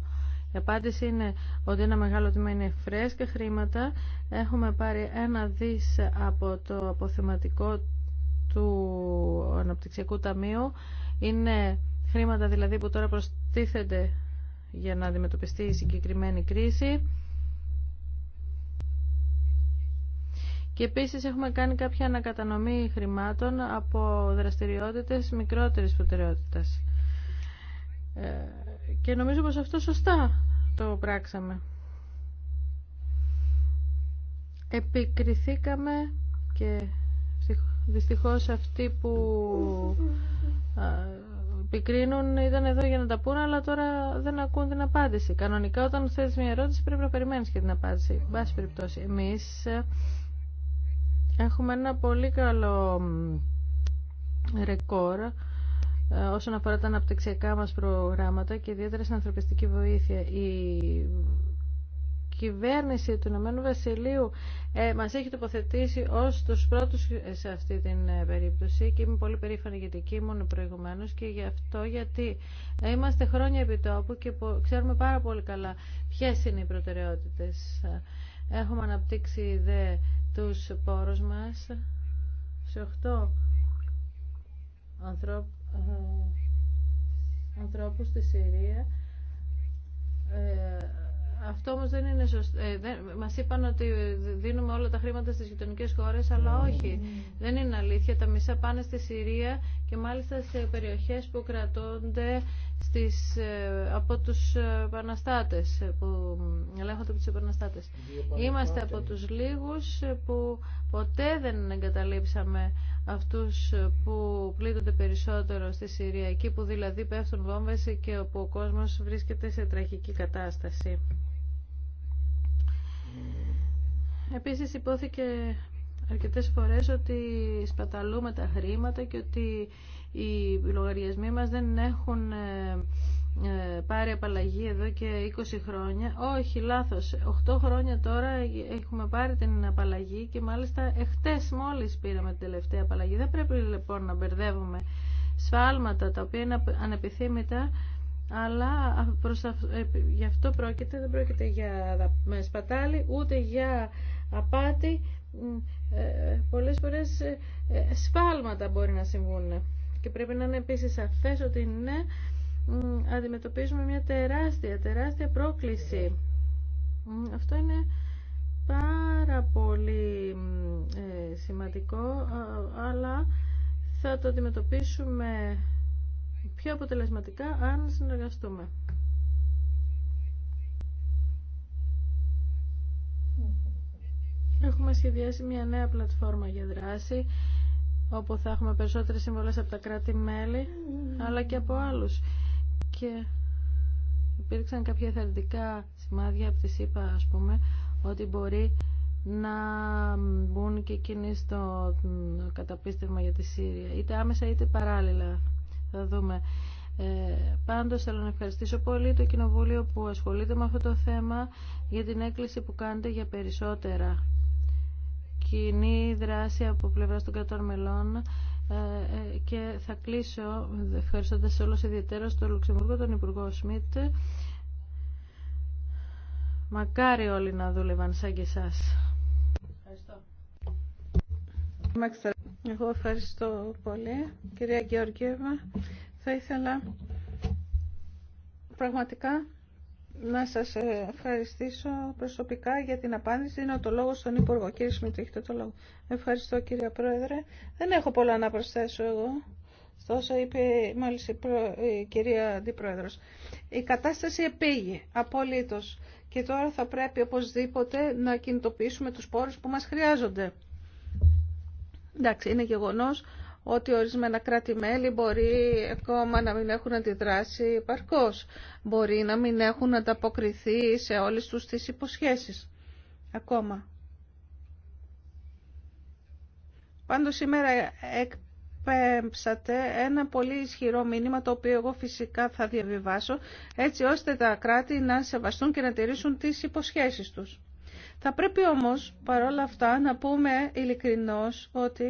η απάντηση είναι ότι ένα μεγάλο τμήμα είναι φρέσκα χρήματα. Έχουμε πάρει ένα δις από το αποθεματικό του Αναπτυξιακού Ταμείου. Είναι χρήματα δηλαδή που τώρα προστίθενται για να αντιμετωπιστεί η συγκεκριμένη κρίση. Και επίσης έχουμε κάνει κάποια ανακατανομή χρημάτων από δραστηριότητες μικρότερης προτεραιότητας. Ε, και νομίζω πως αυτό σωστά το πράξαμε. Επικριθήκαμε και δυστυχώς αυτοί που επικρίνουν ήταν εδώ για να τα πούνε, αλλά τώρα δεν ακούν την απάντηση. Κανονικά όταν θέλεις μια ερώτηση πρέπει να περιμένεις και την απάντηση. Εν περιπτώσει, εμείς έχουμε ένα πολύ καλό ρεκόρ ε, όσον αφορά τα αναπτυξιακά μας προγράμματα και ιδιαίτερα στην ανθρωπιστική βοήθεια. Η κυβέρνηση του Ηνωμένου Βασιλείου ε, μας έχει τοποθετήσει ως τους πρώτους σε αυτή την ε, περίπτωση και είμαι πολύ περήφανη γιατί εκεί ήμουν προηγουμένως και γι' αυτό γιατί είμαστε χρόνια επιτόπου και ξέρουμε πάρα πολύ καλά ποιες είναι οι προτεραιότητες. Έχουμε αναπτύξει δε τους πόρους μας σε 8 ανθρώπους ανθρώπους στη Συρία ε, αυτό όμω δεν είναι σωστό. Ε, δεν... Μας είπαν ότι δίνουμε όλα τα χρήματα στι γειτονικέ χώρε, αλλά όχι. Δεν είναι αλήθεια. Τα μισά πάνε στη Συρία και μάλιστα σε περιοχέ που κρατώνται στις, ε, από του ε, επαναστάτε, που ελέγχονται από του επαναστάτε. Είμαστε από του λίγου που ποτέ δεν εγκαταλείψαμε αυτού που πλήττονται περισσότερο στη Συρία, εκεί που δηλαδή πέφτουν βόμβες και όπου ο κόσμος βρίσκεται σε τραγική κατάσταση. Επίσης υπόθηκε αρκετές φορές ότι σπαταλούμε τα χρήματα και ότι οι λογαριασμοί μας δεν έχουν ε, ε, πάρει απαλλαγή εδώ και 20 χρόνια. Όχι, λάθος. 8 χρόνια τώρα έχουμε πάρει την απαλλαγή και μάλιστα εχθές μόλις πήραμε την τελευταία απαλλαγή. Δεν πρέπει λοιπόν να μπερδεύουμε σφάλματα τα οποία είναι ανεπιθύμητα αλλά προς, ε, γι' αυτό πρόκειται, δεν πρόκειται για ε, σπατάλη, ούτε για απάτη. Ε, πολλές φορές σφάλματα μπορεί να συμβούν και πρέπει να είναι επίσης σαφές ότι ναι, αντιμετωπίζουμε μια τεράστια, τεράστια πρόκληση. Αυτό είναι πάρα πολύ σημαντικό, αλλά θα το αντιμετωπίσουμε πιο αποτελεσματικά αν συνεργαστούμε. Έχουμε σχεδιάσει μια νέα πλατφόρμα για δράση όπου θα έχουμε περισσότερες συμβολές από τα κράτη-μέλη αλλά και από άλλους. Και υπήρξαν κάποια θερντικά σημάδια από τη ΣΥΠΑ ας πούμε ότι μπορεί να μπουν και εκείνοι στο καταπίστευμα για τη Σύρια είτε άμεσα είτε παράλληλα θα δούμε. Ε, πάντως θέλω να ευχαριστήσω πολύ το Κοινοβούλιο που ασχολείται με αυτό το θέμα για την έκκληση που κάνετε για περισσότερα κοινή δράση από πλευρά των κρατών ε, ε, και θα κλείσω ευχαριστώντας σε όλους ιδιαίτερα στο Λουξεμβούργο τον Υπουργό Σμιτ Μακάρι όλοι να δούλευαν σαν και εσάς. Εγώ ευχαριστώ πολύ. Κυρία Γεωργίευα, θα ήθελα πραγματικά να σας ευχαριστήσω προσωπικά για την απάντηση. Δίνω το λόγο στον Υπουργό. Κύριε Σμιτ, έχετε το λόγο. Ευχαριστώ κύριε Πρόεδρε. Δεν έχω πολλά να προσθέσω εγώ. Στο είπε μόλις η, κυρία Αντιπρόεδρος. Η κατάσταση επήγει απολύτως και τώρα θα πρέπει οπωσδήποτε να κινητοποιήσουμε τους πόρους που μας χρειάζονται. Εντάξει, γεγονό γεγονός ότι ορισμένα κράτη-μέλη μπορεί ακόμα να μην έχουν αντιδράσει παρκώς. Μπορεί να μην έχουν ανταποκριθεί σε όλες τους τις υποσχέσεις. Ακόμα. Πάντως σήμερα εκπέμψατε ένα πολύ ισχυρό μήνυμα το οποίο εγώ φυσικά θα διαβιβάσω έτσι ώστε τα κράτη να σεβαστούν και να τηρήσουν τις υποσχέσεις τους. Θα πρέπει όμως παρόλα αυτά να πούμε ειλικρινώς ότι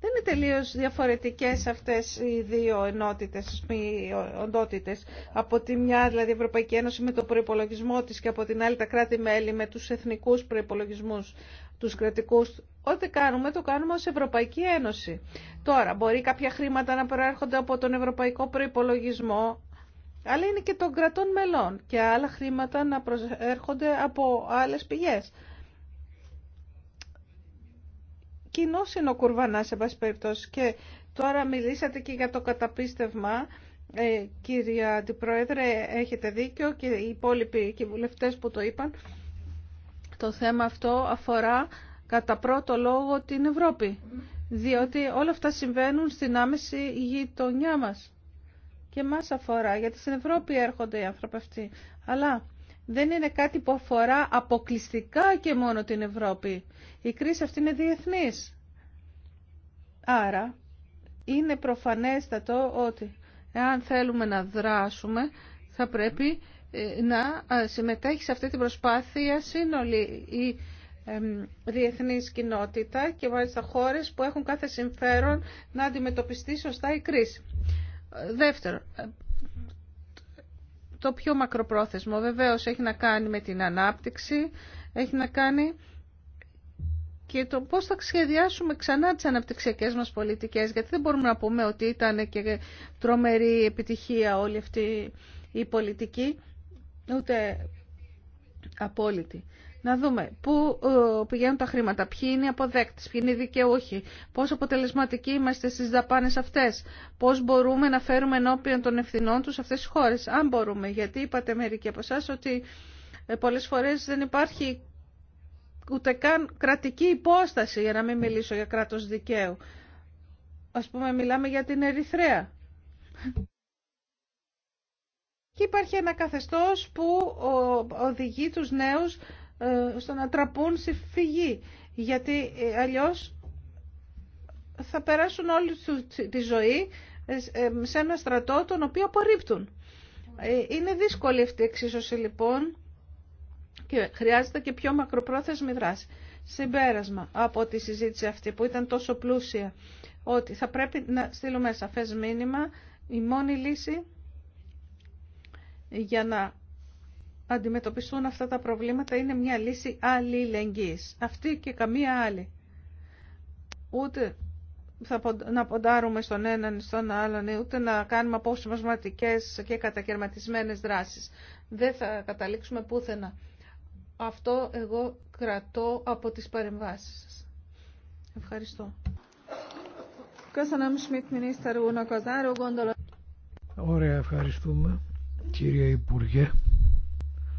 δεν είναι τελείως διαφορετικές αυτές οι δύο ενότητες, οι οντότητες. Από τη μια, δηλαδή η Ευρωπαϊκή Ένωση με το προϋπολογισμό της και από την άλλη τα κράτη-μέλη με τους εθνικούς προϋπολογισμούς, τους κρατικούς. Ό,τι κάνουμε, το κάνουμε ως Ευρωπαϊκή Ένωση. Τώρα, μπορεί κάποια χρήματα να προέρχονται από τον Ευρωπαϊκό Προϋπολογισμό, αλλά είναι και των κρατών μελών και άλλα χρήματα να έρχονται από άλλες πηγές. Κοινό είναι ο Κουρβανάς, σε περιπτώσει. Και τώρα μιλήσατε και για το καταπίστευμα. Ε, κυρία Αντιπρόεδρε, έχετε δίκιο και οι υπόλοιποι και οι βουλευτές που το είπαν. Το θέμα αυτό αφορά κατά πρώτο λόγο την Ευρώπη, διότι όλα αυτά συμβαίνουν στην άμεση γειτονιά μας και μας αφορά, γιατί στην Ευρώπη έρχονται οι άνθρωποι αυτοί. Αλλά δεν είναι κάτι που αφορά αποκλειστικά και μόνο την Ευρώπη. Η κρίση αυτή είναι διεθνής. Άρα, είναι προφανέστατο ότι εάν θέλουμε να δράσουμε, θα πρέπει ε, να ε, συμμετέχει σε αυτή την προσπάθεια σύνολη η διεθνής κοινότητα και μάλιστα χώρες που έχουν κάθε συμφέρον να αντιμετωπιστεί σωστά η κρίση. Δεύτερο, ε, το πιο μακροπρόθεσμο βεβαίως έχει να κάνει με την ανάπτυξη, έχει να κάνει και το πώς θα σχεδιάσουμε ξανά τις αναπτυξιακές μας πολιτικές, γιατί δεν μπορούμε να πούμε ότι ήταν και τρομερή επιτυχία όλη αυτή η πολιτική, ούτε απόλυτη να δούμε πού ε, πηγαίνουν τα χρήματα, ποιοι είναι οι αποδέκτες, ποιοι είναι οι δικαιούχοι, πόσο αποτελεσματικοί είμαστε στις δαπάνες αυτές, πώς μπορούμε να φέρουμε ενώπιον των ευθυνών τους αυτές τις χώρες, αν μπορούμε, γιατί είπατε μερικοί από εσά ότι ε, πολλές φορές δεν υπάρχει ούτε καν κρατική υπόσταση, για να μην μιλήσω για κράτος δικαίου. Ας πούμε, μιλάμε για την Ερυθρέα. Και υπάρχει ένα καθεστώς που οδηγεί τους νέους ε, στο να τραπούν στη φυγή. Γιατί ε, αλλιώς θα περάσουν όλη τη ζωή ε, σε ένα στρατό τον οποίο απορρίπτουν. Είναι δύσκολη αυτή η εξίσωση λοιπόν και χρειάζεται και πιο μακροπρόθεσμη δράση. Συμπέρασμα από τη συζήτηση αυτή που ήταν τόσο πλούσια ότι θα πρέπει να στείλουμε σαφές μήνυμα η μόνη λύση για να αντιμετωπιστούν αυτά τα προβλήματα είναι μια λύση αλληλεγγύης. Αυτή και καμία άλλη. Ούτε να ποντάρουμε στον έναν ή στον άλλον, ούτε να κάνουμε απόσυμασματικές και κατακαιρματισμένες δράσεις. Δεν θα καταλήξουμε πουθενά. Αυτό εγώ κρατώ από τις παρεμβάσεις σας. Ευχαριστώ. Ωραία, ευχαριστούμε κύριε Υπουργέ.